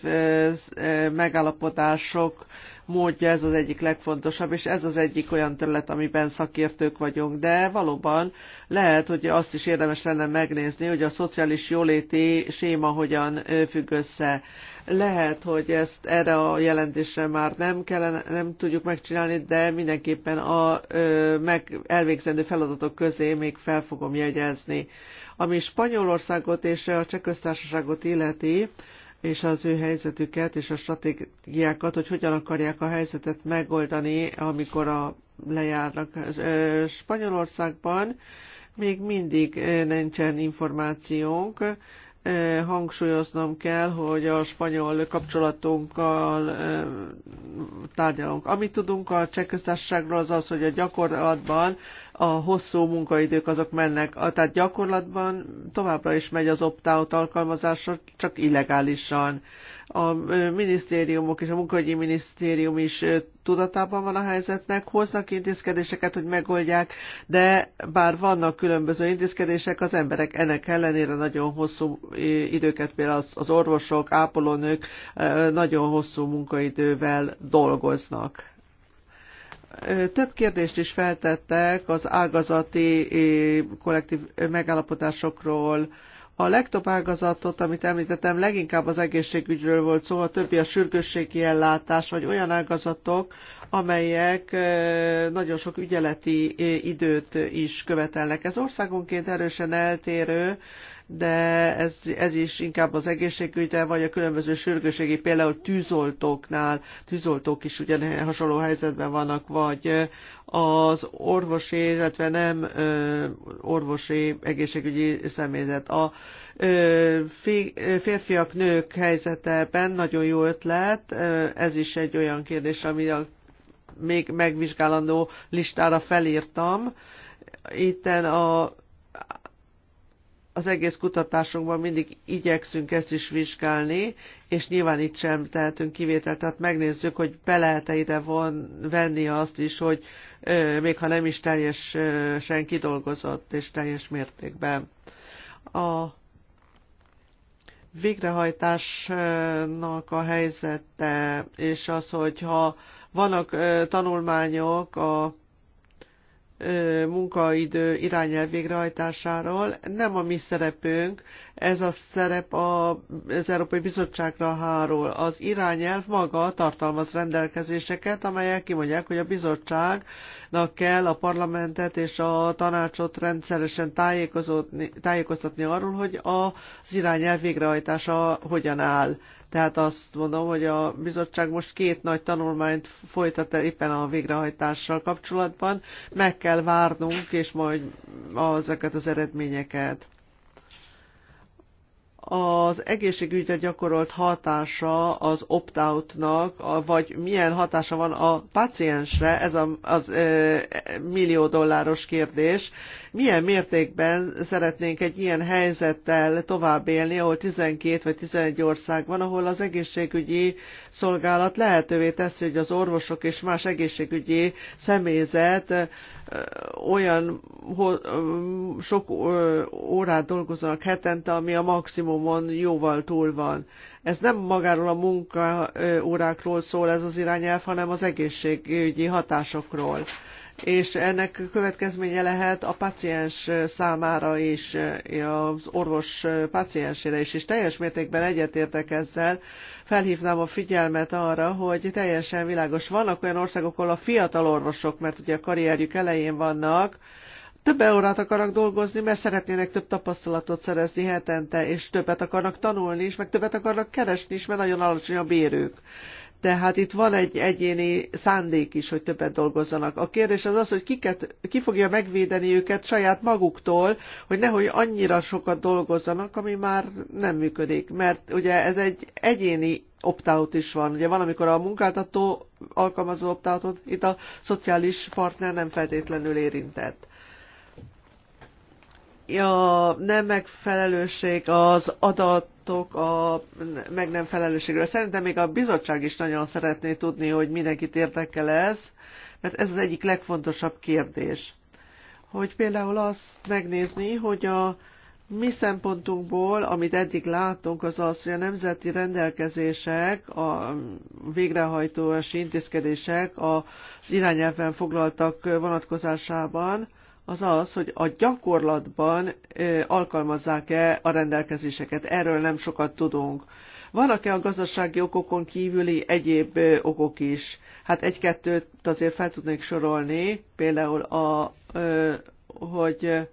C: megállapodások módja ez az egyik legfontosabb, és ez az egyik olyan terület, amiben szakértők vagyunk, de valóban lehet, hogy azt is érdemes lenne megnézni, hogy a szociális jóléti séma hogyan függ össze. Lehet, hogy ezt erre a jelentésre már nem kellene, nem tudjuk megcsinálni, de mindenképpen a ö, meg elvégzendő feladatok közé még fel fogom jegyezni. Ami Spanyolországot és a Csehköztársaságot illeti, és az ő helyzetüket és a stratégiákat, hogy hogyan akarják a helyzetet megoldani, amikor a lejárnak Spanyolországban. Még mindig nincsen információnk, hangsúlyoznom kell, hogy a spanyol kapcsolatunkkal tárgyalunk. Amit tudunk a cseh köztársaságról az az, hogy a gyakorlatban a hosszú munkaidők azok mennek, tehát gyakorlatban továbbra is megy az opt-out alkalmazásra, csak illegálisan a minisztériumok és a munkahogyi minisztérium is tudatában van a helyzetnek, hoznak intézkedéseket, hogy megoldják, de bár vannak különböző intézkedések, az emberek ennek ellenére nagyon hosszú időket, például az orvosok, ápolónők nagyon hosszú munkaidővel dolgoznak. Több kérdést is feltettek az ágazati kollektív megállapodásokról, a legtöbb ágazatot, amit említettem, leginkább az egészségügyről volt szó, a többi a sürgősségi ellátás, vagy olyan ágazatok, amelyek nagyon sok ügyeleti időt is követelnek. Ez országonként erősen eltérő, de ez, ez is inkább az egészségügyre, vagy a különböző sürgőségi, például tűzoltóknál, tűzoltók is ugyan hasonló helyzetben vannak, vagy az orvosi, illetve nem orvosi egészségügyi személyzet. A férfiak, nők helyzeteben nagyon jó ötlet, ez is egy olyan kérdés, ami a még megvizsgálandó listára felírtam. Itten a az egész kutatásunkban mindig igyekszünk ezt is vizsgálni, és nyilván itt sem tehetünk kivételt, tehát megnézzük, hogy be lehet-e ide von, venni azt is, hogy ö, még ha nem is teljesen kidolgozott és teljes mértékben. A végrehajtásnak a helyzete, és az, hogyha vannak tanulmányok a munkaidő irányelv végrehajtásáról. Nem a mi szerepünk, ez a szerep az Európai Bizottságra hárul. Az irányelv maga tartalmaz rendelkezéseket, amelyek kimondják, hogy a bizottságnak kell a parlamentet és a tanácsot rendszeresen tájékoztatni arról, hogy az irányelv végrehajtása hogyan áll. Tehát azt mondom, hogy a bizottság most két nagy tanulmányt folytat éppen a végrehajtással kapcsolatban. Meg kell várnunk, és majd ezeket az eredményeket az egészségügyre gyakorolt hatása az opt-outnak, vagy milyen hatása van a paciensre, ez a, az e, millió dolláros kérdés. Milyen mértékben szeretnénk egy ilyen helyzettel tovább élni, ahol 12 vagy 11 ország van, ahol az egészségügyi szolgálat lehetővé teszi, hogy az orvosok és más egészségügyi személyzet olyan ho, sok órát dolgoznak hetente, ami a maximum minimumon jóval túl van. Ez nem magáról a munkaórákról szól ez az irányelv, hanem az egészségügyi hatásokról. És ennek következménye lehet a paciens számára is, az orvos paciensére is, és teljes mértékben egyetértek ezzel. Felhívnám a figyelmet arra, hogy teljesen világos. Vannak olyan országok, ahol a fiatal orvosok, mert ugye a karrierjük elején vannak, több órát akarnak dolgozni, mert szeretnének több tapasztalatot szerezni hetente, és többet akarnak tanulni is, meg többet akarnak keresni is, mert nagyon alacsony a bérők. Tehát itt van egy egyéni szándék is, hogy többet dolgozzanak. A kérdés az az, hogy kiket, ki fogja megvédeni őket saját maguktól, hogy nehogy annyira sokat dolgozzanak, ami már nem működik. Mert ugye ez egy egyéni opt-out is van. Ugye van, amikor a munkáltató alkalmazó opt itt a szociális partner nem feltétlenül érintett a nem megfelelőség, az adatok, a meg nem felelősségről. Szerintem még a bizottság is nagyon szeretné tudni, hogy mindenkit érdekel ez, mert ez az egyik legfontosabb kérdés. Hogy például azt megnézni, hogy a mi szempontunkból, amit eddig látunk, az az, hogy a nemzeti rendelkezések, a végrehajtóási intézkedések az irányelven foglaltak vonatkozásában az az, hogy a gyakorlatban alkalmazzák-e a rendelkezéseket. Erről nem sokat tudunk. Vannak-e a gazdasági okokon kívüli egyéb okok is? Hát egy-kettőt azért fel tudnék sorolni, például a, hogy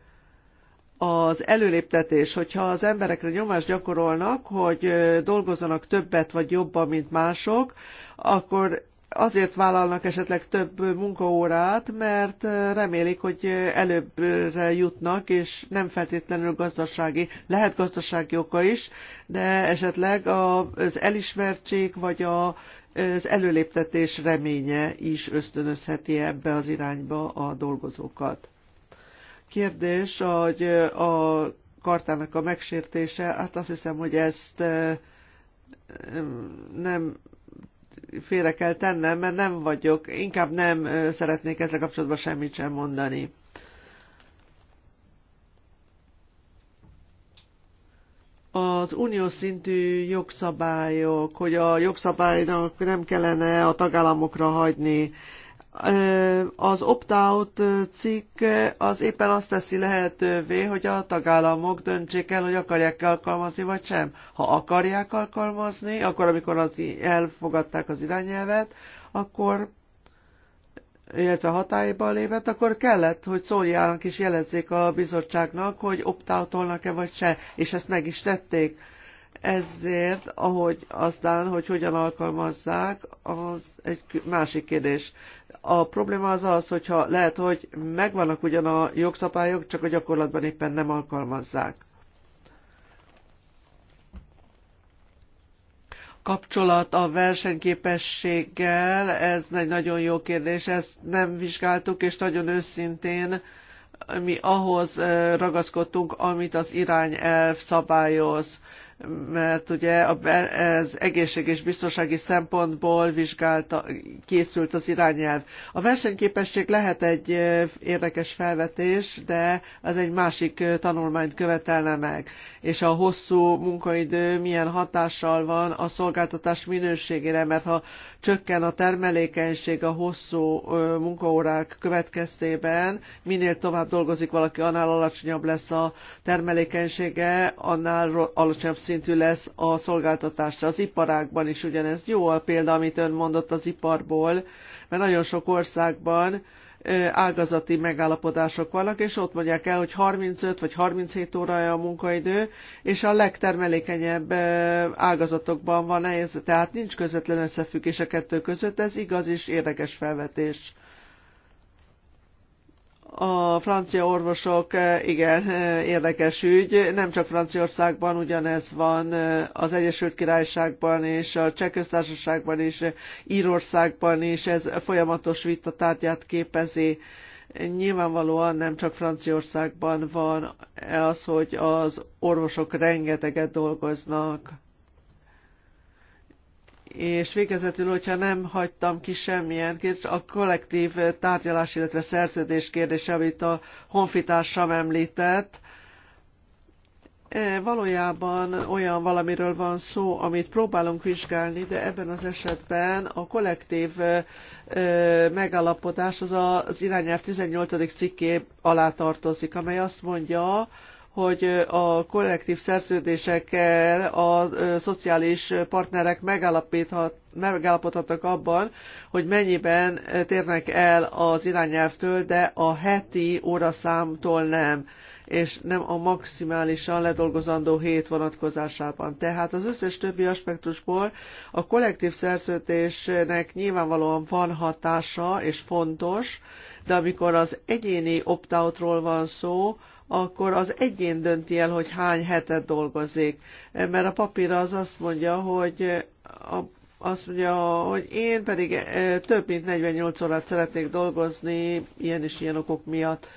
C: az előléptetés, hogyha az emberekre nyomást gyakorolnak, hogy dolgozzanak többet vagy jobban, mint mások, akkor azért vállalnak esetleg több munkaórát, mert remélik, hogy előbbre jutnak, és nem feltétlenül gazdasági, lehet gazdasági oka is, de esetleg az elismertség vagy az előléptetés reménye is ösztönözheti ebbe az irányba a dolgozókat. Kérdés, hogy a kartának a megsértése, hát azt hiszem, hogy ezt eh, nem félre kell tennem, mert nem vagyok, inkább nem szeretnék ezzel kapcsolatban semmit sem mondani. az uniós szintű jogszabályok, hogy a jogszabálynak nem kellene a tagállamokra hagyni az opt-out cikk az éppen azt teszi lehetővé, hogy a tagállamok döntsék el, hogy akarják-e alkalmazni, vagy sem. Ha akarják alkalmazni, akkor amikor az elfogadták az irányelvet, akkor illetve hatályba lépett, akkor kellett, hogy szóljanak és jelezzék a bizottságnak, hogy opt-outolnak-e vagy se, és ezt meg is tették ezért, ahogy aztán, hogy hogyan alkalmazzák, az egy másik kérdés. A probléma az az, hogyha lehet, hogy megvannak ugyan a jogszabályok, csak a gyakorlatban éppen nem alkalmazzák. kapcsolat a versenyképességgel, ez egy nagyon jó kérdés, ezt nem vizsgáltuk, és nagyon őszintén mi ahhoz ragaszkodtunk, amit az irányelv szabályoz mert ugye az egészség és biztonsági szempontból vizsgálta, készült az irányelv. A versenyképesség lehet egy érdekes felvetés, de az egy másik tanulmányt követelne meg. És a hosszú munkaidő milyen hatással van a szolgáltatás minőségére, mert ha csökken a termelékenység a hosszú munkaórák következtében, minél tovább dolgozik valaki, annál alacsonyabb lesz a termelékenysége, annál alacsonyabb szín szintű lesz a szolgáltatásra. Az iparákban is ugyanez. Jó a példa, amit ön mondott az iparból, mert nagyon sok országban ágazati megállapodások vannak, és ott mondják el, hogy 35 vagy 37 órája a munkaidő, és a legtermelékenyebb ágazatokban van ez, tehát nincs közvetlen összefüggés a kettő között, ez igaz és érdekes felvetés a francia orvosok, e, igen, e, érdekes ügy. Nem csak Franciaországban ugyanez van, e, az Egyesült Királyságban és a Cseh Köztársaságban és Írországban is ez folyamatos vita tárgyát képezi. Nyilvánvalóan nem csak Franciaországban van az, hogy az orvosok rengeteget dolgoznak és végezetül, hogyha nem hagytam ki semmilyen kérdést, a kollektív tárgyalás, illetve szerződés kérdése, amit a honfitársam említett, e, valójában olyan valamiről van szó, amit próbálunk vizsgálni, de ebben az esetben a kollektív e, e, megállapodás az az irányelv 18. cikké alá tartozik, amely azt mondja, hogy a kollektív szerződésekkel a szociális partnerek megállapíthat, megállapodhatnak abban, hogy mennyiben térnek el az irányelvtől, de a heti óraszámtól nem és nem a maximálisan ledolgozandó hét vonatkozásában. Tehát az összes többi aspektusból a kollektív szerződésnek nyilvánvalóan van hatása és fontos, de amikor az egyéni opt-outról van szó, akkor az egyén dönti el, hogy hány hetet dolgozik. Mert a papír az azt mondja, hogy a azt mondja, hogy én pedig eh, több mint 48 órát szeretnék dolgozni, ilyen és ilyen okok miatt.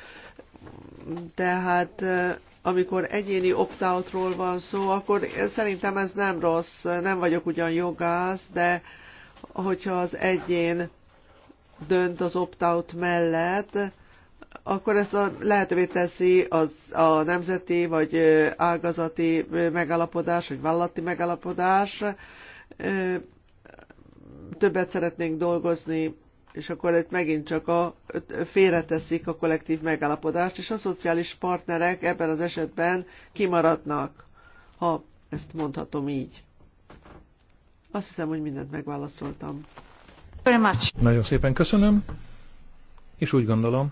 C: Tehát eh, amikor egyéni opt-outról van szó, akkor szerintem ez nem rossz. Nem vagyok ugyan jogász, de hogyha az egyén dönt az opt-out mellett, akkor ezt a, lehetővé teszi az, a nemzeti vagy ágazati megalapodás, vagy vállalati megalapodás. Többet szeretnénk dolgozni, és akkor itt megint csak a, félreteszik a kollektív megalapodást, és a szociális partnerek ebben az esetben kimaradnak, ha ezt mondhatom így. Azt hiszem, hogy mindent megválaszoltam. Very much.
D: Nagyon szépen köszönöm, és úgy gondolom,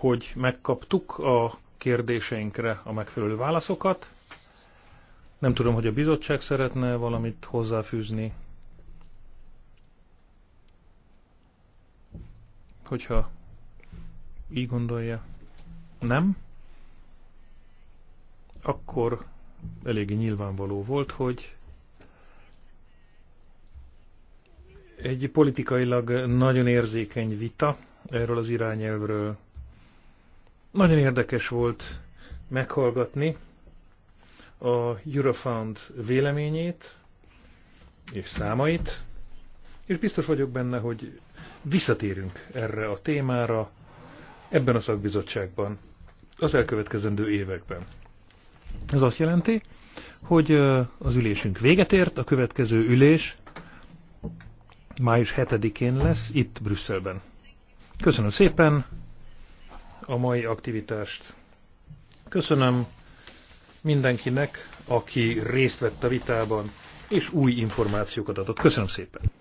D: hogy megkaptuk a kérdéseinkre a megfelelő válaszokat. Nem tudom, hogy a bizottság szeretne valamit hozzáfűzni. Hogyha így gondolja. Nem? Akkor eléggé nyilvánvaló volt, hogy egy politikailag nagyon érzékeny vita erről az irányelvről nagyon érdekes volt meghallgatni a Eurofund véleményét és számait, és biztos vagyok benne, hogy visszatérünk erre a témára ebben a szakbizottságban az elkövetkezendő években. Ez azt jelenti, hogy az ülésünk véget ért, a következő ülés május 7-én lesz itt Brüsszelben. Köszönöm szépen! a mai aktivitást. Köszönöm mindenkinek, aki részt vett a vitában, és új információkat adott. Köszönöm szépen!